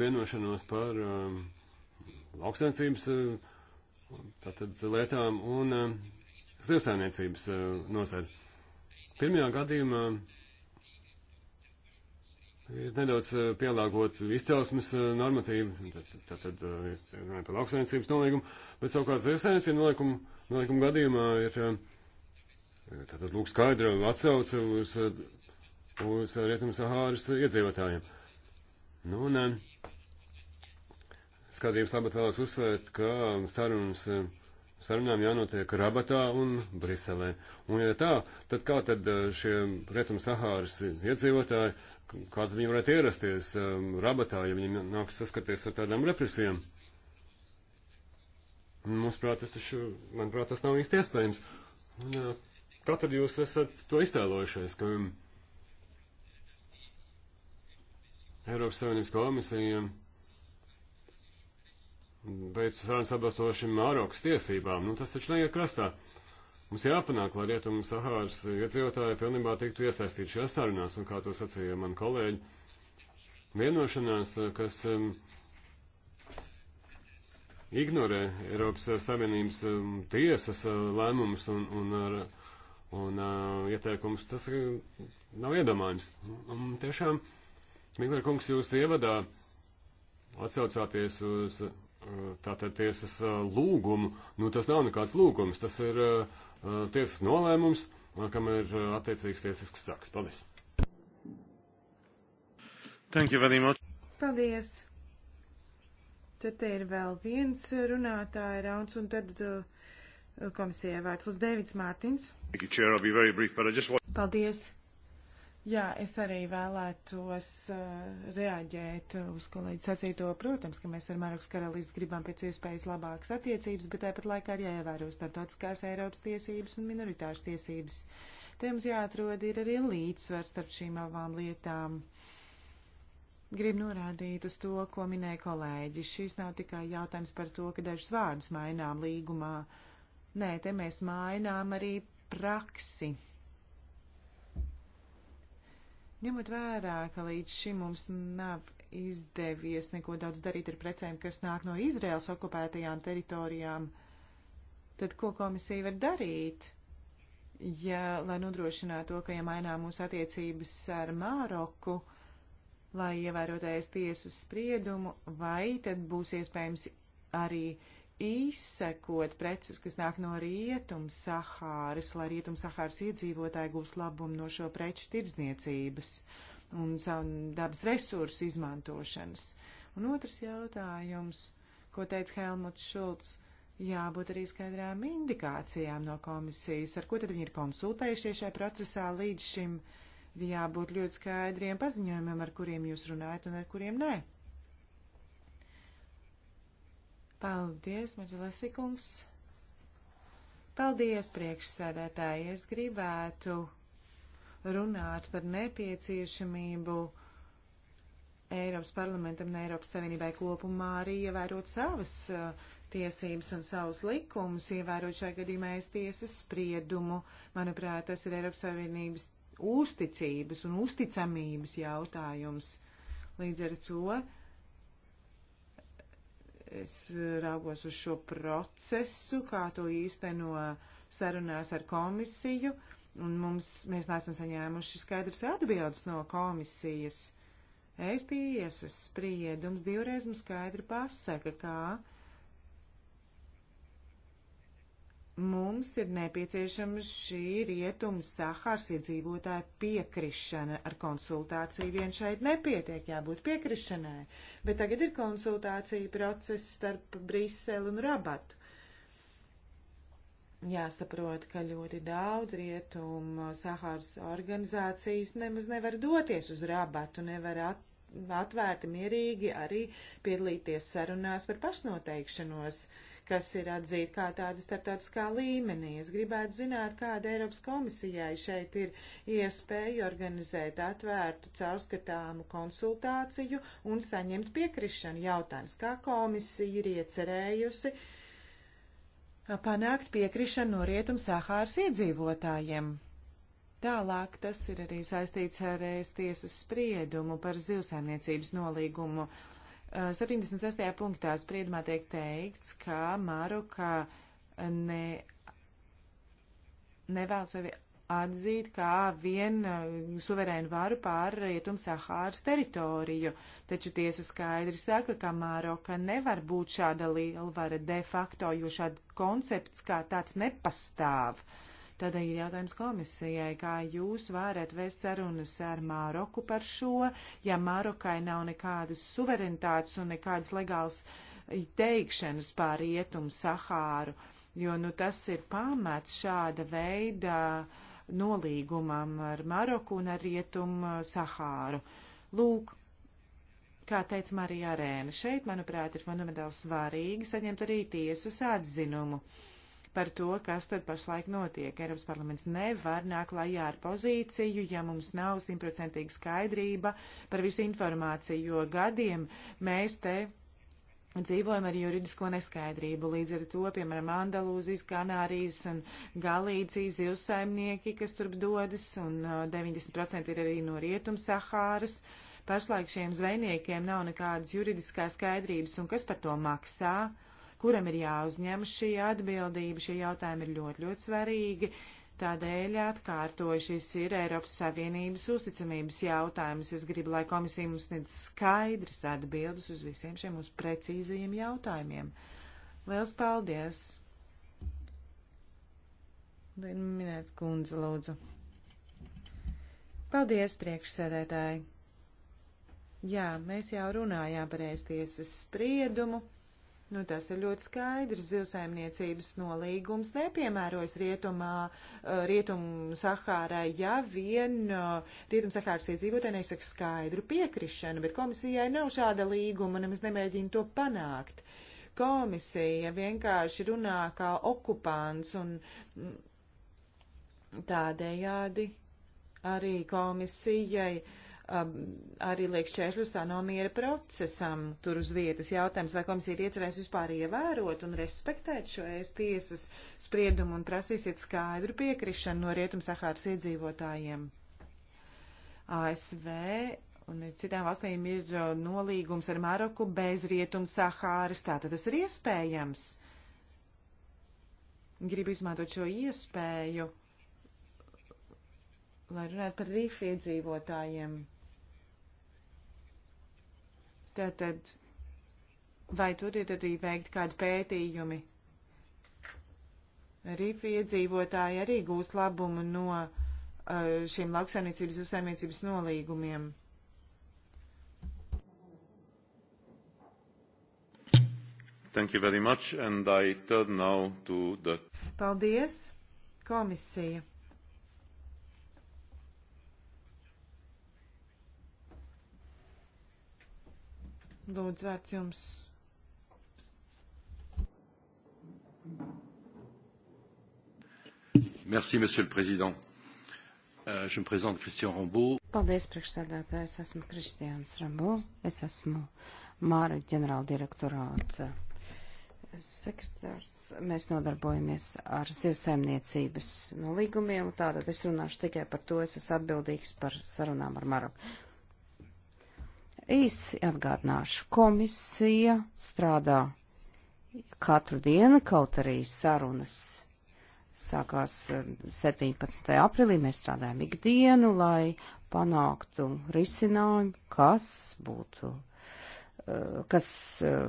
vienošanos par um, lauksainicības uh, tātad lietām un um, zivsainiecības uh, nozari. Pirmajā gadījumā uh, ir nedaudz eh, pielāgot izcelsmes eh, normatīvu, tad, tad, tad es eh, runāju par lauksainicības nolīgumu, bet savukārt zivsainicību nolīgumu, nolīgumu gadījumā ir tātad lūk skaidra atsauce uz, uz Rietumu Sahāras iedzīvotājiem. Nu, un skatības labāk vēlos uzsvērt, ka sarunas sarunām jānotiek Rabatā un Briselē. Un, ja tā, tad kā tad šie Rietum Sahāras iedzīvotāji kāds viņi varētu ierasties um, rabatā, ja viņi nāks saskaties ar tādām represijām. Mūsuprāt, tas taču, manuprāt, tas nav īsti iespējams. Un, uh, katru jūs esat to iztēlojušies, ka um, Eiropas Savienības komisija um, veic sarunas atbilstoši Mārokas tiesībām. Nu, tas taču neiet krastā. Uh, Mums jāpanāk, lai rietumu Sahāras iedzīvotāji pilnībā tiktu iesaistīti šajā sarunās, un kā to sacīja man kolēģi, vienošanās, kas um, ignorē Eiropas Savienības um, tiesas uh, lēmumus un, un, ar, un uh, ieteikumus, tas uh, nav iedomājams. Un tiešām, Miklēr kungs, jūs ievadā atsaucāties uz uh, tātad tiesas uh, lūgumu, nu tas nav nekāds lūgums, tas ir uh, Uh, tiesas nolēmums, uh, kam ir uh, attiecīgs tiesisks saks. Paldies! Thank you very much.
Paldies! Tad te ir vēl viens runātāja rauns, un tad uh, komisijai vārds uz Dēvids Mārtins.
You, Chair, brief, want...
Paldies! Jā, es arī vēlētos uh, reaģēt uz kolēģi sacīto. Protams, ka mēs ar Marokas karalisti gribam pēc iespējas labākas attiecības, bet tāpat laikā arī jāievēro starptautiskās Eiropas tiesības un minoritāšu tiesības. Te mums jāatrod ir arī līdzsvars starp šīm abām lietām. Gribu norādīt uz to, ko minēja kolēģi. Šis nav tikai jautājums par to, ka dažus vārdus mainām līgumā. Nē, te mēs mainām arī praksi Ņemot vērā, ka līdz šim mums nav izdevies neko daudz darīt ar precēm, kas nāk no Izraels okupētajām teritorijām, tad ko komisija var darīt? Ja, lai nodrošinātu to, ka, ja mainām mūsu attiecības ar Māroku, lai ievērotējas tiesas spriedumu, vai tad būs iespējams arī uh, izsekot preces, kas nāk no rietums Sahāras, lai rietums Sahāras iedzīvotāji gūs labumu no šo preču tirdzniecības un savu dabas resursu izmantošanas. Un otrs jautājums, ko teica Helmuts Šulcs, jābūt arī skaidrām indikācijām no komisijas, ar ko tad viņi ir konsultējušies šajā procesā līdz šim. Jābūt ļoti skaidriem paziņojumiem, ar kuriem jūs runājat un ar kuriem nē. Paldies, Maģilesikungs. Paldies, priekšsēdētāji. Es gribētu runāt par nepieciešamību Eiropas parlamentam un Eiropas Savienībai kopumā arī ievērot savas uh, tiesības un savus likumus, ievērot šajā gadījumā es tiesas spriedumu. Manuprāt, tas ir Eiropas Savienības uzticības un uzticamības jautājums. Līdz ar to Es raugos uz šo procesu, kā to īsteno sarunās ar komisiju, un mums, mēs neesam saņēmuši skaidrs atbildes no komisijas. Es tiesas spriedums divreiz mums skaidri pasaka, kā Mums ir nepieciešama šī rietuma Sahāras iedzīvotāja piekrišana. Ar konsultāciju vien šeit nepietiek, jābūt piekrišanai. Bet tagad ir konsultācija process starp Briselu un Rabatu. Jāsaprot, ka ļoti daudz rietumu Sahāras organizācijas nemaz nevar doties uz Rabatu, nevar at atvērti, mierīgi arī piedalīties sarunās par pašnoteikšanos. Uh, kas ir atzīta kā tāda starptautiskā līmenī. Es gribētu zināt, kāda Eiropas komisijai šeit ir iespēja organizēt atvērtu, caurskatāmu konsultāciju un saņemt piekrišanu jautājums, kā komisija ir iecerējusi panākt piekrišanu no rietum Sahāras iedzīvotājiem. Tālāk tas ir arī saistīts ar ēstiesas spriedumu par zivsaimniecības nolīgumu. Uh, 76. Eh, punktā spriedumā tiek teikts, ka Maroka ne, nevēl sevi atzīt kā vien eh, suverēnu varu pār Rietum Sahāras teritoriju, taču tiesa skaidri saka, ka Maroka nevar būt šāda lielvara de facto, jo šāda koncepts kā tāds nepastāv. Uh, Tādēļ ir jautājums komisijai, kā jūs varat vēst sarunas ar Māroku par šo, ja Mārokai nav nekādas suverenitātes un nekādas legālas teikšanas pār rietumu Sahāru, jo nu, tas ir pamats šāda veida nolīgumam ar Maroku un ar rietumu Sahāru. Lūk, kā teica Marija Arēna, šeit, manuprāt, ir fundamentāli svarīgi saņemt arī tiesas atzinumu. Uh, par to, kas tad pašlaik notiek. Eiropas parlaments nevar nākt klajā ar pozīciju, ja mums nav simtprocentīga skaidrība par visu informāciju, jo gadiem mēs te dzīvojam ar juridisko neskaidrību. Līdz ar to, piemēram, Andalūzijas, Kanārijas un Galīcijas ilsaimnieki, kas tur dodas, un 90% ir arī no Rietum Sahāras. Pašlaik šiem zvejniekiem nav nekādas juridiskās skaidrības, un kas par to maksā? Uh, kuram ir jāuzņem šī atbildība. Šie jautājumi ir ļoti, ļoti svarīgi. Tādēļ atkārtoju, šis ir Eiropas Savienības uzticamības jautājums. Es gribu, lai komisija mums sniedz skaidrs atbildes uz visiem šiem uz precīzajiem jautājumiem. Liels paldies! Minēt kundze, lūdzu. Paldies, priekšsēdētāji! Jā, mēs jau runājām par ēstiesas spriedumu. Nu, tas ir ļoti skaidrs. Zivsaimniecības nolīgums nepiemērojas rietumā, eh, rietum Sahārai, ja vien eh, rietum Sahāras iedzīvotāji nesaka skaidru piekrišanu, bet komisijai nav šāda līguma, nemaz nemēģina to panākt. Komisija vienkārši runā kā okupants un mm, tādējādi arī komisijai Um, arī liek šķēršļus ANO miera procesam. Tur uz vietas jautājums, vai komisija ir iecerējusi vispār ievērot un respektēt šo ES tiesas spriedumu un prasīsiet skaidru piekrišanu no Rietum-Sahāras iedzīvotājiem. ASV un citām valstīm ir uh, nolīgums ar Maroku bez Rietum-Sahāras. Tātad tas ir iespējams. Gribu izmantot šo iespēju, lai runātu par rīfiedzīvotājiem. iedzīvotājiem Tātad, vai tur ir arī veikti kādi pētījumi? Arī iedzīvotāji arī gūst labumu no uh, eh, šiem lauksaimniecības uzsaimniecības nolīgumiem.
Thank you very much, and I turn now to the...
Paldies, komisija. Lūdzu, vārds jums. Merci, monsieur le président. Uh, je me présente Christian Rambaud.
Paldies, priekšsēdētājs. Esmu Kristiāns Rambaud. Es esmu Māra ģenerāldirektorāta sekretārs. Mēs nodarbojamies ar zivsaimniecības nolīgumiem, tātad es runāšu tikai par to. Es esmu atbildīgs par sarunām ar Maroku. Īsi atgādināšu, komisija strādā katru dienu, kaut arī sarunas sākās 17. Eh, aprīlī. Mēs strādājam ikdienu, lai panāktu risinājumu, kas būtu eh, kas eh,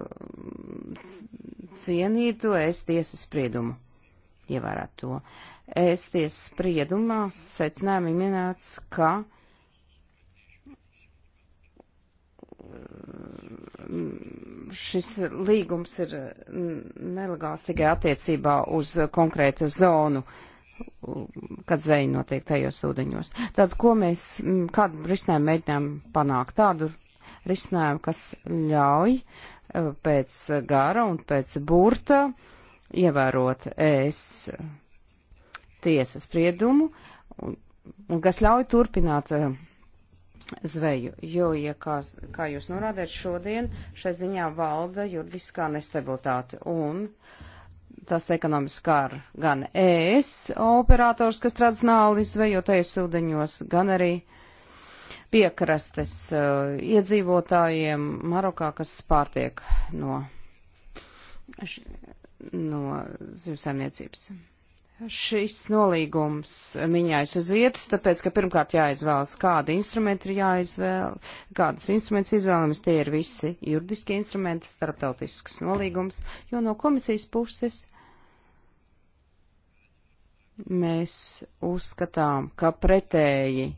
cienītu es tiesas spriedumu. Ievērētu to. Es tiesas spriedumā secinājumi minēts, ka uh, šis līgums ir nelegāls tikai attiecībā uz konkrētu zonu, kad zveja notiek tajos ūdeņos. Tad, ko mēs, kādu risinājumu mēģinām panākt? Tādu risinājumu, kas ļauj e, pēc gara un pēc burta ievērot es tiesas spriedumu un, un kas ļauj turpināt e, zveju, jo, ja kā, kā jūs norādāt, šodien šai ziņā valda juridiskā nestabilitāte un tas ekonomiski skar gan ES operators, kas tradicionāli zvejotais ūdeņos, gan arī piekrastes uh, iedzīvotājiem Marokā, kas pārtiek no, no zivsaimniecības šis nolīgums miņājas uz vietas, tāpēc, ka pirmkārt jāizvēlas, kādi instrumenti ir jāizvēl, kādas instrumentus izvēlamies, tie ir visi juridiskie instrumenti, starptautisks nolīgums, jo no komisijas puses mēs uzskatām, ka pretēji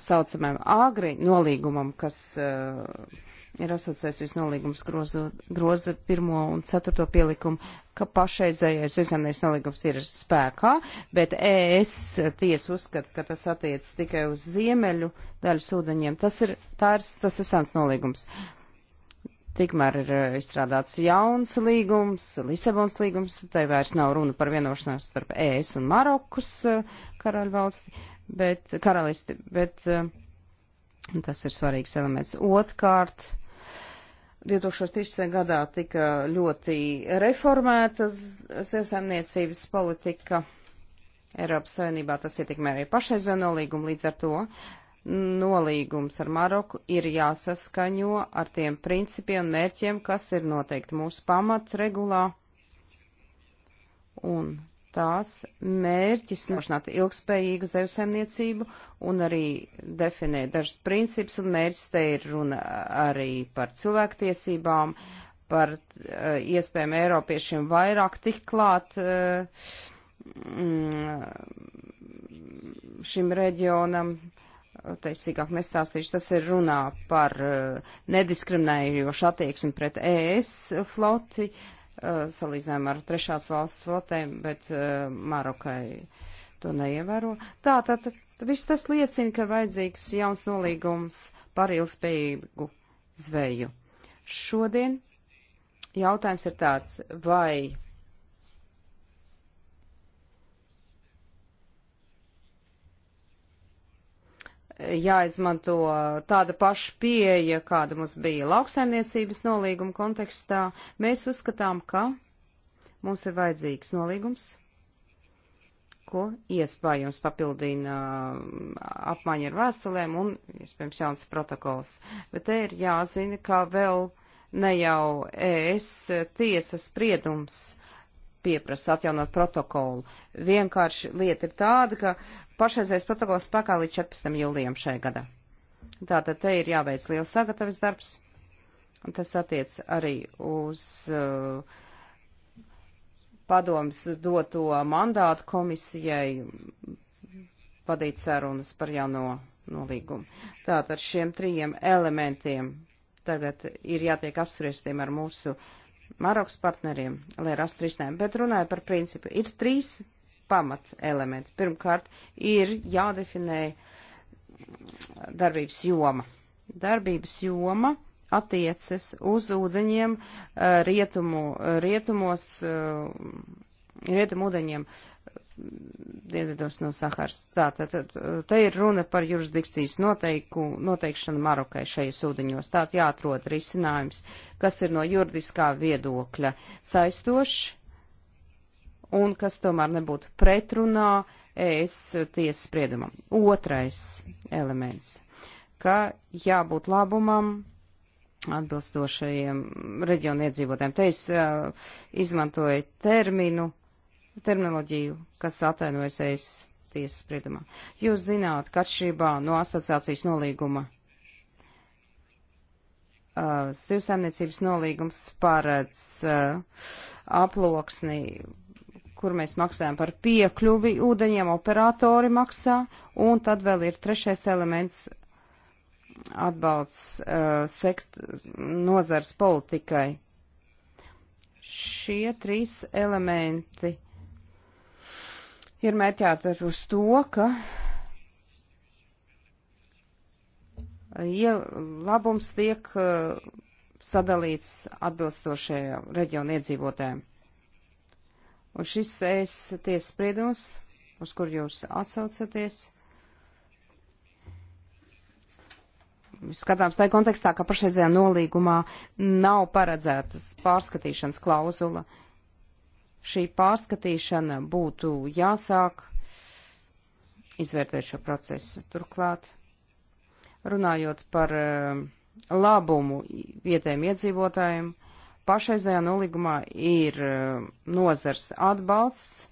saucamajam agri nolīgumam, kas uh, ir asociācijas nolīgums groza, groza pirmo un ceturto pielikumu, ka pašreizējais izņemnieks nolīgums ir spēkā, bet ES tiesa uzskata, ka tas attiec tikai uz ziemeļu daļas ūdeņiem. Tas ir, tā ir, tas ir sens nolīgums. Tikmēr ir eh, izstrādāts jauns līgums, Lisabons līgums, tai vairs nav runa par vienošanos starp ES un Marokas eh, karaļvalsti, bet, karalisti, bet eh, tas ir svarīgs elements. Otkārt, 2013. gadā tika ļoti reformēta zivsaimniecības politika Eiropas Savienībā. Tas ietekmē arī pašreizējo nolīgumu līdz ar to. Nolīgums ar Maroku ir jāsaskaņo ar tiem principiem un mērķiem, kas ir noteikti mūsu pamatregulā. Un tās mērķis nošanāt ilgspējīgu zivsaimniecību un arī definē dažus principus un mērķus. Te ir runa arī par cilvēktiesībām, par uh, iespējām Eiropiešiem vairāk tik klāt uh, šim reģionam. Te sīkāk nestāstīšu, tas ir runā par uh, nediskriminējošu attieksmi pret ES floti, salīdzinājumā ar trešās valsts flotēm, bet Marokai to neievēro. Tā tad Tad viss tas liecina, ka ir vajadzīgs jauns nolīgums par ilgspējīgu zveju. Šodien jautājums ir tāds, vai jāizmanto tāda paša pieeja, kāda mums bija lauksaimniecības nolīguma kontekstā. Mēs uzskatām, ka mums ir vajadzīgs nolīgums, ko iespējams papildina apmaiņa ar vēstulēm un, iespējams, jauns protokols. Bet te ir jāzina, ka vēl ne jau ES tiesas spriedums pieprasa atjaunot protokolu. Vienkārši lieta ir tāda, ka pašreizējais protokols spēkā līdz 14. jūlijam šajā gadā. Tātad te ir jāveic liels sagatavas darbs, un tas attiec arī uz uh, padoms doto mandātu komisijai vadīt sarunas par jauno nolīgumu. Tātad šiem trījiem elementiem tagad ir jātiek apspriestiem ar mūsu Marokas partneriem, lai rastu risinājumu. Bet runāju par principu. Ir trīs pamat elementi. Pirmkārt, ir jādefinē darbības joma. Darbības joma attiecas uz ūdeņiem eh, rietumu, eh, rietumos, eh, rietumu ūdeņiem mm, dienvidos no Saharas. Tā, tā, tā, te ir runa par jurisdikcijas noteiku, noteikšanu Marokai šajos ūdeņos. Tā jāatrod risinājums, kas ir no juridiskā viedokļa saistošs un kas tomēr nebūtu pretrunā es tiesas spriedumam. Otrais elements, ka jābūt labumam atbilstošajiem reģionu iedzīvotājiem. Te es uh, izmantoju terminu, terminoloģiju, kas atainojas es tiesas spriedumā. Jūs zināt, ka atšķirībā no asociācijas nolīguma uh, sivsaimniecības nolīgums paredz uh, aploksni, kur mēs maksājam par piekļuvi ūdeņiem, operatori maksā, un tad vēl ir trešais elements atbalsts uh, sekt, nozars politikai. Šie trīs elementi ir mērķēti uz to, ka ja labums tiek uh, sadalīts atbilstošajā reģiona iedzīvotājiem. Un šis es tiesas spriedums, uz kur jūs atsaucaties, skatāms tajā kontekstā, ka pašreizējā nolīgumā nav paredzētas pārskatīšanas klauzula. Šī pārskatīšana būtu jāsāk izvērtēt šo procesu. Turklāt, runājot par eh, labumu vietējiem iedzīvotājiem, pašreizējā nolīgumā ir eh, nozars atbalsts,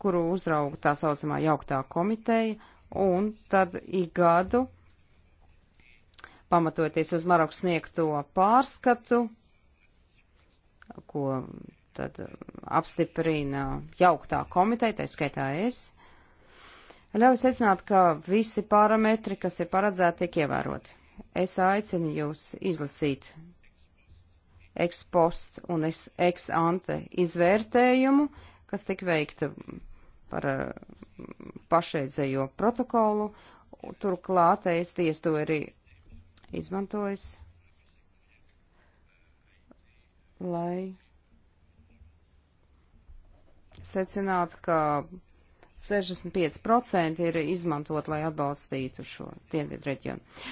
kuru uzrauga tā saucamā jauktā komiteja, un tad ik gadu pamatoties uz Marokas sniegto pārskatu, ko tad um, apstiprina jauktā komiteja, tā skaitā es, ļauj secināt, ka visi parametri, kas ir paredzēti, tiek ievēroti. Es aicinu jūs izlasīt ekspost un ex-ante izvērtējumu, kas tika veikta par um, pašreizējo protokolu. Turklāt es tiesto arī izmantojis, lai secinātu, ka 65% ir izmantot, lai atbalstītu šo dienvidu reģionu.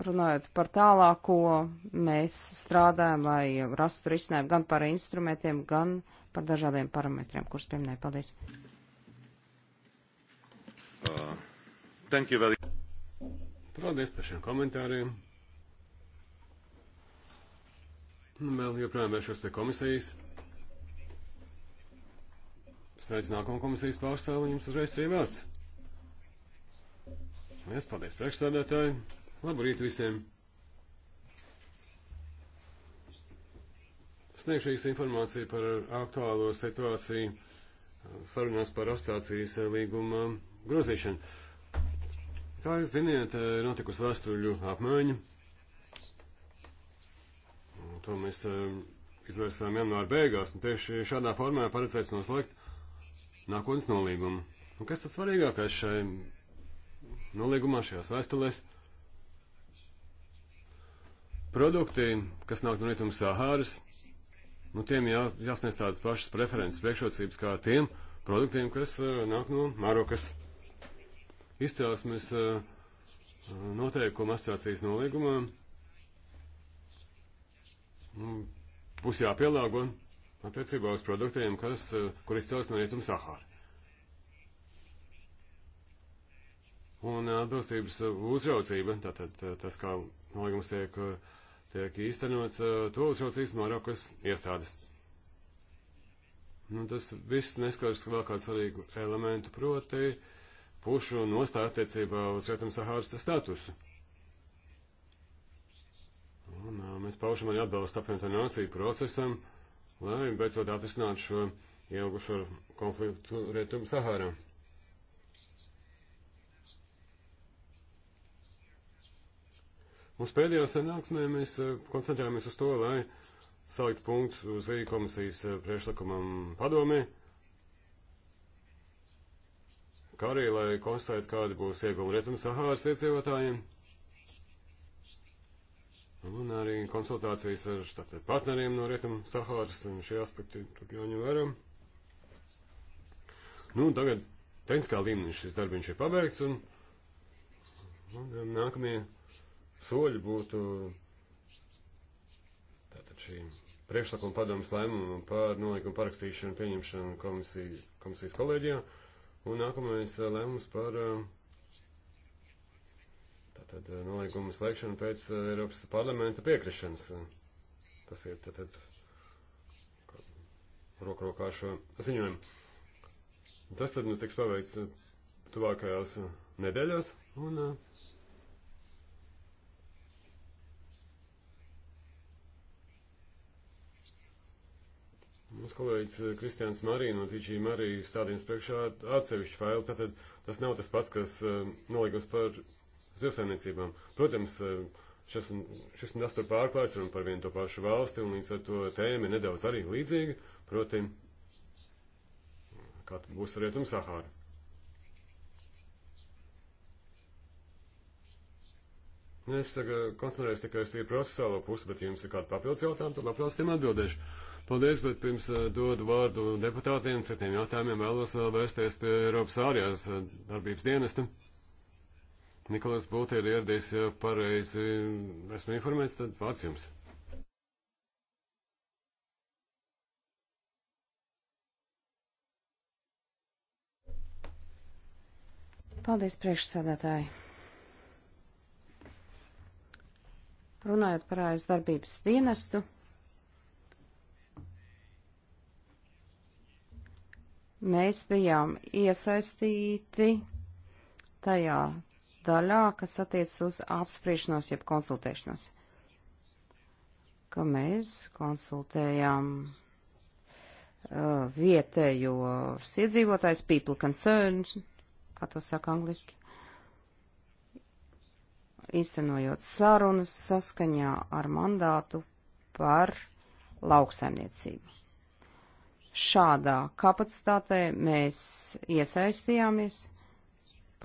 Runājot par tālāko, mēs strādājam, lai rastu risinājumu gan par instrumentiem, gan par dažādiem parametriem, kurus pieminēja. Paldies!
Uh, Paldies par šiem komentāriem. Nu, vēl joprojām vēršos pie komisijas. Sveicu nākamo komisijas pārstāvu un jums uzreiz ir vārds. Liels paldies priekšstādātāji. Labrīt visiem. Sniegšu īsu informāciju par aktuālo situāciju sarunās par asociācijas līguma grozīšanu. Kā jūs ziniet, eh, notikusi vēstuļu apmaiņa. To mēs eh, izvērstām janvāra beigās, un tieši šādā formā paredzēts noslēgt nākotnes nolīgumu. Un kas tad svarīgākais šai nolīgumā, šajās vēstulēs? Produkti, kas nāk no rietumu Sahāras, nu tiem jā, jāsniedz tādas pašas preferences priekšrocības kā tiem produktiem, kas eh, nāk no Marokas izcelsmes eh, noteikumu asociācijas nolīgumā nu, būs jāpielāgo attiecībā uz produktiem, kas, eh, kur izcels no rietumu Sahāra. Un atbilstības uzraudzība, tātad eh, tas, kā nolīgums tiek, tiek īstenots, to uzraudzīs Marokas iestādes. Nu, tas viss neskars vēl kādu svarīgu elementu, proti pušu nostāja attiecībā uz Rietumsahāras statusu. Un, mēs paušam arī atbalstu apvienoto nāciju procesam, lai beidzot atrisinātu šo ielgušo konfliktu Rietumsahārā. Mums pēdējā sanāksmē mēs koncentrējāmies uz to, lai salikt punktus uz komisijas priešlikumam padomē kā arī, lai konstatētu, kāda būs ieguva Rietumsahāras iedzīvotājiem. Un arī konsultācijas ar tātad, partneriem no Rietumsahāras, un šie aspekti tur jāņem vērā. Nu, tagad tehniskā līmenī šis darbiņš ir pabeigts, un, un nākamie soļi būtu tātad šī priekšlikuma padomas lēmumu par nolīgumu parakstīšanu pieņemšanu komisiju, komisijas kolēģijā. Un nākamais eh, lēmums par eh, tātad eh, nolīgumu slēgšanu pēc Eiropas parlamenta piekrišanas. Tas ir tātad roku rokā šo ziņojumu. Tas tad nu tiks paveikts tuvākajās nedēļās, un Mums kolēģis eh, Kristians Marija no Tīčī Marija stādījums priekšā atsevišķu failu, tātad tas nav tas pats, kas eh, nolīgums par zivsaimniecībām. Protams, eh, šis un, šis un tas tur pārklājas un par vienu to pašu valsti, un līdz ar to tēma ir nedaudz arī līdzīga, proti, kā būs ar Rietumu Sahāru. Es tagad koncentrējos tikai uz tie procesuālo pusi, bet jums ir kādi papildus jautājumi, tad labprāt tiem atbildēšu. Paldies, bet pirms eh, dodu vārdu deputātiem, citiem jautājumiem vēlos vēl vērsties pie Eiropas ārējās eh, darbības dienesta. Nikolas Būti ir ieradies, ja pareizi esmu informēts, tad vārds jums.
Paldies, priekšsādātāji. Runājot par ārējās darbības dienestu. Mēs bijām iesaistīti tajā daļā, kas attiec uz apspriešanos jeb konsultēšanos, ka mēs konsultējām uh, vietējos iedzīvotājs, people concerns, kā to saka angliski, īstenojot sarunas saskaņā ar mandātu par lauksaimniecību. Šādā kapacitātē mēs iesaistījāmies,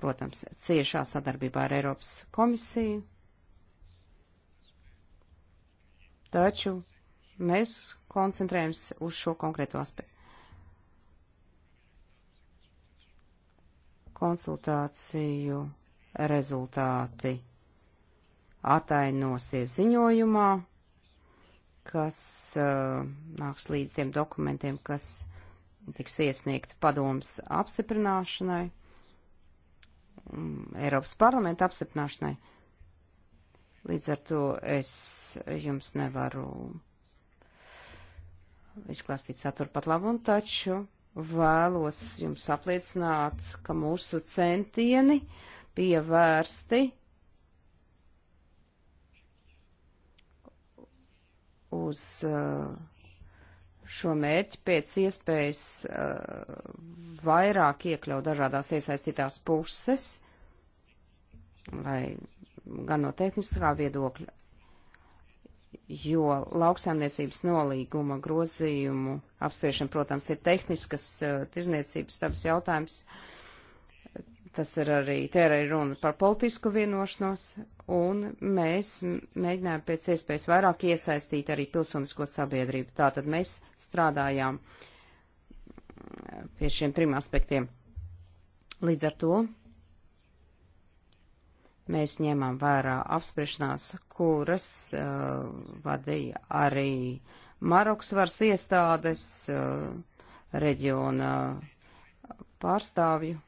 protams, ciešā sadarbībā ar Eiropas komisiju, taču mēs koncentrējamies uz šo konkrēto aspektu. Konsultāciju rezultāti atainosies ziņojumā kas uh, nāks līdz tiem dokumentiem, kas tiks iesniegti padomus apstiprināšanai, mm, Eiropas parlamenta apstiprināšanai. Līdz ar to es jums nevaru izklāstīt saturu pat labu, un taču vēlos jums apliecināt, ka mūsu centieni pievērsti uz uh, šo mērķi pēc iespējas uh, vairāk iekļaut dažādās iesaistītās puses, lai gan no tehniskā viedokļa, jo lauksaimniecības nolīguma grozījumu apspriešana, protams, ir tehniskas uh, tirzniecības tabas jautājums. Uh, Tas ir arī tērē runa par politisku vienošanos, un mēs mēģinājām pēc iespējas vairāk iesaistīt arī pilsonisko sabiedrību. Tātad mēs strādājām pie šiem trim aspektiem. Līdz ar to mēs ņēmām vērā apspriešanās, kuras uh, vadīja arī Maroks varas iestādes, uh, reģiona uh, pārstāvju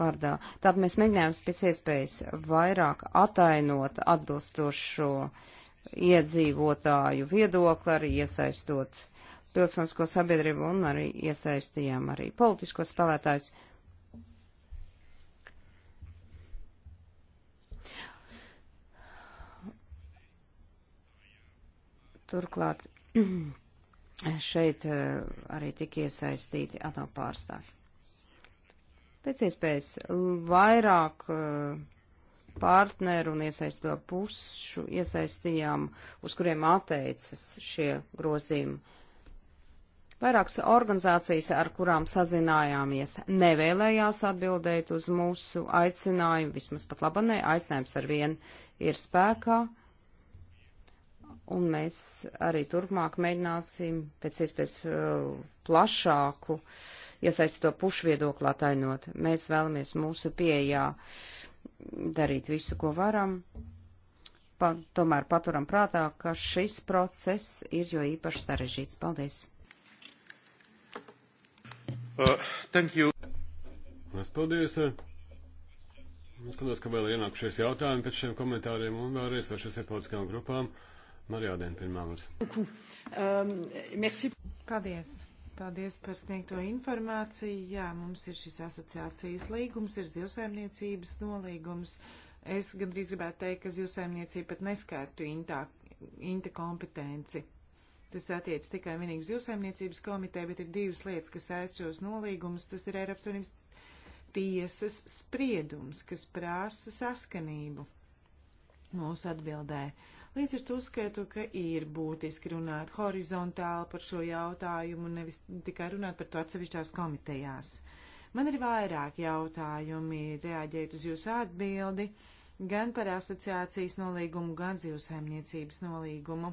vārdā. Tad mēs mēģinājām pēc iespējas vairāk atainot atbilstošo iedzīvotāju viedokli, arī iesaistot pilsonisko sabiedrību un arī iesaistījām arī politisko spēlētājus. Turklāt *clears throat* šeit eh, arī tika iesaistīti ANO pārstāvji pēc iespējas vairāk uh, partneru un iesaistīto pušu iesaistījām, uz kuriem atteicas šie grozījumi. Vairākas organizācijas, ar kurām sazinājāmies, nevēlējās atbildēt uz mūsu aicinājumu, vismaz pat labanē, aicinājums ar vienu ir spēkā, un mēs arī turpmāk mēģināsim pēc iespējas uh, plašāku uh, iesaistīto pušu viedokli atainot. Mēs vēlamies mūsu pieejā darīt visu, ko varam. Pa, tomēr paturam prātā, ka šis process ir jo īpaši sarežģīts. Paldies!
Uh, thank you. Mēs paldies. Mums eh. skatās, ka vēl ir ienākušies jautājumi pēc šiem komentāriem un vēlreiz vēl šis ir politiskajām grupām. Marijādien pirmā mums.
Paldies. Paldies par sniegto informāciju. Jā, mums ir šis asociācijas līgums, ir zivsaimniecības nolīgums. Es gandrīz gribētu teikt, ka zivsaimniecība pat neskārtu intā, inta kompetenci. Tas attiec tikai vienīgi zivsaimniecības komiteja, bet ir divas lietas, kas aizšos nolīgumus. Tas ir Eiropas Savienības tiesas spriedums, kas prasa saskanību mūsu atbildē. Uh, Līdz ar to uzskatu, ka ir būtiski runāt horizontāli par šo jautājumu, nevis tikai runāt par to atsevišķās komitejās. Man ir vairāk jautājumi, reaģēt uz jūsu atbildi, gan par asociācijas nolīgumu, gan zivsaimniecības nolīgumu.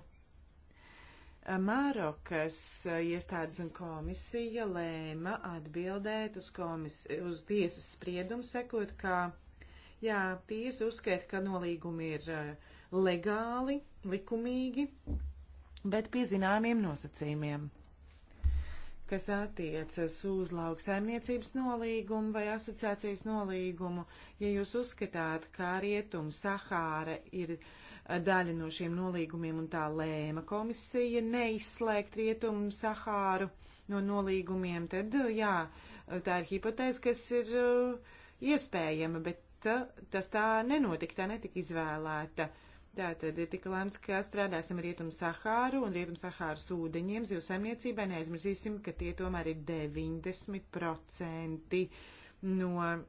Mārokas iestādes un komisija lēma atbildēt uz, komis, uz tiesas spriedumu, sekot, ka jā, tiesa uzskata, ka nolīgumi ir uh, legāli, likumīgi, bet pie zināmiem nosacījumiem kas attiecas uz lauksaimniecības nolīgumu vai asociācijas nolīgumu, ja jūs uzskatāt, ka Rietum Sahāra ir daļa no šiem nolīgumiem un tā lēma komisija neizslēgt Rietum Sahāru no nolīgumiem, tad jā, tā ir hipotēze, kas ir uh, iespējama, bet uh, tas tā nenotika, tā netika izvēlēta. Uh, Tātad ir tik lēmts, ka strādāsim Rietumu Sahāru un Rietumu Sahāras ūdeņiem zivsaimniecībai. Neaizmirsīsim, ka tie tomēr ir 90% no eh,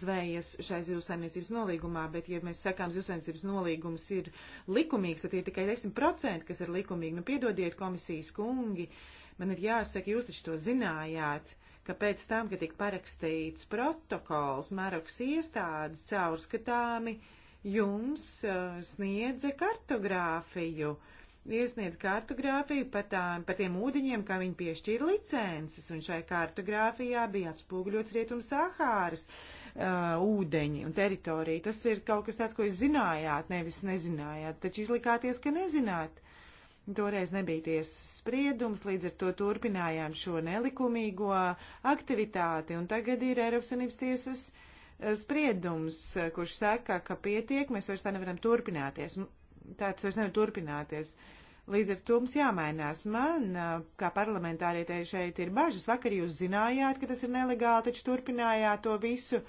zvejas šai zivsaimniecības nolīgumā, bet, ja mēs sakām, zivsaimniecības nolīgums ir likumīgs, tad ir tikai 10%, kas ir likumīgi. Nu, piedodiet, komisijas kungi, man ir jāsaka, jūs taču to zinājāt, ka pēc tam, kad tika parakstīts protokols, Marokas iestādes caurskatāmi, uh, jums eh, sniedza kartogrāfiju. Iesniedz kartogrāfiju par, tā, par tiem ūdeņiem, kā viņi piešķīra licences, un šai kartogrāfijā bija atspūgļots rietum Sahāras uh, ūdeņi un teritorija. Tas ir kaut kas tāds, ko jūs zinājāt, nevis nezinājāt, taču izlikāties, ka nezināt. Toreiz nebija tiesas spriedums, līdz ar to turpinājām šo nelikumīgo aktivitāti, un tagad ir Eiropas Sanības tiesas uh, spriedums, eh, kurš saka, ka pietiek, mēs vairs tā nevaram turpināties. Tāds vairs nevar turpināties. Līdz ar to mums jāmainās. Man, eh, kā parlamentārietei, šeit ir bažas. Vakar jūs zinājāt, ka tas ir nelegāli, taču turpinājāt to visu.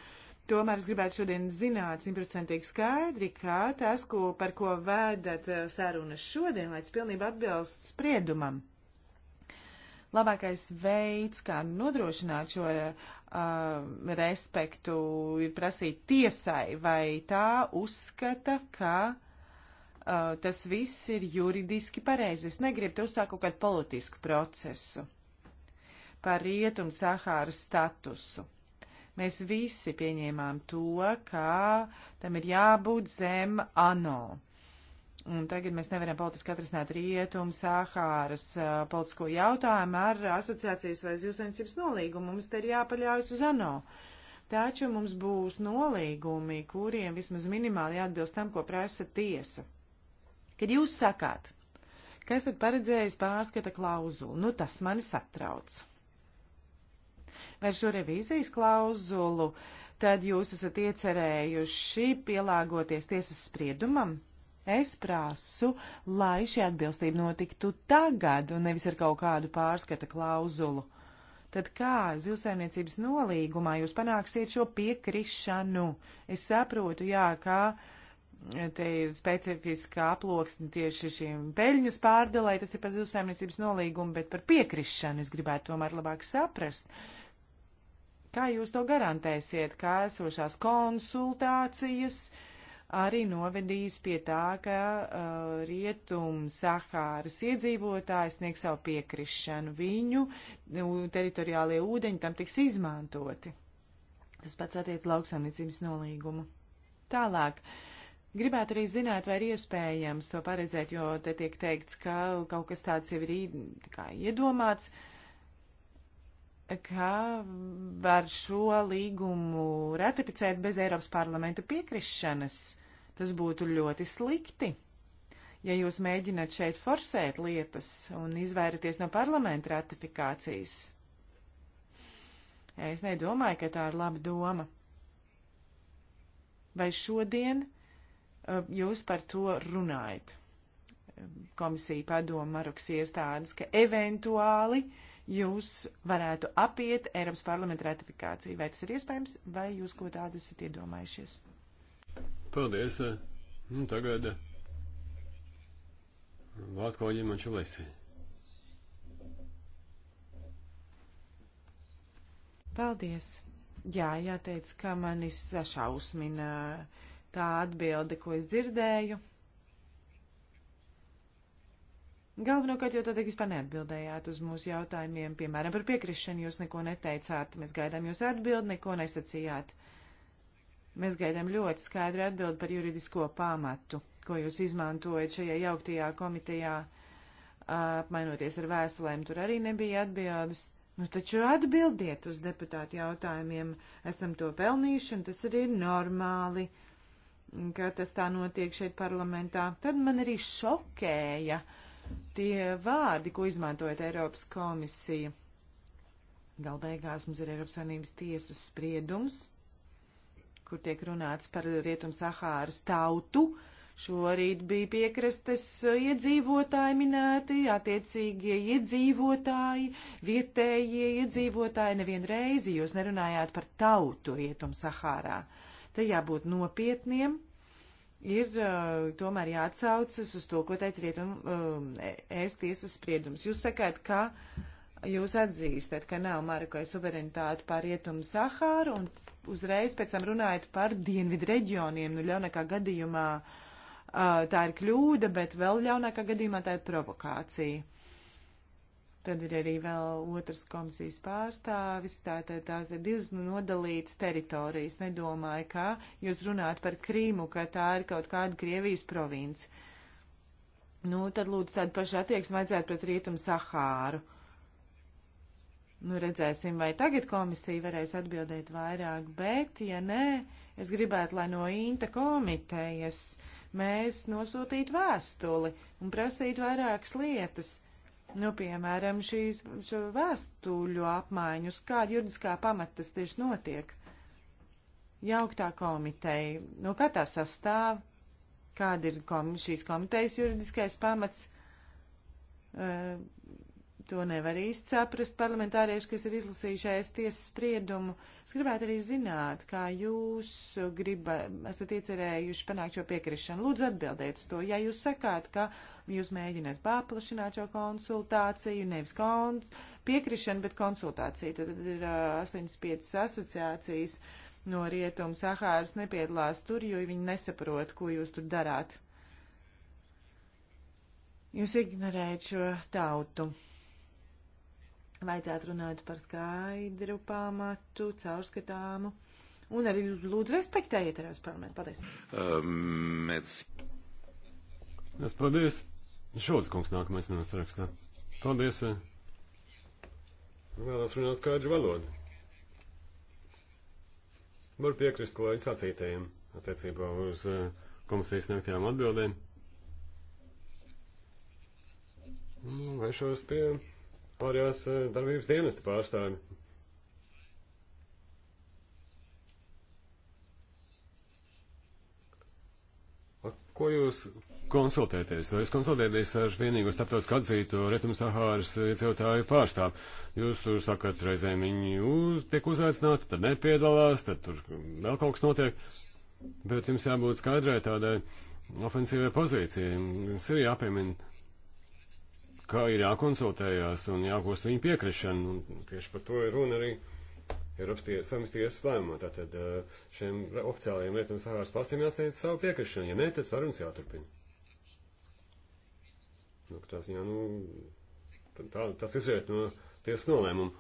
Tomēr es gribētu šodien zināt simtprocentīgi skaidri, ka tas, ko, par ko vēdat eh, sarunas šodien, lai tas pilnībā atbilst spriedumam labākais veids, kā nodrošināt šo uh, respektu ir prasīt tiesai, vai tā uzskata, ka uh, tas viss ir juridiski pareizi. Es negribu te uzstāt kaut kādu politisku procesu par rietumu Sahāras statusu mēs visi pieņēmām to, ka tam ir jābūt zem ANO. Un tagad mēs nevaram politiski atrisināt rietumu, Sāhāras uh, politisko jautājumu ar asociācijas vai zivsainicības nolīgumu. Mums te ir jāpaļaujas uz ANO. Taču mums būs nolīgumi, kuriem vismaz minimāli jāatbilst tam, ko prasa tiesa. Kad jūs sakāt, ka esat paredzējis pārskata klauzulu, nu tas mani satrauc. Vai šo revīzijas klauzulu tad jūs esat iecerējuši pielāgoties tiesas spriedumam? Es prasu, lai šī atbilstība notiktu tagad un nevis ar kaut kādu pārskata klauzulu. Tad kā zilsaimniecības nolīgumā jūs panāksiet šo piekrišanu? Es saprotu, jā, kā. Ka te ir specifiska aploksne tieši šīm peļņas pārdalai, tas ir par zivsaimniecības nolīgumu, bet par piekrišanu es gribētu tomēr labāk saprast. Kā jūs to garantēsiet, kā esošās konsultācijas arī novedīs pie tā, ka uh, rietum Sahāras iedzīvotāji sniegs savu piekrišanu. Viņu nu, teritoriālie ūdeņi tam tiks izmantoti. Tas pats attiec lauksaimniecības nolīgumu. Tālāk. Gribētu arī zināt, vai ir iespējams to paredzēt, jo te tiek teikts, ka kaut kas tāds jau ir kā iedomāts. Uh, kā var šo līgumu ratificēt bez Eiropas parlamenta piekrišanas. Tas būtu ļoti slikti. Ja jūs mēģināt šeit forsēt lietas un izvairīties no parlamenta ratifikācijas, es nedomāju, ka tā ir laba doma. Vai šodien uh, jūs par to runājat? Komisija padoma Maruks iestādes, ka eventuāli uh, jūs varētu apiet Eiropas parlamenta ratifikāciju. Vai tas ir iespējams, vai jūs ko tādu esat iedomājušies?
Paldies. Nu, tagad eh, vārds kolēģiem man šulēsī.
Paldies. Jā, jāteic, ka manis sašausmina tā atbilde, ko es dzirdēju. Galvenokārt jau tad, Gispā, neatbildējāt uz mūsu jautājumiem, piemēram, par piekrišanu jūs neko neteicāt, mēs gaidām jūs atbildi, neko nesacījāt. Mēs gaidām ļoti skaidru atbildi par juridisko pamatu, ko jūs izmantojat šajā jauktajā komitejā, apmainoties ar vēstulēm, tur arī nebija atbildes. Nu, taču atbildiet uz deputātu jautājumiem, esam to pelnījuši, un tas arī ir normāli, ka tas tā notiek šeit parlamentā. Tad man arī šokēja uh, tie vārdi, ko izmantojat Eiropas komisija. Galbeigās mums ir Eiropas Savienības tiesas spriedums, kur tiek runāts par Rietum Sahāras tautu. Šorīt bija piekrastes iedzīvotāji minēti, attiecīgie iedzīvotāji, vietējie iedzīvotāji nevienu reizi jūs nerunājāt par tautu Rietum Sahārā. Te jābūt nopietniem ir uh, tomēr jāatsaucas uz to, ko teica Rietumu um, ES tiesas spriedums. Jūs sakāt, ka jūs atzīstat, ka nav Marokai suverenitāte pār Rietumu Sahāru un uzreiz pēc tam runājat par dienvidu reģioniem. Nu, ļaunākā gadījumā uh, tā ir kļūda, bet vēl ļaunākā gadījumā tā ir provokācija. Tad ir arī vēl otrs komisijas pārstāvis, tātad tās ir divas nodalītas teritorijas. Nedomāju, ka jūs runājat par Krīmu, ka tā ir kaut kāda Krievijas province. Nu, tad lūdzu tādu pašu attieksmi vajadzētu pret Rietumu Sahāru. Nu, redzēsim, vai tagad komisija varēs atbildēt vairāk, bet, ja nē, es gribētu, lai no Inta komitejas mēs nosūtītu vēstuli un prasītu vairākas lietas Nu, piemēram, šīs šo vēstuļu apmaiņu, uz kāda juridiskā pamata tas tieši notiek. Jauktā komiteja, no nu, kā tā sastāv, kāda ir kom šīs komitejas juridiskais pamats, uh, to nevar īsti saprast parlamentārieši, kas ir izlasījušies tiesas spriedumu. Es gribētu arī zināt, kā jūs griba, esat iecerējuši panākt šo piekrišanu. Lūdzu, atbildiet to, ja jūs sakāt, ka jūs mēģināt paplašināt šo konsultāciju, nevis kon piekrišanu, bet konsultāciju. Tad, tad ir uh, 85 asociācijas no Rietumu Sahāras nepiedalās tur, jo viņi nesaprot, ko jūs tur darāt. Jūs ignorējat šo tautu. Vajadzētu runāt par skaidru pamatu, caurskatāmu un arī lūdzu respektējiet Eiropas parlamentu. Paldies!
Um, mēs... Es paldies! Šūds kungs nākamais manā sarakstā. Paldies. Eh. Vēlos runāt skaidru valodu. Varu piekrist kolēģi sacītējiem attiecībā uz eh, komisijas sniegtajām atbildēm. Nu, vēršos pie pārējās eh, darbības dienesta pārstāvi. Ko jūs konsultēties. Vai jūs konsultēties ar vienīgo starptautisku atzītu Rietumsahāras iedzīvotāju pārstāvu? Jūs tur sakat, reizēm viņi uz, tiek uzaicināti, tad nepiedalās, tad tur vēl kaut kas notiek. Bet jums jābūt skaidrai tādai ofensīvai pozīcijai. Jums ir jāpiemina, kā ir jākonsultējās un jāgūst viņu piekrišanu. Un tieši par to ir runa arī Eiropas samas tiesas lēmumā. Tātad eh, šiem oficiālajiem Rietumsahāras pastiem jāsniedz savu piekrišanu. Ja nē, tad sarunas jāturpina. Jo nu, katrā ziņā, nu, tā, tas izriet no tiesas nolēmuma.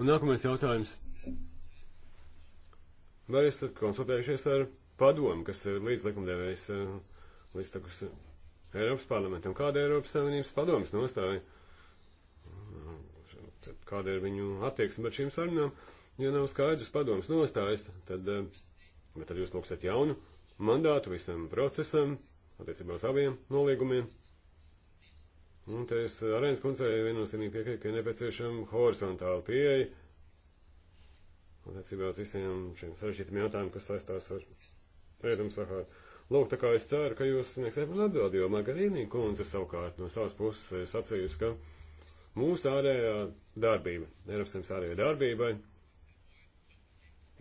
Un nākamais jautājums. Vai esat konsultējušies ar padomu, kas ir līdz likumdevējs, eh, līdz takus Eiropas parlamentam? Kāda ir Eiropas Savienības padomas nostāja? Tad kāda ir viņu attieksme par šīm sarunām? Ja nav skaidrs padomas nostājas, tad, eh, bet tad jūs lūksiet jaunu mandātu visam procesam, attiecībā uz abiem noliegumiem. Un te es arēnas kundzei viennozīmīgi piekrītu, ka ir nepieciešama horizontāla pieeja. Un attiecībā uz visiem šiem sarežģītiem jautājumiem, kas saistās ar rietumu sahāru. Lūk, tā kā es ceru, ka jūs sniegsiet man atbildi, jo Margarīnī kundze savukārt no savas puses ir sacījusi, ka mūsu ārējā darbība, Eiropas Savienības ārējā darbībai,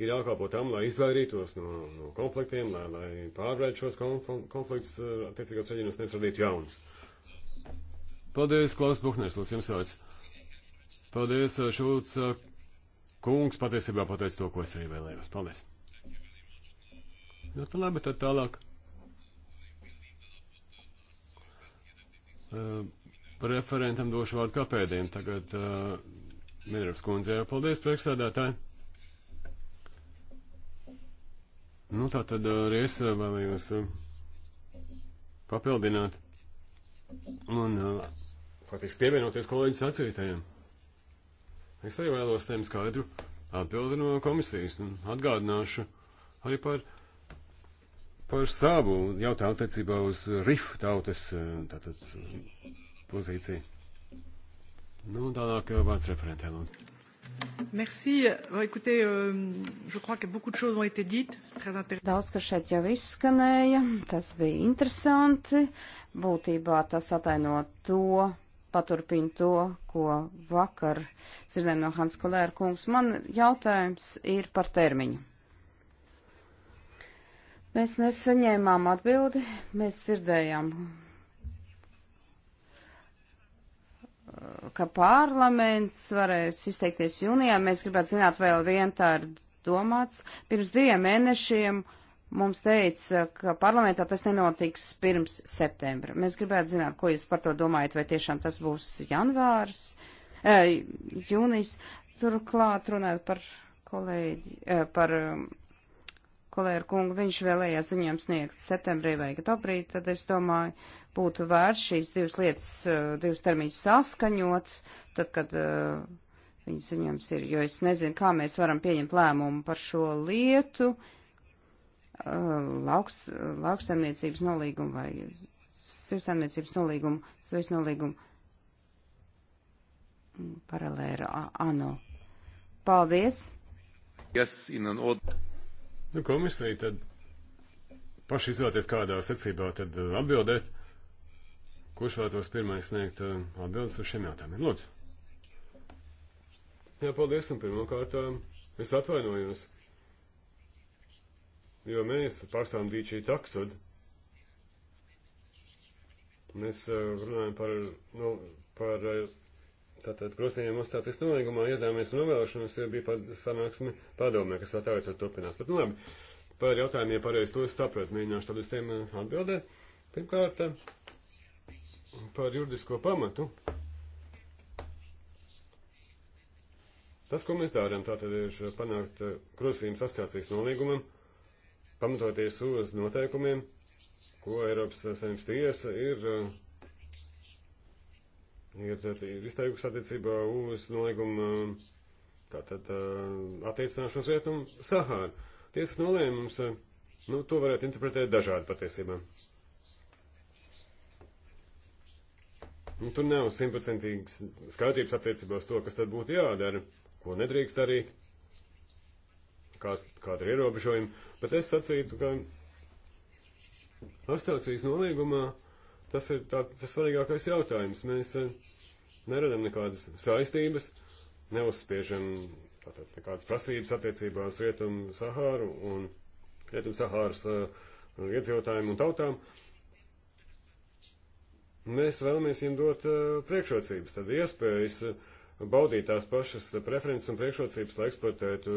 ir jākalpo tam, lai izvairītos no, no konfliktiem, lai, lai pārvarētu šos konfliktus, attiecīgās reģionos nevis radītu jaunus. Uh, Paldies, Klaus Buhners, lūdzu, jums vārds. Paldies, eh, Šulc eh, kungs, patiesībā pateic to, ko es arī vēlējos. Paldies. Nu, tad labi, tad tālāk. Uh, referentam došu vārdu kapēdiem. Tagad uh, Mineravs kundze, jā, paldies, priekšstādātāji. Nu, tā tad arī es vēlējos uh, papildināt. Un uh, faktiski pievienoties kolēģis sacītajiem. Es arī vēlos tiem skaidru atbildi no komisijas un atgādināšu arī par, par savu jautājumu attiecībā uz RIF tautas eh, tātad, pozīciju. Nu, tālāk eh, vārds referentē, lūdzu.
Merci. Écoutez, euh, je crois que beaucoup de choses ont été dites. Très Daudz, kas šeit jau izskanēja, tas bija interesanti. Būtībā tas ataino to, paturpina to, ko vakar dzirdējām no Hans Kolēra kungs. Man jautājums ir par termiņu. Mēs nesaņēmām atbildi, mēs dzirdējām, ka parlaments varēs izteikties jūnijā. Mēs gribētu zināt vēl vien tā ir domāts. Pirms diviem mēnešiem uh, mums teica, ka parlamentā tas nenotiks pirms septembra. Mēs gribētu zināt, ko jūs par to domājat, vai tiešām tas būs janvārs, e, jūnijas. Turklāt runājot par kolēģi, e, par um, kolēru kungu, viņš vēlējās ziņām sniegt septembrī vai oktobrī, tad es domāju, būtu vērts šīs divas lietas, divas termiņas saskaņot, tad, kad e, viņas ziņams ir, jo es nezinu, kā mēs varam pieņemt lēmumu par šo lietu. Uh, Uh, lauks, lauksaimniecības nolīgumu vai sivsaimniecības nolīgumu, sveis nolīgumu mm, paralēra ANO. Paldies!
Yes, in an order. Nu, komisija tad paši izvēlēties kādā secībā tad uh, atbildēt. Kurš vēlētos pirmais sniegt uh, atbildes uz šiem jautājumiem? Lūdzu! Jā, paldies, un pirmkārt, es atvainojos jo mēs pārstāvam Dīčī taksud. Mēs eh, runājam par, nu, par eh, tātad krustījiem uzstācijas nolīgumā, iedāmies novēlošanos, jo bija pat sanāksme padomē, kas vēl tagad turpinās. Bet, nu labi, par jautājumiem pareizi to es sapratu, mēģināšu tad uz tiem eh, atbildēt. Pirmkārt, par juridisko pamatu. Tas, ko mēs darām, tātad ir panākt krustījums asociācijas nolīgumam pamatoties uz noteikumiem, ko Eiropas Savienības tiesa ir, eh, ir, ir izteikusi attiecībā uz nolīgumu eh, tātad eh, attiecināšanos rietumu Sahāru. Tiesas nolēmums, nu, to varētu interpretēt dažādi patiesībā. Nu, tur nav simtprocentīgas skaidrības attiecībā uz to, kas tad būtu jādara, ko nedrīkst darīt kāds, kāda ir ierobežojuma, bet es sacītu, ka asociācijas nolīgumā tas ir tāds, tas svarīgākais jautājums. Mēs eh, neredam nekādas saistības, neuzspiežam tātad nekādas prasības attiecībā uz Rietumu Sahāru un Rietumu Sahāras uh, iedzīvotājiem un tautām. Mēs vēlamies viņiem dot uh, priekšrocības, tad iespējas. Uh, baudīt tās pašas preferences un priekšrocības, lai eksportētu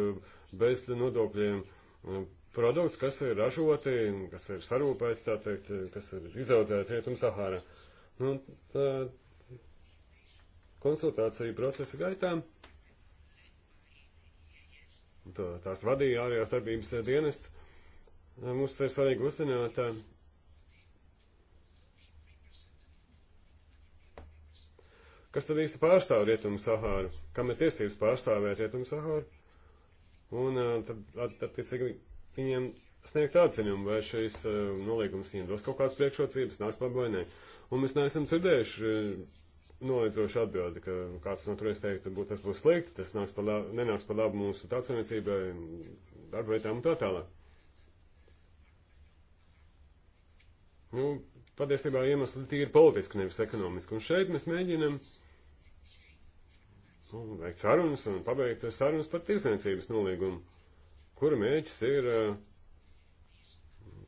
bez nodokļiem um, produkts, kas ir ražoti, kas ir sarūpēti, tā teikt, kas ir izaudzēti Rietum Sahārā. Nu, tā, konsultāciju procesa gaitā tā, tās vadīja ārējās darbības dienests. Um, mums ir svarīgi uzzināt, um, Kas tad īsti pārstāv Rietumu Sahāru? Kam ir tiesības pārstāvēt Rietumu Sahāru? Un eh, tad, attiecīgi, viņiem sniegt atziņumu, vai šīs uh, eh, nolīgums viņiem dos kaut kādas priekšrocības, nāks par vai nē. Un mēs neesam dzirdējuši eh, nolīdzošu atbildi, ka kāds no turēs teikt, būtu tas būs slikti, tas nāks par labu, nenāks par labu mūsu tautsvenicībai, darba vietām un tā tālāk. Nu, patiesībā iemesli tīri politiski, nevis ekonomiski. Un šeit mēs mēģinam nu, veikt sarunas un pabeigt sarunas par tirsniecības nolīgumu, kura mēģis ir eh,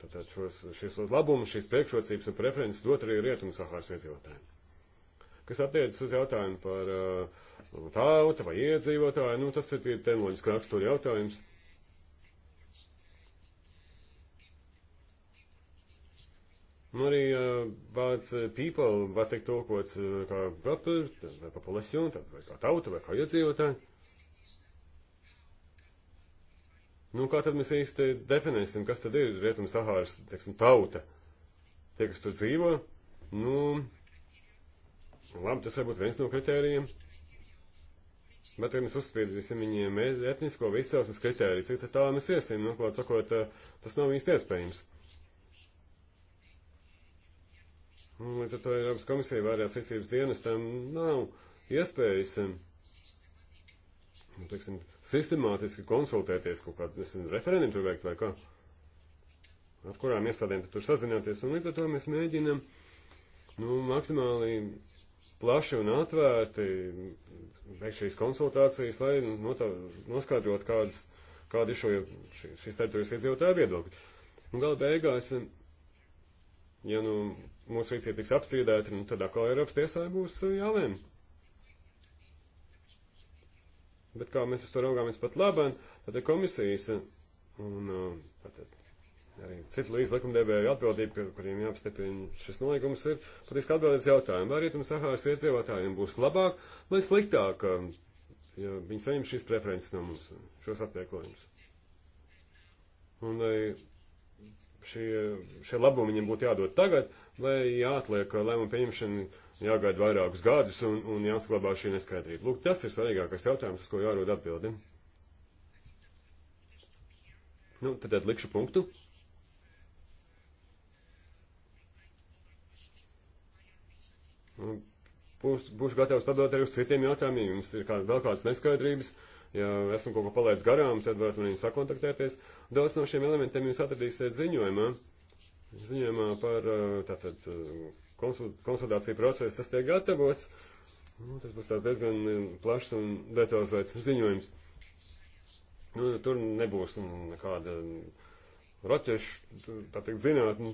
tātad šos, šīs labumus, šīs priekšrocības un preferences dot arī rietumu Sahāras iedzīvotājiem. Kas attiecas uz jautājumu par uh, eh, tauta vai iedzīvotāju, nu, tas ir tīri tehnoloģiski rakstura jautājums. Nu, arī uh, vārds people var teikt tulkots uh, kā proper, vai population, vai kā tauta, vai kā iedzīvotāji. Nu, kā tad mēs īsti definēsim, kas tad ir Rietum Sahāras, teiksim, tauta? Tie, kas tur dzīvo, nu, labi, tas varbūt viens no kritērijiem. Bet, ja mēs uzspiedīsim viņiem etnisko vai izcelsmes kritēriju, cik tā tālu mēs iesim, nu, klāt sakot, tas nav īsti iespējams. Un līdz ar to Eiropas komisija vairās tiesības dienestam nav iespējas, nu, teiksim, sistemātiski konsultēties kaut kādu, nezinu, referendumu tur veikt vai kā. Ar kurām iestādēm tur sazināties. Un līdz ar to mēs mēģinam, nu, maksimāli plaši un atvērti veikt šīs konsultācijas, lai notā, noskaidrot, kādas, kāda ir šo, šī, šīs teritorijas iedzīvotāja viedokļi. Un gala beigās, ja nu mūsu rīcība tiks apstrīdēta, nu, tad atkal Eiropas tiesai būs eh, jālēm. Bet kā mēs uz to raugāmies pat labāk, tad komisijas eh, un eh, tātad, arī citu līdz likumdevēju atbildību, kuriem jāapstiprina šis nolīgums, ir patiesībā atbildības jautājumi. Vai rietumu Sahāras iedzīvotājiem būs labāk vai sliktāk, ja viņi saņem šīs preferences no mums, šos atvieglojumus? Un vai šie, šie labumi viņiem būtu jādod tagad, vai jāatliek lēmumu pieņemšanu, jāgaida vairākus gadus un, un jāsaglabā šī neskaidrība. Lūk, tas ir svarīgākais jautājums, uz ko jārod atbildi. Nu, tad, tad likšu punktu. Un nu, būs, būšu gatavs atbildēt arī uz citiem jautājumiem, ja jums ir kā, vēl kādas neskaidrības. Ja esmu kaut ko palaidis garām, tad varat manī sakontaktēties. Daudz no šiem elementiem jūs atradīsiet ziņojumā. Ja? ziņojumā par eh, tātad, eh, konsultāciju procesu tas tiek gatavots. Nu, tas būs tāds diezgan eh, plašs un detalizēts ziņojums. Nu, tur nebūs nekāda roķešu, tā teikt, zinātne,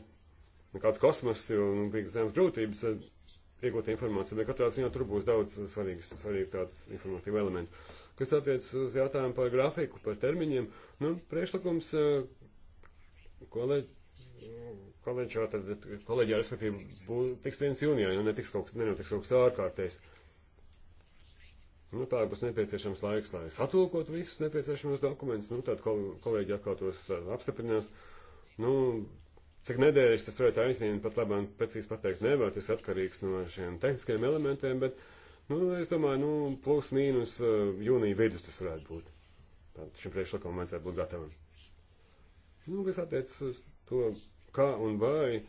nekāds kosmos, jo nu, bija zemes grūtības iegūt informāciju, bet katrā ziņā tur būs daudz svarīgas, svarīgi tādu informatīvu elementu. Kas attiec uz jautājumu par grafiku, par termiņiem, nu, priešlikums, ko lai koledžā, tad koledžā, respektīvi, būs, tiks pieņemts jūnijā, jo netiks kaut kas, nenotiks kaut kas ārkārtējs. Nu, tā būs nepieciešams laiks, lai satulkot visus nepieciešamos dokumentus. Nu, tad kol, kolēģi atkal tos uh, apstiprinās. Nu, cik nedēļas tas varētu aizņemt, pat labāk precīzi pateikt nevar, tas atkarīgs no šiem tehniskiem elementiem, bet, nu, es domāju, nu, plus mīnus uh, jūnija vidus tas varētu būt. Tad šim priekšlikumam vajadzētu būt gatavam. Nu, kas attiecas uz to kā un vai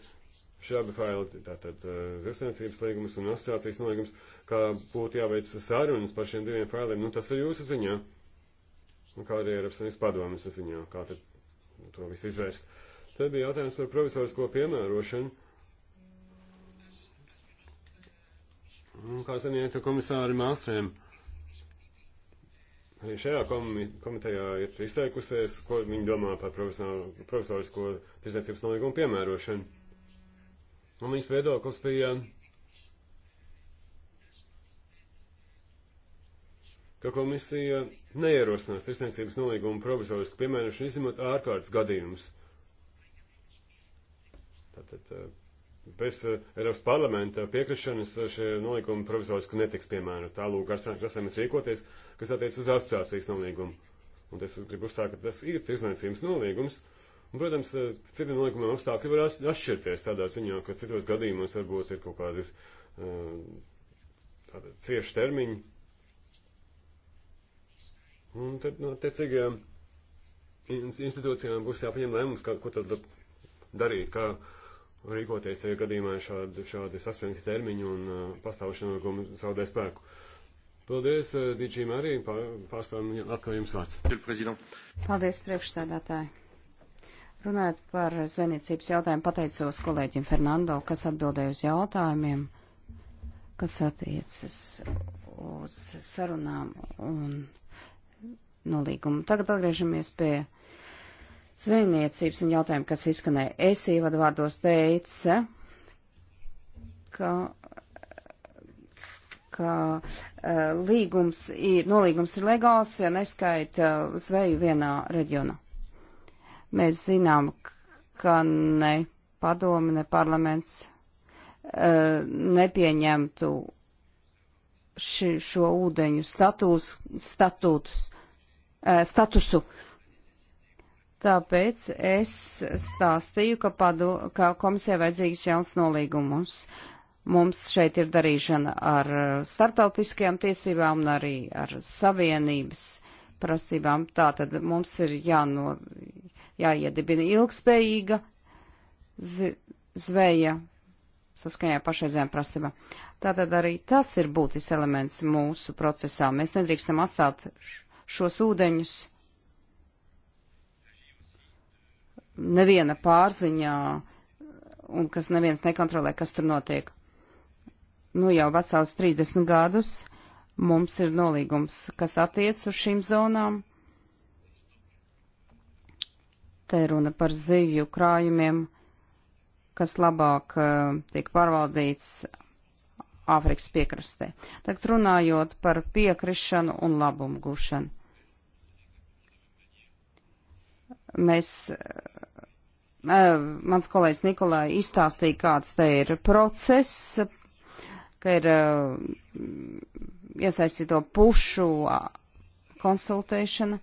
šie abi faili, tātad eh, zivsainsības līgums un asociācijas nolīgums, kā būtu jāveic sarunas par šiem diviem failiem, nu tas ir jūsu ziņā. Un kā arī Eiropas Savienības padomjas ziņā, kā tad to visu izvērst. Tad bija jautājums par provisorisko piemērošanu. Un, kā ziniet, komisāri Māstrēm Arī šajā komitejā ir izteikusies, ko viņi domā par profesorisko tirdzniecības nolīgumu piemērošanu. Un viņas viedoklis bija, ka komisija neierosinās tirdzniecības nolīgumu provizorisku piemērošanu, izņemot ārkārtas gadījumus. Tātad bez eh, Eiropas parlamenta piekrišanas eh, šie nolīgumi provizoriski netiks piemēroti. Tālūk, grasāmies rīkoties, kas attiec uz asociācijas nolīgumu. Un es gribu uzstāt, ka tas ir tirzniecības nolīgums. Un, protams, eh, citiem nolīgumiem apstākļi var atšķirties tādā ziņā, ka citos gadījumos varbūt ir kaut kādi uh, cieši termiņi. Un tad, nu, no, tiecīgajām institūcijām būs jāpieņem lēmums, ko tad darīt, kā rīkoties, ja gadījumā šādi, šādi saspringti termiņi un uh, pastāvošana noguma zaudē spēku. Paldies, uh, Dīčī Marija, pārstāvjiem atkal jums vārds.
Paldies, priekšsēdētāji. Runājot par zvejniecības jautājumu, pateicos kolēģim Fernando, kas atbildēja uz jautājumiem, kas attiecas uz sarunām un nolīgumu. Tagad atgriežamies pie zvejniecības un jautājumu, kas izskanēja. Es ievadu vārdos teica, ka, ka uh, līgums ir, nolīgums ir legāls, ja neskaita uh, zveju vienā reģionā. Mēs zinām, ka ne padomi, ne parlaments uh, nepieņemtu ši, šo ūdeņu status, statūtus, uh, statusu. Uh, Tāpēc es stāstīju, ka, padu, ka komisijai vajadzīgs jauns nolīgums. Mums šeit ir darīšana ar uh, startautiskajām tiesībām un arī ar savienības prasībām. Tātad mums ir jāno, jāiedibina ilgspējīga zveja saskaņā pašreizējām prasībām. Tātad arī tas ir būtis elements mūsu procesā. Mēs nedrīkstam atstāt šos ūdeņus neviena pārziņā un kas neviens nekontrolē, kas tur notiek. Nu jau vesels 30 gadus mums ir nolīgums, kas attiec uz šīm zonām. Te runa par zivju krājumiem, kas labāk uh, tiek pārvaldīts Āfrikas piekrastē. Tagad runājot par piekrišanu un labumu gušanu. Mēs uh, Eh, mans kolēģis Nikolai izstāstīja, kāds te ir process, ka ir eh, iesaistīto pušu konsultēšana.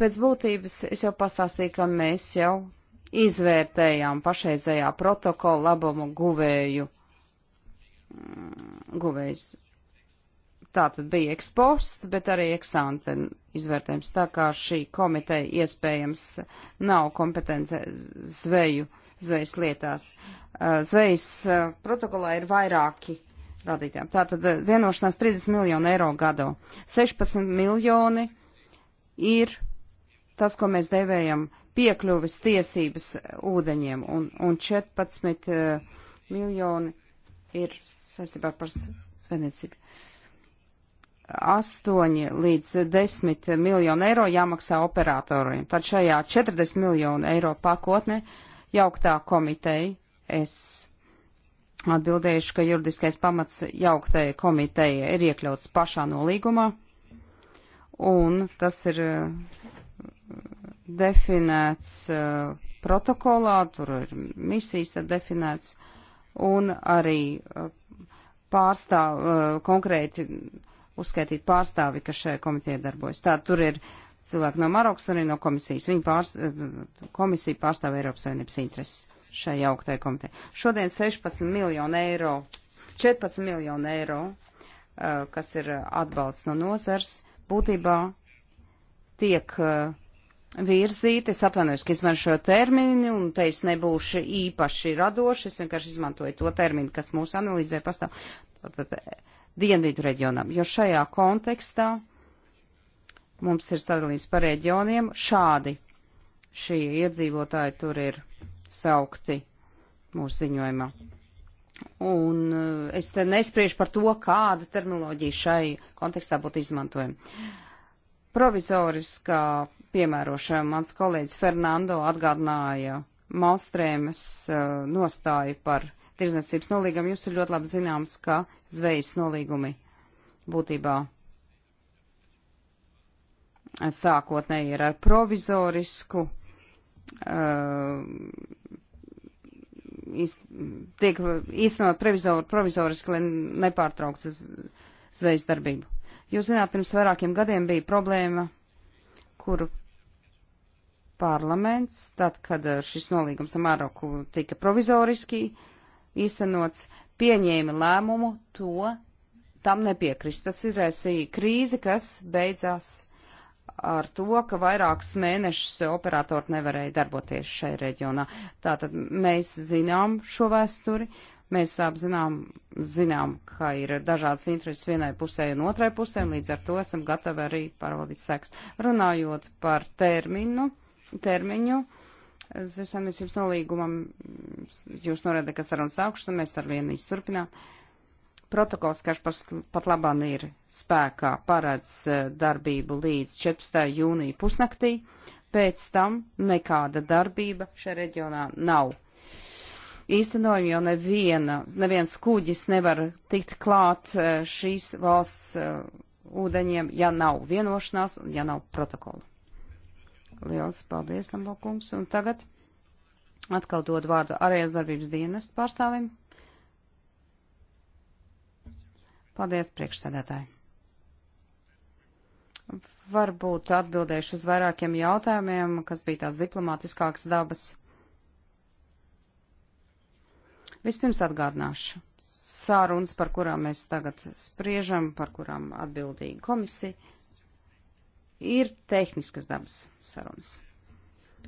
Pēc būtības es jau pastāstīju, ka mēs jau izvērtējām pašreizējā protokola labumu guvēju, mm, guvējus Tā tad bija ekspost, bet arī eksante izvērtējums. Tā kā šī komiteja iespējams nav kompetente zveju, zvejas lietās. Zvejas protokolā ir vairāki radītājiem. Tā tad vienošanās 30 miljonu eiro gadu. 16 miljoni ir tas, ko mēs devējam piekļuvis tiesības ūdeņiem, un, un 14 miljoni ir saistībā par svenēcību. Uh, 8 līdz 10 miljonu eiro jāmaksā operatoriem. Tad šajā 40 miljonu eiro pakotne jauktā komiteja es atbildējuši, ka juridiskais pamats jauktajai komitejai ir iekļauts pašā nolīgumā, un tas ir eh, definēts eh, protokolā, tur ir misijas tad definēts, un arī eh, pārstāv konkrēti uzskaitīt pārstāvi, kas šajā komitē darbojas. Tā tur ir cilvēki no Marokas, arī no komisijas. Viņa pārs, eh, komisija pārstāv Eiropas Savienības intereses šajā augtajā komitē. Šodien 16 miljonu eiro, 14 miljonu eiro, eh, kas ir eh, atbalsts no nozars, būtībā tiek virzīti. Es atvainojos, ka izmantoju šo terminu, un te es nebūšu īpaši radoši. Es vienkārši izmantoju to terminu, kas mūsu analīzē pastāv. Tātad, dienvidu reģionam, jo šajā kontekstā mums ir sadalījums pa reģioniem šādi. Šie iedzīvotāji tur ir saukti mūsu ziņojumā. Un eh, es te nespriešu par to, kāda terminoloģija šai kontekstā būtu izmantojama. Provizoriskā piemērošana mans kolēģis Fernando atgādināja Malstrēmas eh, nostāju par uh, tirdzniecības nolīgumu, jums ir ļoti labi zināms, ka zvejas nolīgumi būtībā sākotnēji ir ar provizorisku, uh, tiek īstenot provizoru, provizoriski, lai nepārtrauktu zvejas darbību. Jūs zināt, pirms vairākiem gadiem bija problēma, kur parlaments, tad, kad uh, šis nolīgums ar Maroku tika provizoriski īstenots, pieņēma lēmumu to tam nepiekrist. Tas izraisīja krīzi, kas beidzās ar to, ka vairākus mēnešus operatori nevarēja darboties šai reģionā. Tātad mēs zinām šo vēsturi, mēs apzinām, zinām, ka ir dažādas intereses vienai pusē un otrai pusē, un līdz ar to esam gatavi arī pārvaldīt seks. Runājot par terminu, termiņu, zivsaimniecības nolīgumam. Jūs norēda, ka sarunas augšana, mēs ar vienu viņus turpinām. Protokols, kas pas, pat labāk ir spēkā, paredz eh, darbību līdz 14. jūnija pusnaktī. Pēc tam nekāda darbība šajā reģionā nav īstenojumi, jo neviena, neviens kuģis nevar tikt klāt eh, šīs valsts eh, ūdeņiem, ja nav vienošanās un ja nav protokola. Liels paldies, Lambo kungs. Un tagad atkal dod vārdu arējas darbības dienestu pārstāvim. Paldies, priekšsēdētāji. Varbūt atbildēšu uz vairākiem jautājumiem, kas bija tās diplomātiskākas dabas. Vispirms atgādināšu sārunas, par kurām mēs tagad spriežam, par kurām atbildīga komisija Ir tehniskas dabas sarunas.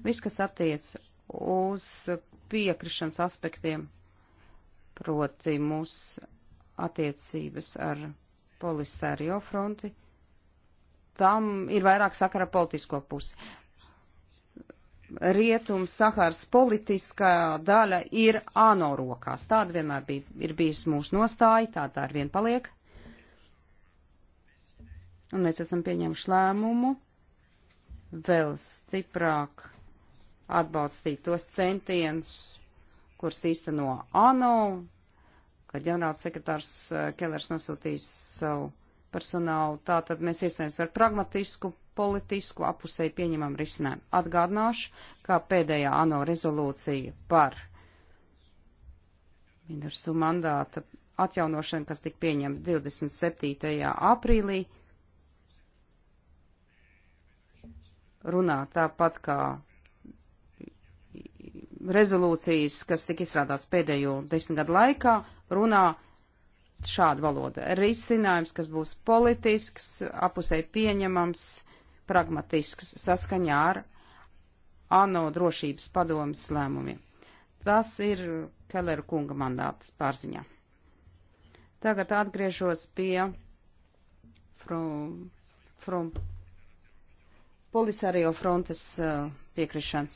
Viss, kas attiec uz piekrišanas aspektiem, proti mūsu attiecības ar polisērio fronti, tam ir vairāk sakara politisko pusi. Rietums Sahāras politiskā daļa ir ANO rokās. Tāda vienmēr bija, ir bijusi mūsu nostāja, tā tā ar vien paliek. Un mēs esam pieņēmuši lēmumu vēl stiprāk atbalstīt tos centienus, kurus īsteno ANO, kad ģenerāls sekretārs eh, Kellers nosūtīs savu personālu. Tātad mēs iestājamies par pragmatisku, politisku, apusēji pieņemam risinājumu. Atgādināšu, kā pēdējā ANO rezolūcija par Mindarsu mandāta atjaunošana, kas tika pieņemta 27. aprīlī, runāt tāpat kā rezolūcijas, kas tika izstrādāts pēdējo desmit gadu laikā, runā šādu valodu. Risinājums, kas būs politisks, apusē pieņemams, pragmatisks, saskaņā ar ANO drošības padomas lēmumiem. Tas ir Kelleru kunga mandāts pārziņā. Tagad atgriežos pie From, from Polisario frontes uh, piekrišanas.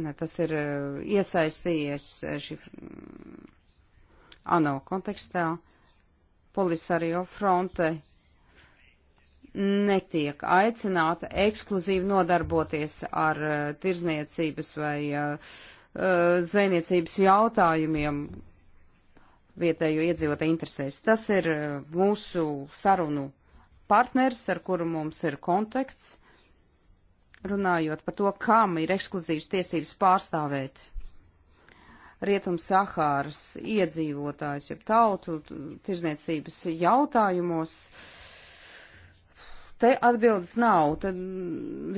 Ne, tas ir uh, iesaistījies uh, šī mm, ANO kontekstā. Polisario fronte netiek aicināta ekskluzīvi nodarboties ar uh, tirzniecības vai uh, uh zvejniecības jautājumiem, vietējo iedzīvotāju interesēs. Tas ir eh, mūsu sarunu partners, ar kuru mums ir kontakts, runājot par to, kam ir ekskluzīvas tiesības pārstāvēt Rietum Sahāras iedzīvotājs, jeb tautu tirzniecības jautājumos. Te atbildes nav, tad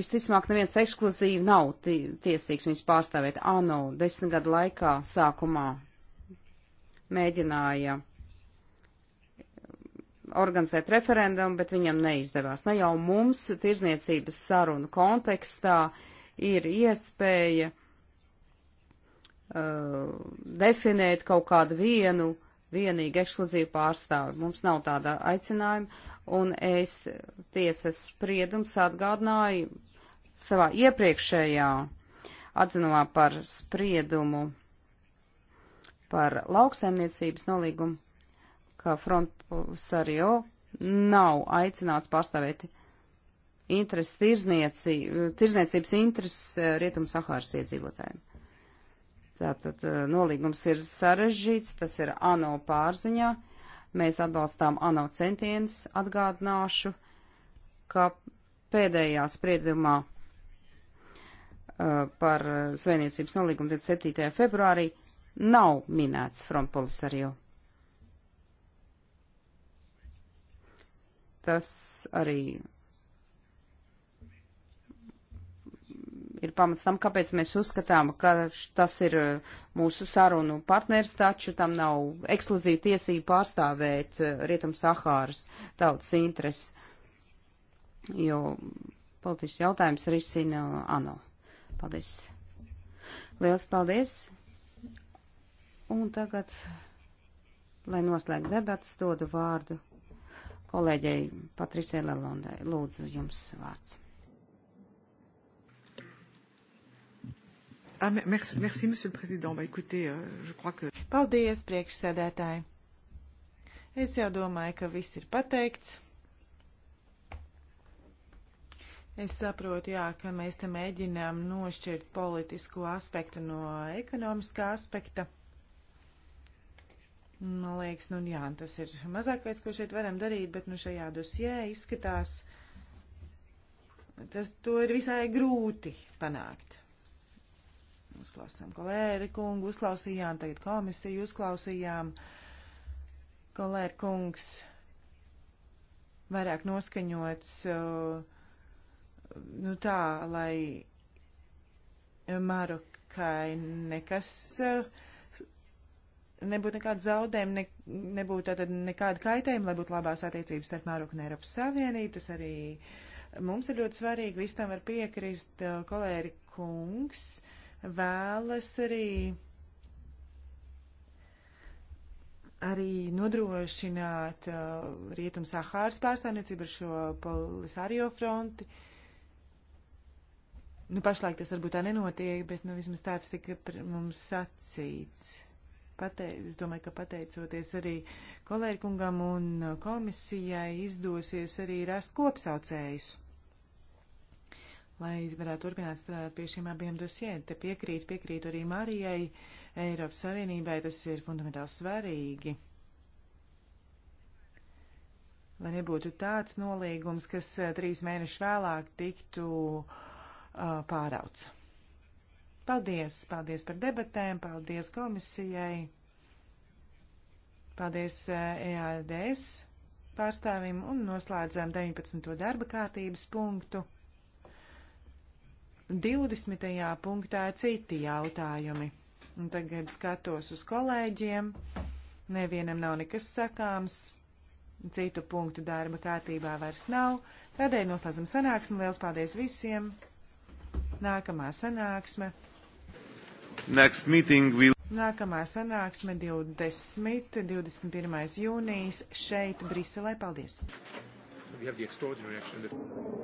visticamāk neviens ekskluzīvi nav tiesīgs viņus pārstāvēt ANO desmit gadu laikā sākumā mēģināja organizēt referendumu, bet viņam neizdevās. Ne jau mums tirzniecības sarunu kontekstā ir iespēja uh, definēt kaut kādu vienu, vienīgi ekskluzīvu pārstāvi. Mums nav tāda aicinājuma, un es tiesas spriedums atgādināju savā iepriekšējā atzinumā par spriedumu par lauksaimniecības nolīgumu, ka Frontpusario nav aicināts pārstāvēt intereses tirzniecības intereses eh, Rietum Sahāras iedzīvotājiem. Tātad eh, nolīgums ir sarežģīts, tas ir ANO pārziņā. Mēs atbalstām ANO centienus, atgādināšu, ka pēdējā spriedumā uh, par zvejniecības nolīgumu 27. februārī uh, nav minēts frontpolisariju. Tas arī ir pamats tam, kāpēc mēs uzskatām, ka tas ir uh, mūsu sarunu partners, taču tam nav ekskluzīva tiesība pārstāvēt uh, Rietum Sahāras tautas intereses, jo politisks jautājums risina ANO. Paldies! Liels paldies! Un tagad, lai noslēgtu debatas, dodu vārdu kolēģei Patrisē Lelondai. Lūdzu, jums vārds. Ah, merci, merci, monsieur le président. Bah, écoutez,
euh, je crois que... Paldies, priekšsēdētāji. Es jau domāju, ka viss ir pateikts. Es saprotu, jā, ka mēs te mēģinām nošķirt politisko aspektu no ekonomiskā aspekta. Man liekas, nu jā, tas ir mazākais, ko šeit varam darīt, bet nu šajā dosjē izskatās, tas to ir visai grūti panākt. Uzklausām kolēri kungu, uzklausījām tagad komisiju, uzklausījām kolēri kungs vairāk noskaņots, nu tā, lai Marokai nekas. Uh, nebūtu nekāda zaudējuma, ne, nebūtu tātad nekāda kaitējuma, lai būtu labās attiecības starp Māroku un Eiropas Savienību. Tas arī mums ir ļoti svarīgi, viss tam var piekrist. Uh, kolēri kungs vēlas arī, arī nodrošināt uh, Rietum Sahāras pārstāvniecību ar šo Polisario fronti. Nu, pašlaik tas varbūt tā nenotiek, bet nu, vismaz tāds tika mums sacīts pateic, es domāju, ka pateicoties arī kolērkungam un komisijai izdosies arī rast kopsaucējus, lai varētu turpināt strādāt pie šiem abiem dosiem. Te piekrīt, piekrīt arī Marijai, Eiropas Savienībai, tas ir fundamentāli svarīgi lai nebūtu tāds nolīgums, kas eh, trīs mēnešus vēlāk tiktu uh, pārauts. Paldies! Paldies par debatēm, paldies komisijai, paldies EADS eh, e pārstāvim un noslēdzām 19. darba kārtības punktu. 20. punktā ir citi jautājumi. Un tagad skatos uz kolēģiem. Nevienam nav nekas sakāms. Citu punktu darba kārtībā vairs nav. Tādēļ noslēdzam sanāksmi. Liels paldies visiem! Nākamā sanāksme
Next meeting will...
Nākamā sanāksme 20. 21. jūnijas šeit, Briselē. Paldies!
We have the extraordinary action that...